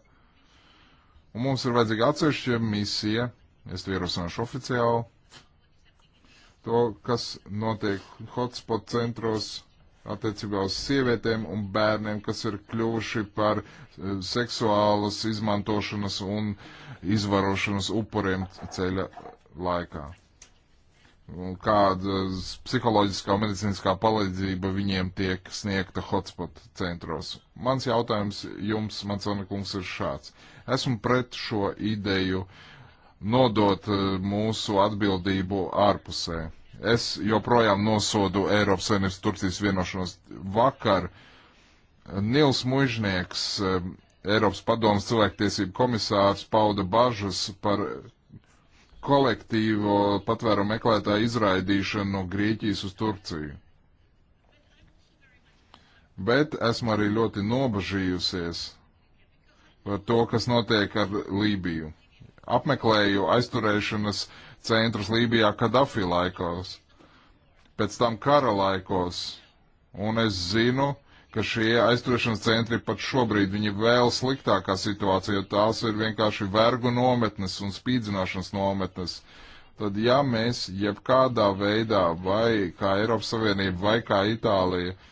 Un mums ir vajadzīga atsevišķa misija, es to ierosināšu oficiāli, to, kas notiek hotspot centros attiecībā uz sievietēm un bērniem, kas ir kļuvuši par eh, seksuālas izmantošanas un izvarošanas upuriem ceļa laikā. Kāda psiholoģiskā un medicīniskā palīdzība viņiem tiek sniegta hotspot centros? Mans jautājums jums, Mansona kungs, ir šāds. Esmu pret šo ideju nodot eh, mūsu atbildību ārpusē. Es joprojām nosodu Eiropas Savienības Turcijas vienošanos vakar. Nils Mužnieks, eh, Eiropas padomas cilvēktiesību komisārs, pauda bažas par kolektīvo patvēru meklētāju izraidīšanu no Grieķijas uz Turciju. Bet esmu arī ļoti nobažījusies par to, kas notiek ar Lībiju. Apmeklēju aizturēšanas centrus Lībijā Kadafi laikos, pēc tam kara laikos, un es zinu, ka šie aizturēšanas centri pat šobrīd viņi vēl sliktākā situācija, jo tās ir vienkārši vergu nometnes un spīdzināšanas nometnes. Tad, ja mēs jebkādā veidā vai kā Eiropas Savienība vai kā Itālija uh,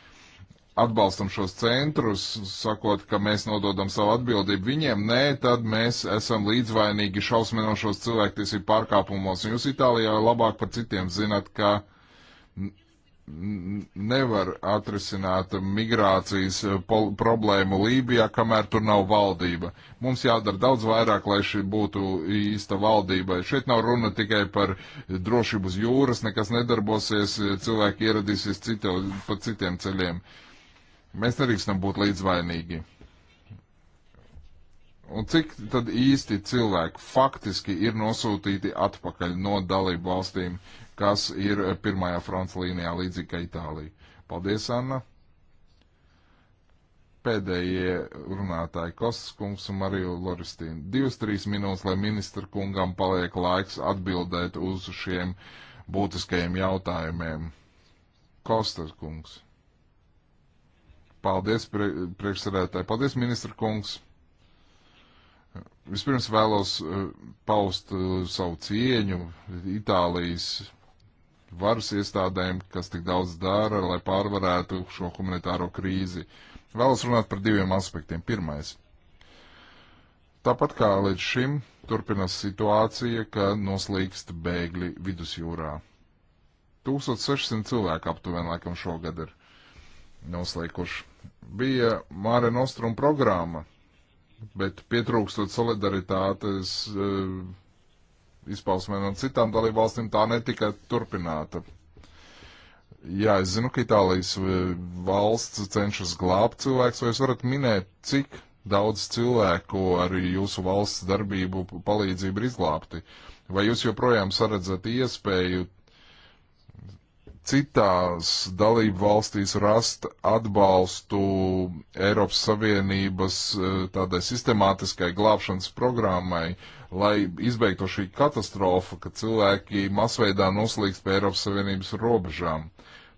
atbalstam šos centrus, sakot, ka mēs nododam savu atbildību viņiem, nē, tad mēs esam līdzvainīgi šausminošos cilvēktiesību pārkāpumos. Un jūs Itālijā labāk par citiem zinat, ka nevar atrisināt migrācijas eh, problēmu Lībijā, kamēr tur nav valdība. Mums jādara daudz vairāk, lai šī būtu īsta valdība. Šeit nav runa tikai par drošību uz jūras, nekas nedarbosies, cilvēki ieradīsies cito, pa citiem ceļiem. Uh, Mēs nedrīkstam būt līdzvainīgi. Un cik tad īsti cilvēki faktiski ir nosūtīti atpakaļ no dalību valstīm, kas ir pirmajā fronts līnijā līdzīgi kā Itālija? Paldies, Anna! Pēdējie runātāji Kostas kungs un Mariju Loristīnu. Divas, trīs minūtes, lai ministra kungam paliek laiks atbildēt uz šiem būtiskajiem jautājumiem. Kostas kungs. Paldies, pre, priekšsēdētāji. Paldies, ministra kungs. Vispirms vēlos eh, paust eh, savu cieņu Itālijas varas iestādēm, kas tik daudz dara, lai pārvarētu šo humanitāro krīzi. Vēlos runāt par diviem aspektiem. Pirmais. Tāpat kā līdz šim, turpinās situācija, ka noslīkst bēgļi vidusjūrā. 1600 cilvēku aptuveni laikam šogad ir noslīkuši bija Māra Nostrum programma, bet pietrūkstot solidaritātes eh, izpausmē no citām dalībvalstīm, tā netika turpināta. Jā, es zinu, ka Itālijas eh, valsts cenšas glābt cilvēks, vai jūs varat minēt, cik daudz cilvēku ar jūsu valsts darbību palīdzību ir izglābti? Vai jūs joprojām saredzat iespēju citās dalību valstīs rast atbalstu Eiropas Savienības eh, tādai sistemātiskai glābšanas programmai, lai izbeigtu šī katastrofa, ka cilvēki masveidā noslīgst pie Eiropas Savienības robežām.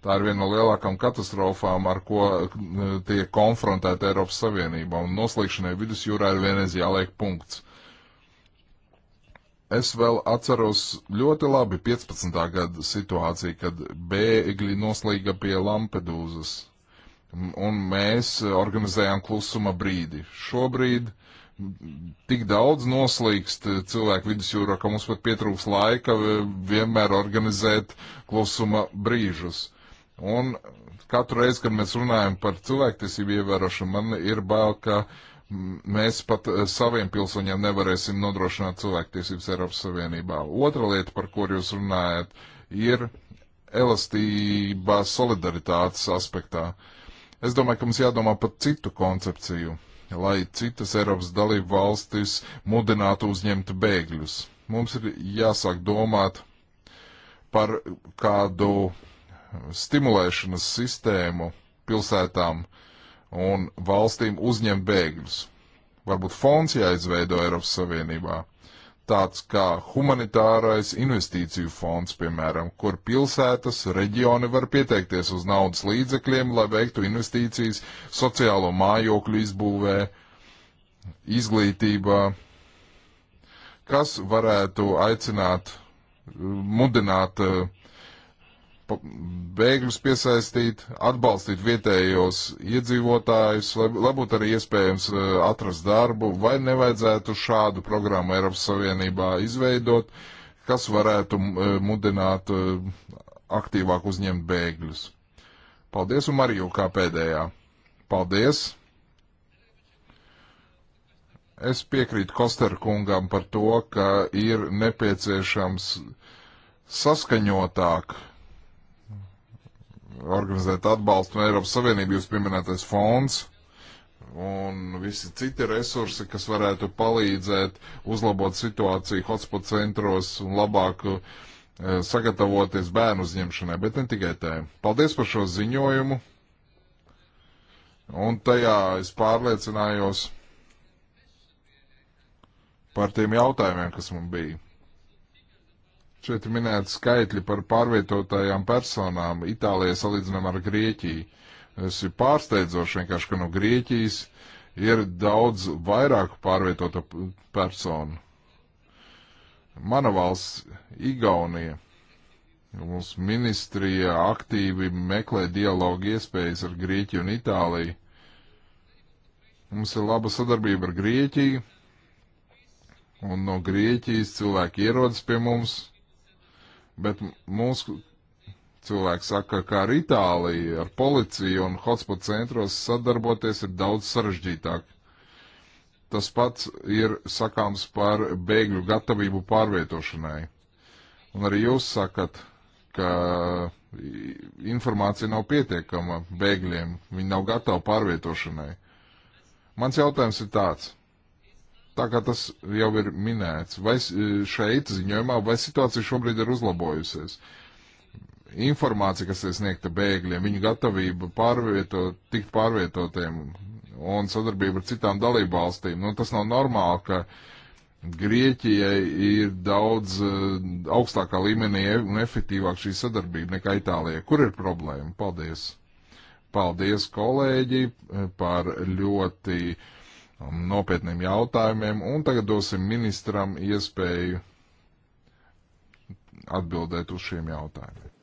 Tā ir viena no lielākām katastrofām, ar ko eh, tiek konfrontēta Eiropas Savienība, un noslīgšanai vidusjūrā ir vienreiz jāliek punkts. Es vēl atceros ļoti labi 15. gada situāciju, kad bēgļi noslīga pie Lampedūzas, un mēs organizējām klusuma brīdi. Šobrīd tik daudz noslīkst cilvēku vidusjūrā, ka mums pat pietrūks laika vienmēr organizēt klusuma brīžus. Un katru reizi, kad mēs runājam par cilvēktiesību ievērošanu, man ir bail, ka uh, mēs pat eh, saviem pilsoņiem nevarēsim nodrošināt cilvēktiesības Eiropas Savienībā. Otra lieta, par kur jūs runājat, ir elastība solidaritātes aspektā. Es domāju, ka mums jādomā par citu koncepciju, lai citas Eiropas dalību valstis mudinātu uzņemt bēgļus. Mums ir jāsāk domāt par kādu stimulēšanas sistēmu pilsētām, uh, un valstīm uzņem bēgļus. Varbūt fonds jāizveido Eiropas Savienībā. Tāds kā humanitārais investīciju fonds, piemēram, kur pilsētas, reģioni var pieteikties uz naudas līdzekļiem, lai veiktu investīcijas sociālo mājokļu izbūvē, izglītībā, kas varētu aicināt, mudināt uh, bēgļus piesaistīt, atbalstīt vietējos iedzīvotājus, lai, lai būtu arī iespējams e, atrast darbu, vai nevajadzētu šādu programmu Eiropas Savienībā izveidot, kas varētu e, mudināt e, aktīvāk uzņemt bēgļus. Paldies, un Mariju kā pēdējā. Paldies! Es piekrītu Kosterkungam par to, ka ir nepieciešams saskaņotāk uh, organizēt atbalstu no Eiropas Savienības, jūs pieminētais fonds un visi citi resursi, kas varētu palīdzēt uzlabot situāciju hotspot centros un labāk uh, sagatavoties bērnu uzņemšanai, bet ne tikai tā. Paldies par šo ziņojumu. Un tajā es pārliecinājos par tiem jautājumiem, kas man bija. Šeit ir minēti skaitļi par pārvietotajām personām Itālijā salīdzinām ar Grieķiju. Es ir pārsteidzoši vienkārši, ka no Grieķijas ir daudz vairāk pārvietota personu. Mana valsts, Igaunija, mums ministrija aktīvi meklē dialogu iespējas ar Grieķiju un Itāliju. Mums ir laba sadarbība ar Grieķiju, un no Grieķijas cilvēki ierodas pie mums Bet mūsu cilvēki saka, ka ar Itāliju, ar policiju un hotspot centros sadarboties ir daudz sarežģītāk. Tas pats ir sakāms par bēgļu gatavību pārvietošanai. Un arī jūs sakat, ka informācija nav pietiekama bēgļiem, viņi nav gatavi pārvietošanai. Mans jautājums ir tāds tā kā tas jau ir minēts, vai e, šeit ziņojumā, vai situācija šobrīd ir uzlabojusies. Informācija, kas ir sniegta bēgļiem, viņu gatavība pārvietot, tikt pārvietotiem un sadarbība ar citām dalībvalstīm, nu tas nav normāli, ka Grieķijai ir daudz e, augstākā līmenī e, un efektīvāk šī sadarbība nekā Itālijai. Kur ir problēma? Paldies! Paldies, kolēģi, par ļoti uh, Um, nopietniem jautājumiem, un tagad dosim ministram iespēju atbildēt uz šiem jautājumiem.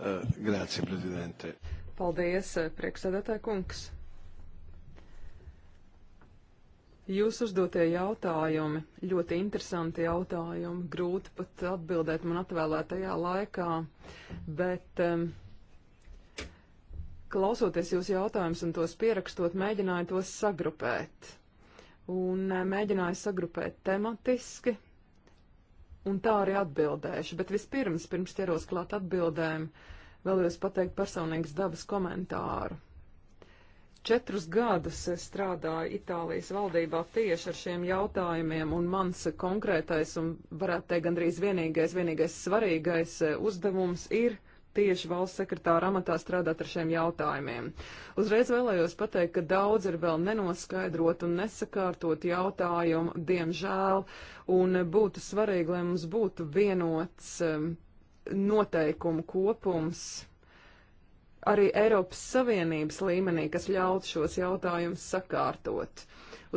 Eh, Grācija, prezidente. Paldies, eh, priekšsēdētāj kungs. Jūs uzdotie jautājumi, ļoti interesanti jautājumi, grūti pat atbildēt man atvēlētajā laikā, bet um, Klausoties jūs jautājumus un tos pierakstot, mēģināju tos sagrupēt. Un eh, mēģināju sagrupēt tematiski, un tā arī atbildēšu. Bet vispirms, pirms ķeros klāt atbildēm, vēlos pateikt personīgas dabas komentāru. Četrus gadus es strādāju Itālijas valdībā tieši ar šiem jautājumiem, un mans konkrētais un, varētu teikt, gandrīz vienīgais, vienīgais svarīgais eh, uzdevums ir tieši valsts sekretāra amatā strādāt ar šiem jautājumiem. Uzreiz vēlējos pateikt, ka daudz ir vēl nenoskaidrot un nesakārtot jautājumu, diemžēl, un būtu svarīgi, lai mums būtu vienots um, noteikumu kopums arī Eiropas Savienības līmenī, kas ļautu šos jautājumus sakārtot.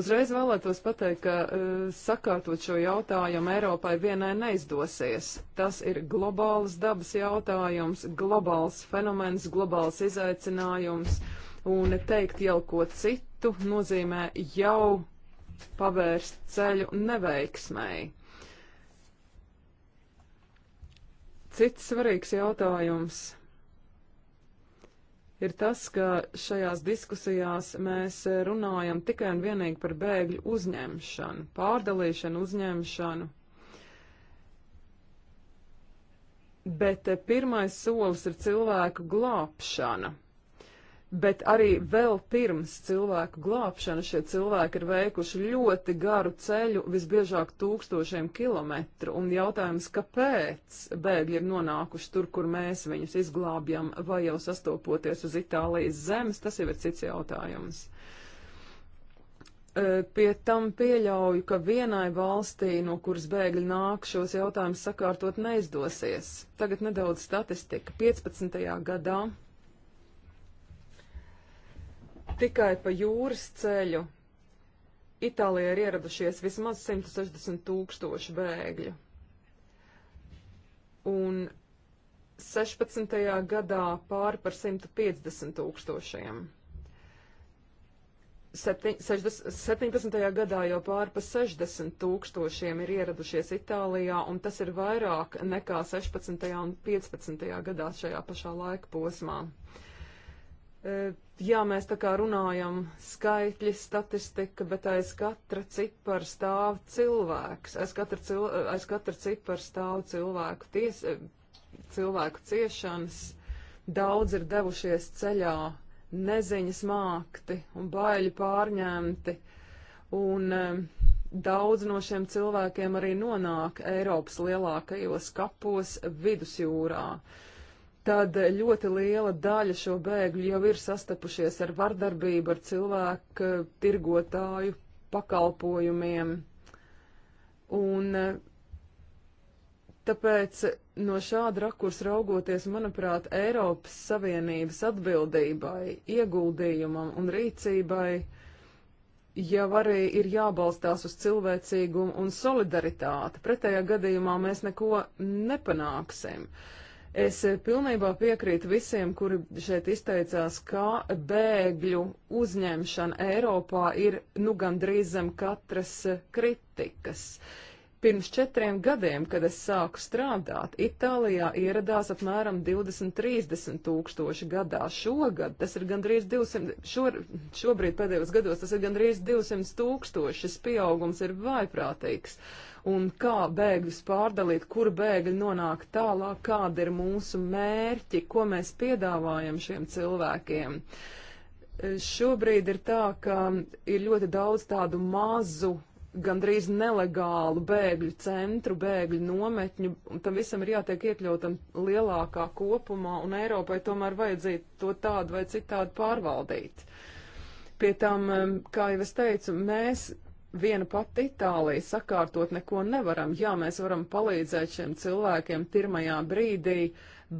Uzreiz vēlētos pateikt, ka uh, sakārtot šo jautājumu Eiropai vienai neizdosies. Tas ir globāls dabas jautājums, globāls fenomens, globāls izaicinājums, un teikt jau ko citu nozīmē jau pavērst ceļu neveiksmēji. Cits svarīgs jautājums ir tas, ka šajās diskusijās mēs runājam tikai un vienīgi par bēgļu uzņemšanu, pārdalīšanu, uzņemšanu. Bet eh, pirmais solis ir cilvēku glābšana bet arī vēl pirms cilvēku glābšana šie cilvēki ir veikuši ļoti garu ceļu, visbiežāk tūkstošiem kilometru, un jautājums, kāpēc bēgļi ir nonākuši tur, kur mēs viņus izglābjam, vai jau sastopoties uz Itālijas zemes, tas jau ir cits jautājums. E, pie tam pieļauju, ka vienai valstī, no kuras bēgļi nāk, šos jautājumus sakārtot neizdosies. Tagad nedaudz statistika. 15. gadā tikai pa jūras ceļu Itālijā ir ieradušies vismaz 160 tūkstoši bēgļu. Un 16. gadā pāri par 150 tūkstošiem. 17. gadā jau pāri par 60 tūkstošiem ir ieradušies Itālijā, un tas ir vairāk nekā 16. un 15. gadā šajā pašā laika posmā. Uh, E, jā, mēs tā kā runājam skaitļi, statistika, bet aiz katra cipara stāv cilvēks, aiz katra, cil, aiz katra cipara stāv cilvēku, ties, e, cilvēku ciešanas. Daudz ir devušies ceļā, neziņas mākti un baiļi pārņemti, un e, daudz no šiem cilvēkiem arī nonāk Eiropas lielākajos kapos vidusjūrā. Uh, tad ļoti liela daļa šo bēgļu jau ir sastapušies ar vardarbību, ar cilvēku tirgotāju pakalpojumiem. Un tāpēc no šāda rakurs raugoties, manuprāt, Eiropas Savienības atbildībai, ieguldījumam un rīcībai jau arī ir jābalstās uz cilvēcīgumu un solidaritāti. Pretējā gadījumā mēs neko nepanāksim. Uh, Es pilnībā piekrītu visiem, kuri šeit izteicās, ka bēgļu uzņemšana Eiropā ir nu gandrīz zem katras kritikas. Pirms četriem gadiem, kad es sāku strādāt, Itālijā ieradās apmēram 20-30 tūkstoši gadā. Šogad tas ir gandrīz 200, šo, šobrīd pēdējos gados tas ir gandrīz 200 tūkstoši. Šis pieaugums ir vaiprātīgs. Uh, un kā bēgļus pārdalīt, kur bēgļi nonāk tālāk, kāda ir mūsu mērķi, ko mēs piedāvājam šiem cilvēkiem. Šobrīd ir tā, ka ir ļoti daudz tādu mazu gandrīz nelegālu bēgļu centru, bēgļu nometņu, un tam visam ir jātiek iekļautam lielākā kopumā, un Eiropai tomēr vajadzētu to tādu vai citādi pārvaldīt. Pie tam, kā jau es teicu, mēs viena pati Itālija sakārtot neko nevaram. Jā, mēs varam palīdzēt šiem cilvēkiem pirmajā brīdī,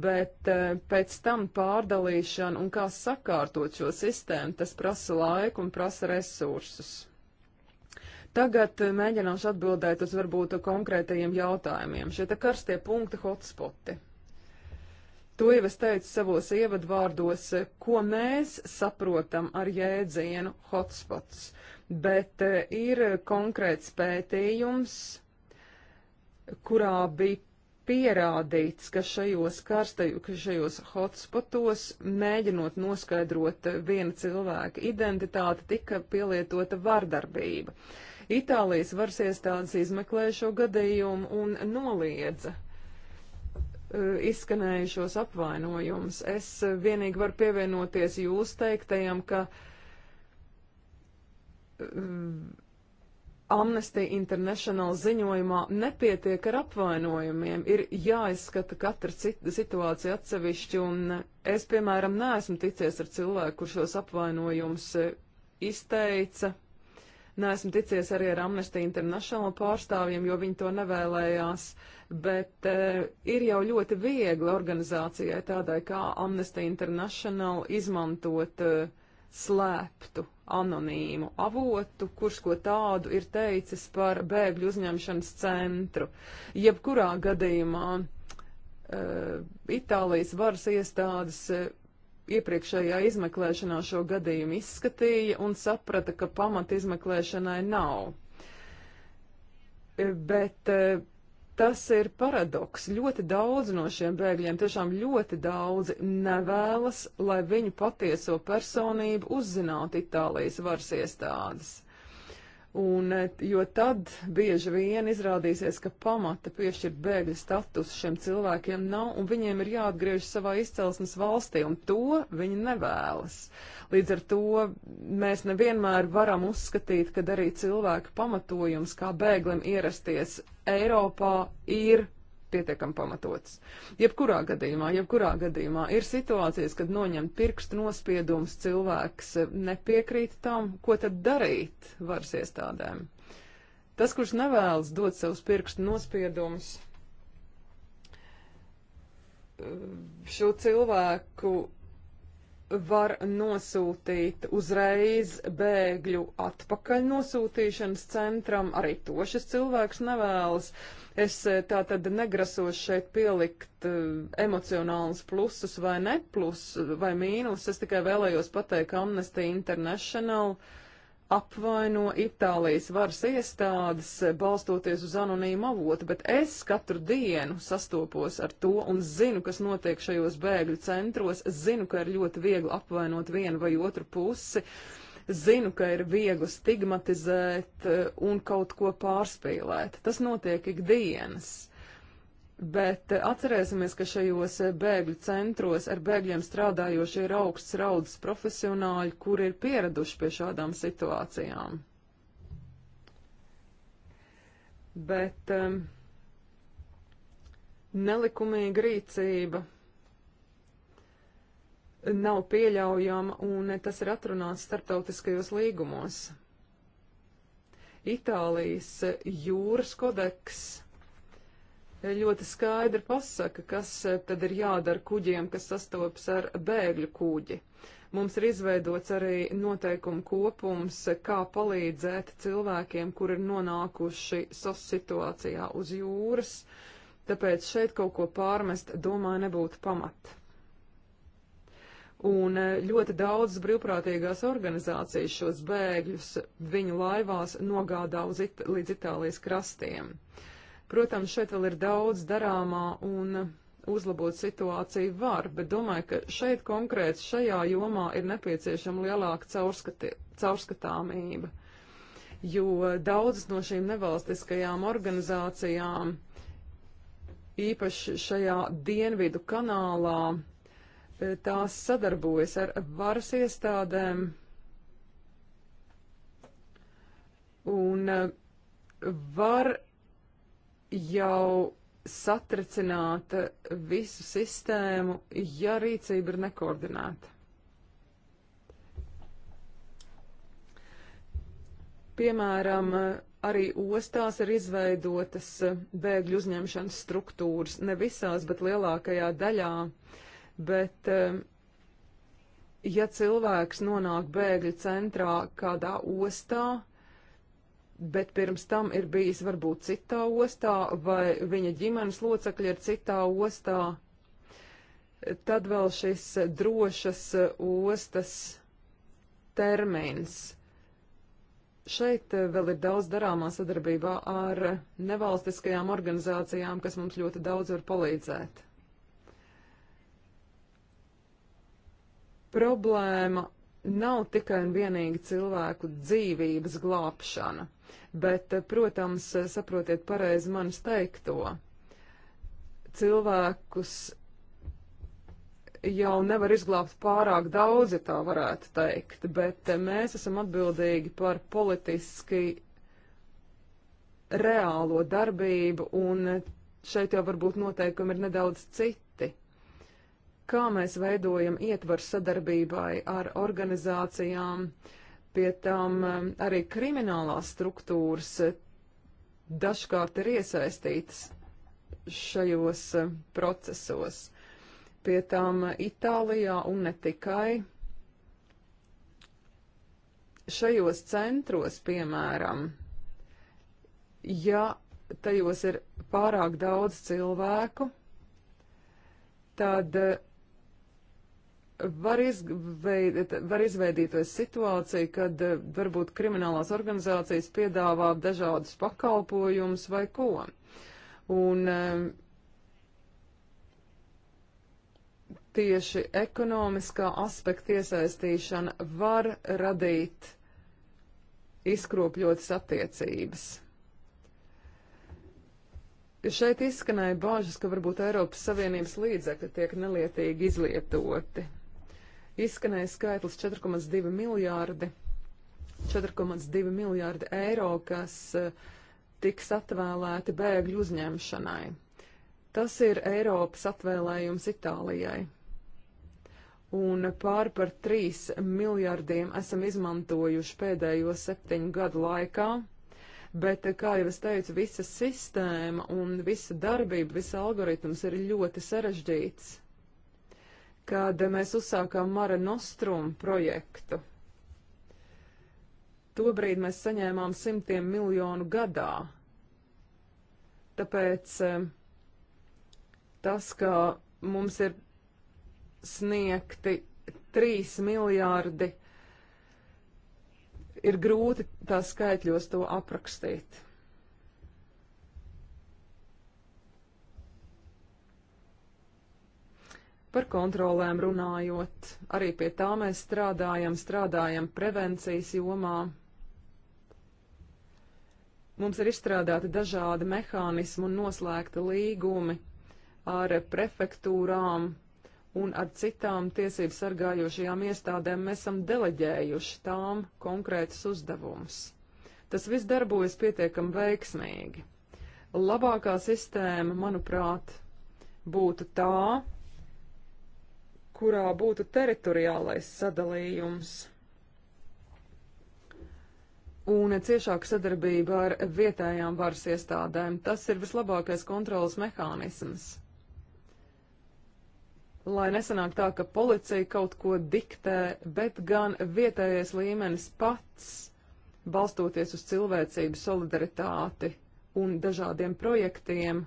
bet eh, pēc tam pārdalīšana un kā sakārtot šo sistēmu, tas prasa laiku un prasa resursus. Tagad eh, mēģināšu atbildēt uz varbūt konkrētajiem jautājumiem. Šie te karstie punkti hotspoti. To jau es teicu savos ievadvārdos, eh, ko mēs saprotam ar jēdzienu hotspots. Uh, bet eh, ir konkrēts pētījums, kurā bija pierādīts, ka šajos karstajos hotspotos, mēģinot noskaidrot viena cilvēka identitāti, tika pielietota vardarbība. Itālijas varas iestādes izmeklēja šo gadījumu un noliedza eh, izskanējušos apvainojumus. Es vienīgi varu pievienoties jūs teiktajam, ka uh, Mm, Amnesty International ziņojumā nepietiek ar apvainojumiem, ir jāizskata katra situācija atsevišķi, un es, piemēram, neesmu ticies ar cilvēku, kurš šos apvainojumus eh, izteica. Neesmu ticies arī ar Amnesty International pārstāvjiem, jo viņi to nevēlējās, bet e, ir jau ļoti viegli organizācijai tādai kā Amnesty International izmantot e, slēptu anonīmu avotu, kurš ko tādu ir teicis par bēgļu uzņemšanas centru. Jebkurā gadījumā uh, Itālijas varas iestādes uh, iepriekšējā izmeklēšanā šo gadījumu izskatīja un saprata, ka pamat izmeklēšanai nav. Eh, bet uh, Tas ir paradoks. Ļoti daudz no šiem bēgļiem, tiešām ļoti daudzi, nevēlas, lai viņu patieso personību uzzinātu Itālijas varas iestādes. Un, jo tad bieži vien izrādīsies, ka pamata piešķirt bēgļu status šiem cilvēkiem nav, un viņiem ir jāatgriež savā izcelsmes valstī, un to viņi nevēlas. Uh, Līdz ar to mēs nevienmēr varam uzskatīt, ka arī cilvēka pamatojums, kā bēglim ierasties Eiropā, ir pietiekami pamatots. Jebkurā gadījumā, jebkurā gadījumā ir situācijas, kad noņem pirkstu nospiedums, cilvēks nepiekrīt tam, ko tad darīt varas iestādēm. Tas, kurš nevēlas dot savus pirkstu nospiedumus, šo cilvēku var nosūtīt uzreiz bēgļu atpakaļ nosūtīšanas centram, arī to šis cilvēks nevēlas. Es eh, tā tad negrasos šeit pielikt uh, emocionālus plusus vai neplus eh, vai mīnus, es tikai vēlējos pateikt Amnesty International. Uh, apvaino Itālijas varas iestādes, eh, balstoties uz anonīmu avotu, bet es katru dienu sastopos ar to un zinu, kas notiek šajos bēgļu centros, zinu, ka ir ļoti viegli apvainot vienu vai otru pusi, zinu, ka ir viegli stigmatizēt eh, un kaut ko pārspīlēt. Tas notiek ikdienas. Bet eh, atcerēsimies, ka šajos eh, bēgļu centros ar bēgļiem strādājošie ir augsts raudas profesionāļi, kuri ir pieraduši pie šādām situācijām. Bet um, nelikumīga rīcība nav pieļaujama, un tas ir atrunāts starptautiskajos līgumos. Itālijas eh, jūras kodeks ļoti skaidri pasaka, kas e, tad ir jādara kuģiem, kas sastopas ar bēgļu kuģi. Mums ir izveidots arī noteikumu kopums, e, kā palīdzēt cilvēkiem, kur ir nonākuši sos situācijā uz jūras, tāpēc šeit kaut ko pārmest, domāju, nebūtu pamata. Un e, ļoti daudz brīvprātīgās organizācijas šos bēgļus viņu laivās nogādā it līdz Itālijas krastiem. Uh, Protams, šeit vēl ir daudz darāmā un uzlabot situāciju var, bet domāju, ka šeit konkrēti šajā jomā ir nepieciešama lielāka caurskati, caurskatāmība, jo daudzas no šīm nevalstiskajām organizācijām, īpaši šajā dienvidu kanālā, e, tās sadarbojas ar varas iestādēm un e, var jau satricināt visu sistēmu, ja rīcība ir nekoordinēta. Piemēram, arī ostās ir izveidotas bēgļu uzņemšanas struktūras, ne visās, bet lielākajā daļā. Bet, eh, ja cilvēks nonāk bēgļu centrā kādā ostā, bet pirms tam ir bijis varbūt citā ostā vai viņa ģimenes locekļi ir citā ostā, tad vēl šis drošas ostas termins. Šeit vēl ir daudz darāmā sadarbībā ar nevalstiskajām organizācijām, kas mums ļoti daudz var palīdzēt. Problēma nav tikai un vienīgi cilvēku dzīvības glābšana. Bet, eh, protams, eh, saprotiet pareizi manis teikto. Cilvēkus jau nevar izglābt pārāk daudz, ja tā varētu teikt, bet eh, mēs esam atbildīgi par politiski reālo darbību, un šeit jau varbūt noteikumi ir nedaudz citi. Kā mēs veidojam ietvaru sadarbībai ar organizācijām? Uh, Pie tam um, arī kriminālās struktūras uh, dažkārt ir iesaistītas šajos uh, procesos. Pie tam uh, Itālijā un ne tikai šajos centros, piemēram, ja tajos ir pārāk daudz cilvēku, tad var, izveid, var izveidīties situācija, kad eh, varbūt kriminālās organizācijas piedāvā dažādus pakalpojumus vai ko. Un eh, tieši ekonomiskā aspekta iesaistīšana var radīt izkropļotas attiecības. Šeit izskanēja bāžas, ka varbūt Eiropas Savienības līdzekļi tiek nelietīgi izlietoti. Izskanēja skaitlis 4,2 miljārdi, 4,2 miljārdi eiro, kas eh, tiks atvēlēti bēgļu uzņemšanai. Tas ir Eiropas atvēlējums Itālijai. Un pār par 3 miljārdiem esam izmantojuši pēdējo septiņu gadu laikā bet, eh, kā jau es teicu, visa sistēma un visa darbība, visa algoritms ir ļoti sarežģīts kad mēs uzsākām Mara Nostrum projektu. Tobrīd mēs saņēmām simtiem miljonu gadā. Tāpēc e, tas, ka mums ir sniegti 3 miljārdi, ir grūti tā skaitļos to aprakstīt. Par kontrolēm runājot, arī pie tā mēs strādājam, strādājam prevencijas jomā. Mums ir izstrādāti dažādi mehānismi un noslēgta līgumi ar prefektūrām un ar citām tiesību sargājošajām iestādēm. Mēs esam deleģējuši tām konkrētus uzdevumus. Tas viss darbojas pietiekami veiksmīgi. Labākā sistēma, manuprāt, būtu tā, kurā būtu teritoriālais sadalījums un ciešāka sadarbība ar vietējām varas iestādēm. Tas ir vislabākais kontrolas mehānisms. Lai nesanāk tā, ka policija kaut ko diktē, bet gan vietējais līmenis pats, balstoties uz cilvēcību, solidaritāti un dažādiem projektiem,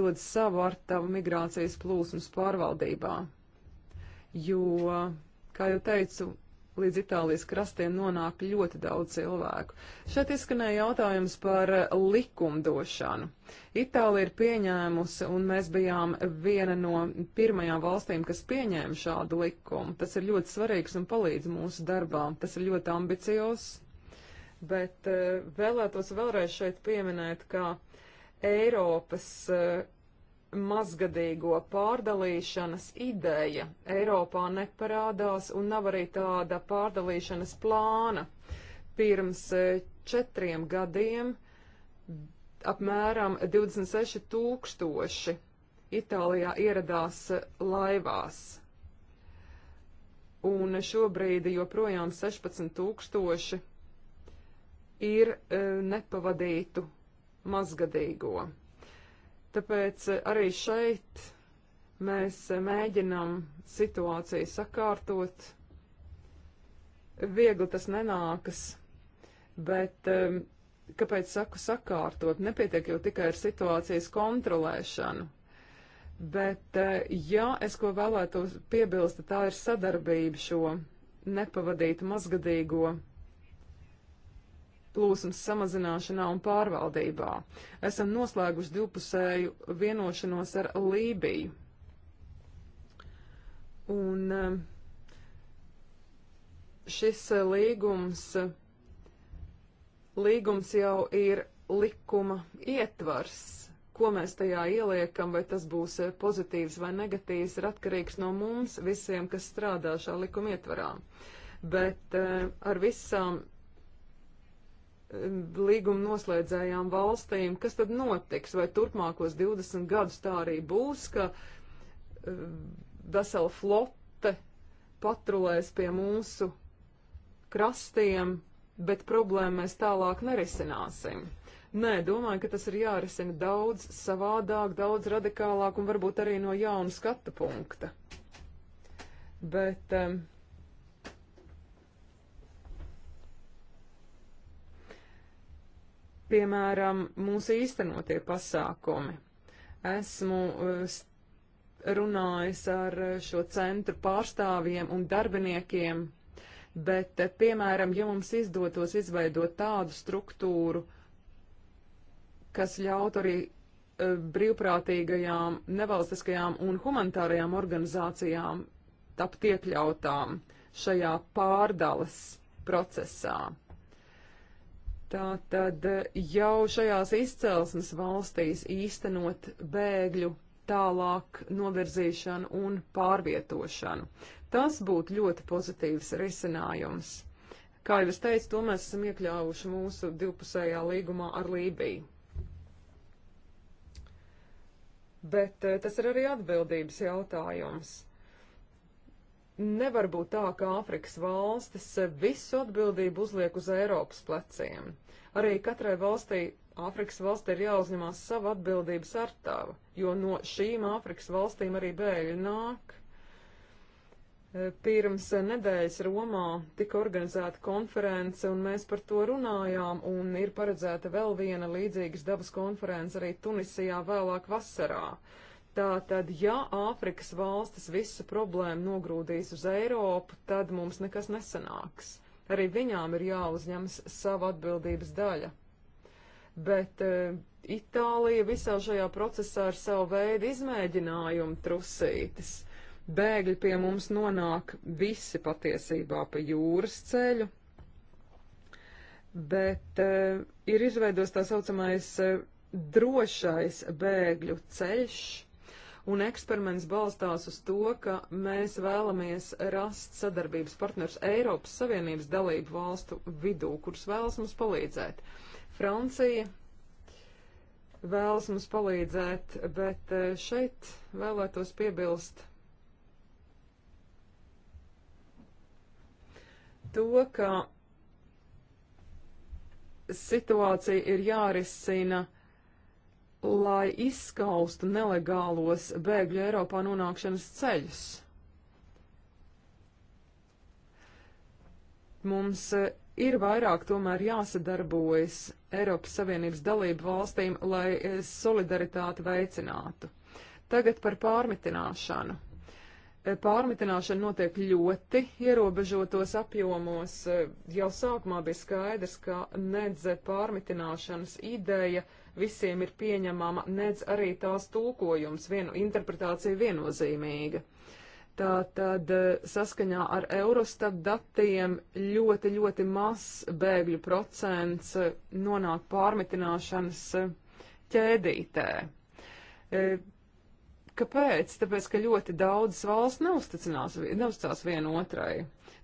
dod savu artavu migrācijas plūsmas pārvaldībā jo, kā jau teicu, līdz Itālijas krastiem nonāk ļoti daudz cilvēku. Šeit izskanēja jautājums par likumdošanu. Itālija ir pieņēmusi, un mēs bijām viena no pirmajām valstīm, kas pieņēma šādu likumu. Tas ir ļoti svarīgs un palīdz mūsu darbām. Tas ir ļoti ambiciozs, bet eh, vēlētos vēlreiz šeit pieminēt, ka Eiropas eh, mazgadīgo pārdalīšanas ideja Eiropā neparādās un nav arī tāda pārdalīšanas plāna. Pirms e, četriem gadiem apmēram 26 tūkstoši Itālijā ieradās laivās. Un šobrīd joprojām 16 tūkstoši ir e, nepavadītu mazgadīgo. Tāpēc eh, arī šeit mēs eh, mēģinam situāciju sakārtot. Viegli tas nenākas, bet eh, kāpēc saku sakārtot? Nepietiek jau tikai ar situācijas kontrolēšanu. Bet, ja es ko vēlētos piebilst, tā ir sadarbība šo nepavadītu mazgadīgo plūsmas samazināšanā un pārvaldībā. Esam noslēguši divpusēju vienošanos ar Lībiju. Un um, šis uh, līgums, līgums jau ir likuma ietvars. Ko mēs tajā ieliekam, vai tas būs uh, pozitīvs vai negatīvs, ir atkarīgs no mums visiem, kas strādā šā likuma ietvarā. Bet uh, ar visām līguma noslēdzējām valstīm, kas tad notiks, vai turpmākos 20 gadus tā arī būs, ka eh, vesela flote patrulēs pie mūsu krastiem, bet problēmu mēs tālāk nerisināsim. Nē, domāju, ka tas ir jārisina daudz savādāk, daudz radikālāk un varbūt arī no jauna skatu punkta. Bet um, piemēram, mūsu īstenotie pasākumi. Esmu eh, runājis ar eh, šo centru pārstāvjiem un darbiniekiem, bet, eh, piemēram, ja mums izdotos izveidot tādu struktūru, kas ļautu arī brīvprātīgajām, nevalstiskajām un humanitārajām organizācijām tapt iekļautām šajā pārdales procesā. Tā tad eh, jau šajās izcelsmes valstīs īstenot bēgļu tālāk novirzīšanu un pārvietošanu. Tas būtu ļoti pozitīvs risinājums. Kā jau es teicu, to mēs esam iekļāvuši mūsu divpusējā līgumā ar Lībiju. Bet eh, tas ir arī atbildības jautājums nevar būt tā, ka Āfrikas valstis visu atbildību uzliek uz Eiropas pleciem. Arī katrai valstī, Āfrikas valstī ir jāuzņemās sava atbildības ar tava, jo no šīm Āfrikas valstīm arī bēļi nāk. E, pirms nedēļas Romā tika organizēta konference, un mēs par to runājām, un ir paredzēta vēl viena līdzīgas dabas konference arī Tunisijā vēlāk vasarā. Uh, Tātad, ja Āfrikas valstis visu problēmu nogrūdīs uz Eiropu, tad mums nekas nesanāks. Arī viņām ir jāuzņemas sava atbildības daļa. Bet e, Itālija visā šajā procesā ir savu veidu izmēģinājumu trusītis. Bēgļi pie mums nonāk visi patiesībā pa jūras ceļu, bet e, ir izveidos tā saucamais e, drošais bēgļu ceļš un eksperiments balstās uz to, ka mēs vēlamies rast sadarbības partners Eiropas Savienības dalību valstu vidū, kuras vēlas mums palīdzēt. Francija vēlas mums palīdzēt, bet eh, šeit vēlētos piebilst to, ka situācija ir jārisina lai izskaustu nelegālos bēgļu Eiropā nonākšanas ceļus. Mums e, ir vairāk tomēr jāsadarbojas Eiropas Savienības dalību valstīm, lai e, solidaritāti veicinātu. Tagad par pārmitināšanu. E, pārmitināšana notiek ļoti ierobežotos apjomos. Jau sākumā bija skaidrs, ka nedze pārmitināšanas ideja uh, visiem ir pieņemama, nedz arī tās tulkojums, vienu interpretācija viennozīmīga. Tātad eh, saskaņā ar Eurostat datiem ļoti, ļoti mazs bēgļu procents eh, nonāk pārmetināšanas eh, ķēdītē. Kāpēc? Tāpēc, ka ļoti daudzas valsts neuzticās vienotrai.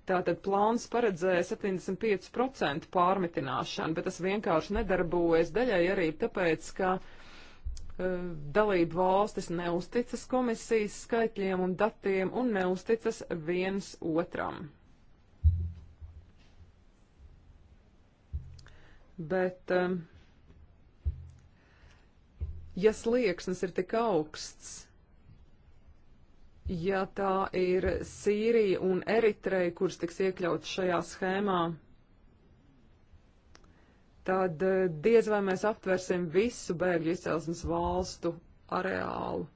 Tātad plāns paredzēja 75% pārmitināšanu, bet tas vienkārši nedarbojas daļai arī tāpēc, ka uh, dalību valstis neusticas komisijas skaitļiem un datiem un neusticas viens otram. Bet, um, ja slieksnis ir tik augsts, ja tā ir Sīrija un Eritreja, kuras tiks iekļauts šajā schēmā, tad eh, diez vai mēs aptversim visu bēgļu izcelsmes valstu areālu.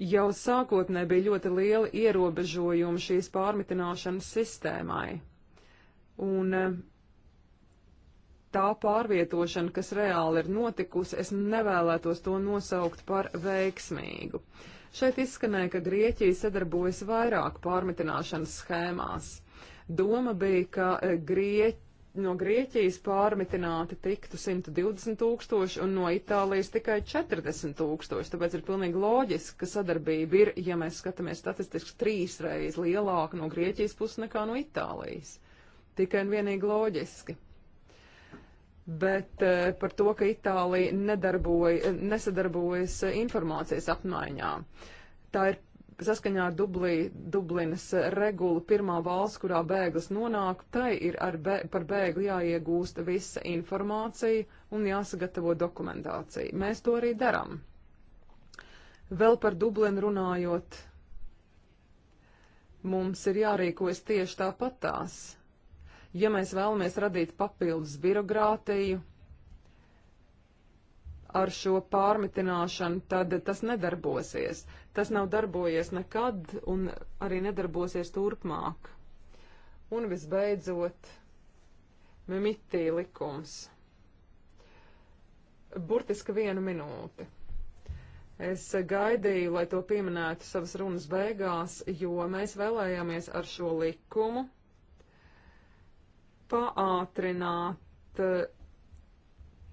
Jau sākotnē bija ļoti liela ierobežojuma šīs pārmitināšanas sistēmai, un eh, tā pārvietošana, kas reāli ir notikusi, es nevēlētos to nosaukt par veiksmīgu. Šeit izskanēja, ka Grieķija sadarbojas vairāk pārmitināšanas schēmās. Doma bija, ka eh, Grieķija no Grieķijas pārmitināti tiktu 120 tūkstoši un no Itālijas tikai 40 tūkstoši. Tāpēc ir pilnīgi loģiski, ka sadarbība ir, ja mēs skatāmies statistiski, trīs reizes lielāka no Grieķijas puses nekā no Itālijas. Tikai un vienīgi loģiski bet eh, par to, ka Itālija nedarboja, nesadarbojas eh, informācijas apmaiņā. Tā ir saskaņā ar Dublī, Dublinas regulu pirmā valsts, kurā bēglis nonāk, tai ir bē, par bēgli jāiegūst visa informācija un jāsagatavo dokumentācija. Mēs to arī darām. Vēl par Dublinu runājot, mums ir jārīkojas tieši tāpatās. Ja mēs vēlamies radīt papildus birokrātiju ar šo pārmitināšanu, tad tas nedarbosies. Tas nav darbojies nekad un arī nedarbosies turpmāk. Un visbeidzot, mimitī likums. Burtiski vienu minūti. Es gaidīju, lai to pieminētu savas runas beigās, jo mēs vēlējāmies ar šo likumu paātrināt eh,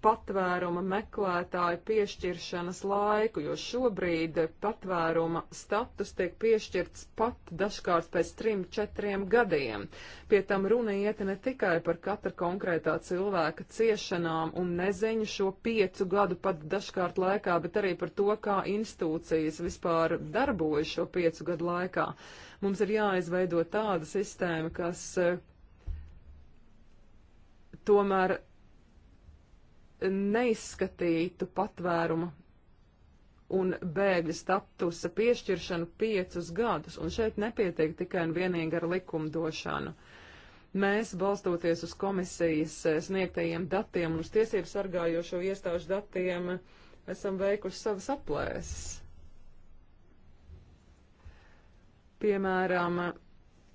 patvēruma meklētāju piešķiršanas laiku, jo šobrīd patvēruma status tiek piešķirts pat dažkārt pēc trim, četriem gadiem. Pie tam runa iet ne tikai par katra konkrētā cilvēka ciešanām un neziņu šo piecu gadu pat dažkārt laikā, bet arī par to, kā institūcijas vispār darbojas šo piecu gadu laikā. Mums ir jāizveido tāda sistēma, kas eh, tomēr neizskatītu patvērumu un bēgļa statusa piešķiršanu piecus gadus, un šeit nepietiek tikai un vienīgi ar likumdošanu. Mēs, balstoties uz komisijas sniegtajiem datiem un uz tiesību sargājošo iestāžu datiem, esam veikuši savas aplēses. Piemēram,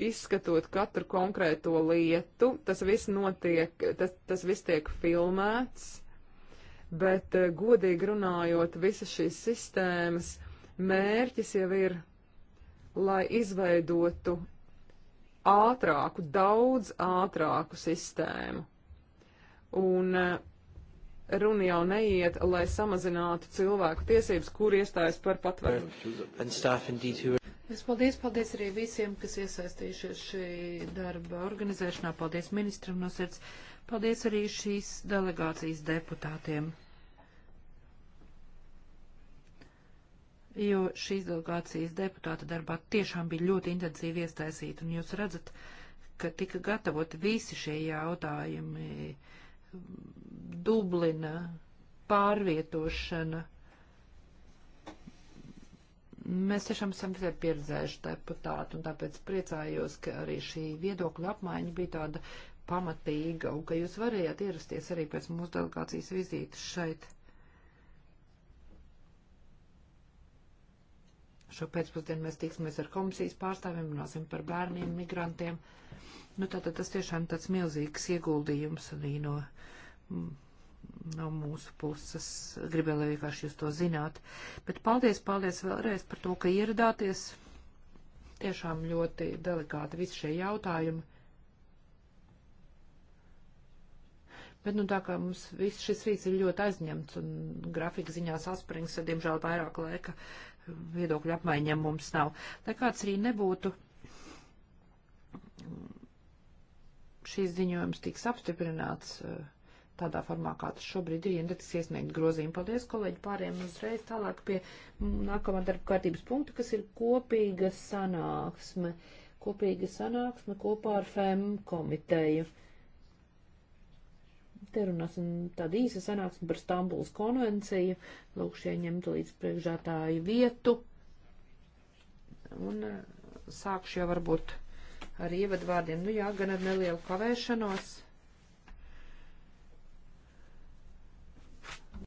izskatot katru konkrēto lietu, tas viss notiek, tas, tas viss tiek filmēts, bet eh, godīgi runājot, visas šīs sistēmas mērķis jau ir, lai izveidotu ātrāku, daudz ātrāku sistēmu. Un eh, runa jau neiet, lai samazinātu cilvēku tiesības, kur iestājas par patvērumu. Es paldies, paldies arī visiem, kas iesaistījušies šī darba organizēšanā. Paldies ministram no sirds. Paldies arī šīs delegācijas deputātiem. Jo šīs delegācijas deputāta darbā tiešām bija ļoti intensīvi iestaisīta, un jūs redzat, ka tika gatavot visi šie jautājumi - Dublina, pārvietošana Mēs tiešām esam visai pieredzējuši deputāti, un tāpēc priecājos, ka arī šī viedokļa apmaiņa bija tāda pamatīga, un ka jūs varējāt ierasties arī pēc mūsu delegācijas vizītes šeit. Šo pēcpusdienu mēs tiksimies ar komisijas pārstāvjiem, runāsim par bērniem, migrantiem. Nu, tātad tas tiešām tāds milzīgs ieguldījums arī no mm, no mūsu puses. Gribēju, lai vienkārši jūs to zināt. Bet paldies, paldies vēlreiz par to, ka ieradāties. Tiešām ļoti delikāti visi šie jautājumi. Bet, nu, tā kā mums viss šis rīts ir ļoti aizņemts un grafika ziņā saspringts, tad, diemžēl, vairāk laika viedokļu apmaiņam mums nav. Lai kāds arī nebūtu, šīs ziņojums tiks apstiprināts. Uh, tādā formā, kā tas šobrīd ir, ja netiks iesniegt grozījumi. Paldies, kolēģi, pāriem uzreiz tālāk pie mm, nākamā darba kārtības punkta, kas ir kopīga sanāksme. Kopīga sanāksme kopā ar FEM komiteju. Te runāsim tāda īsa sanāksme par Stambuls konvenciju. Lūk, šie ņemtu līdz priekšētāju vietu. Un eh, sākšu jau varbūt ar ievadvārdiem. Nu jā, gan ar nelielu kavēšanos.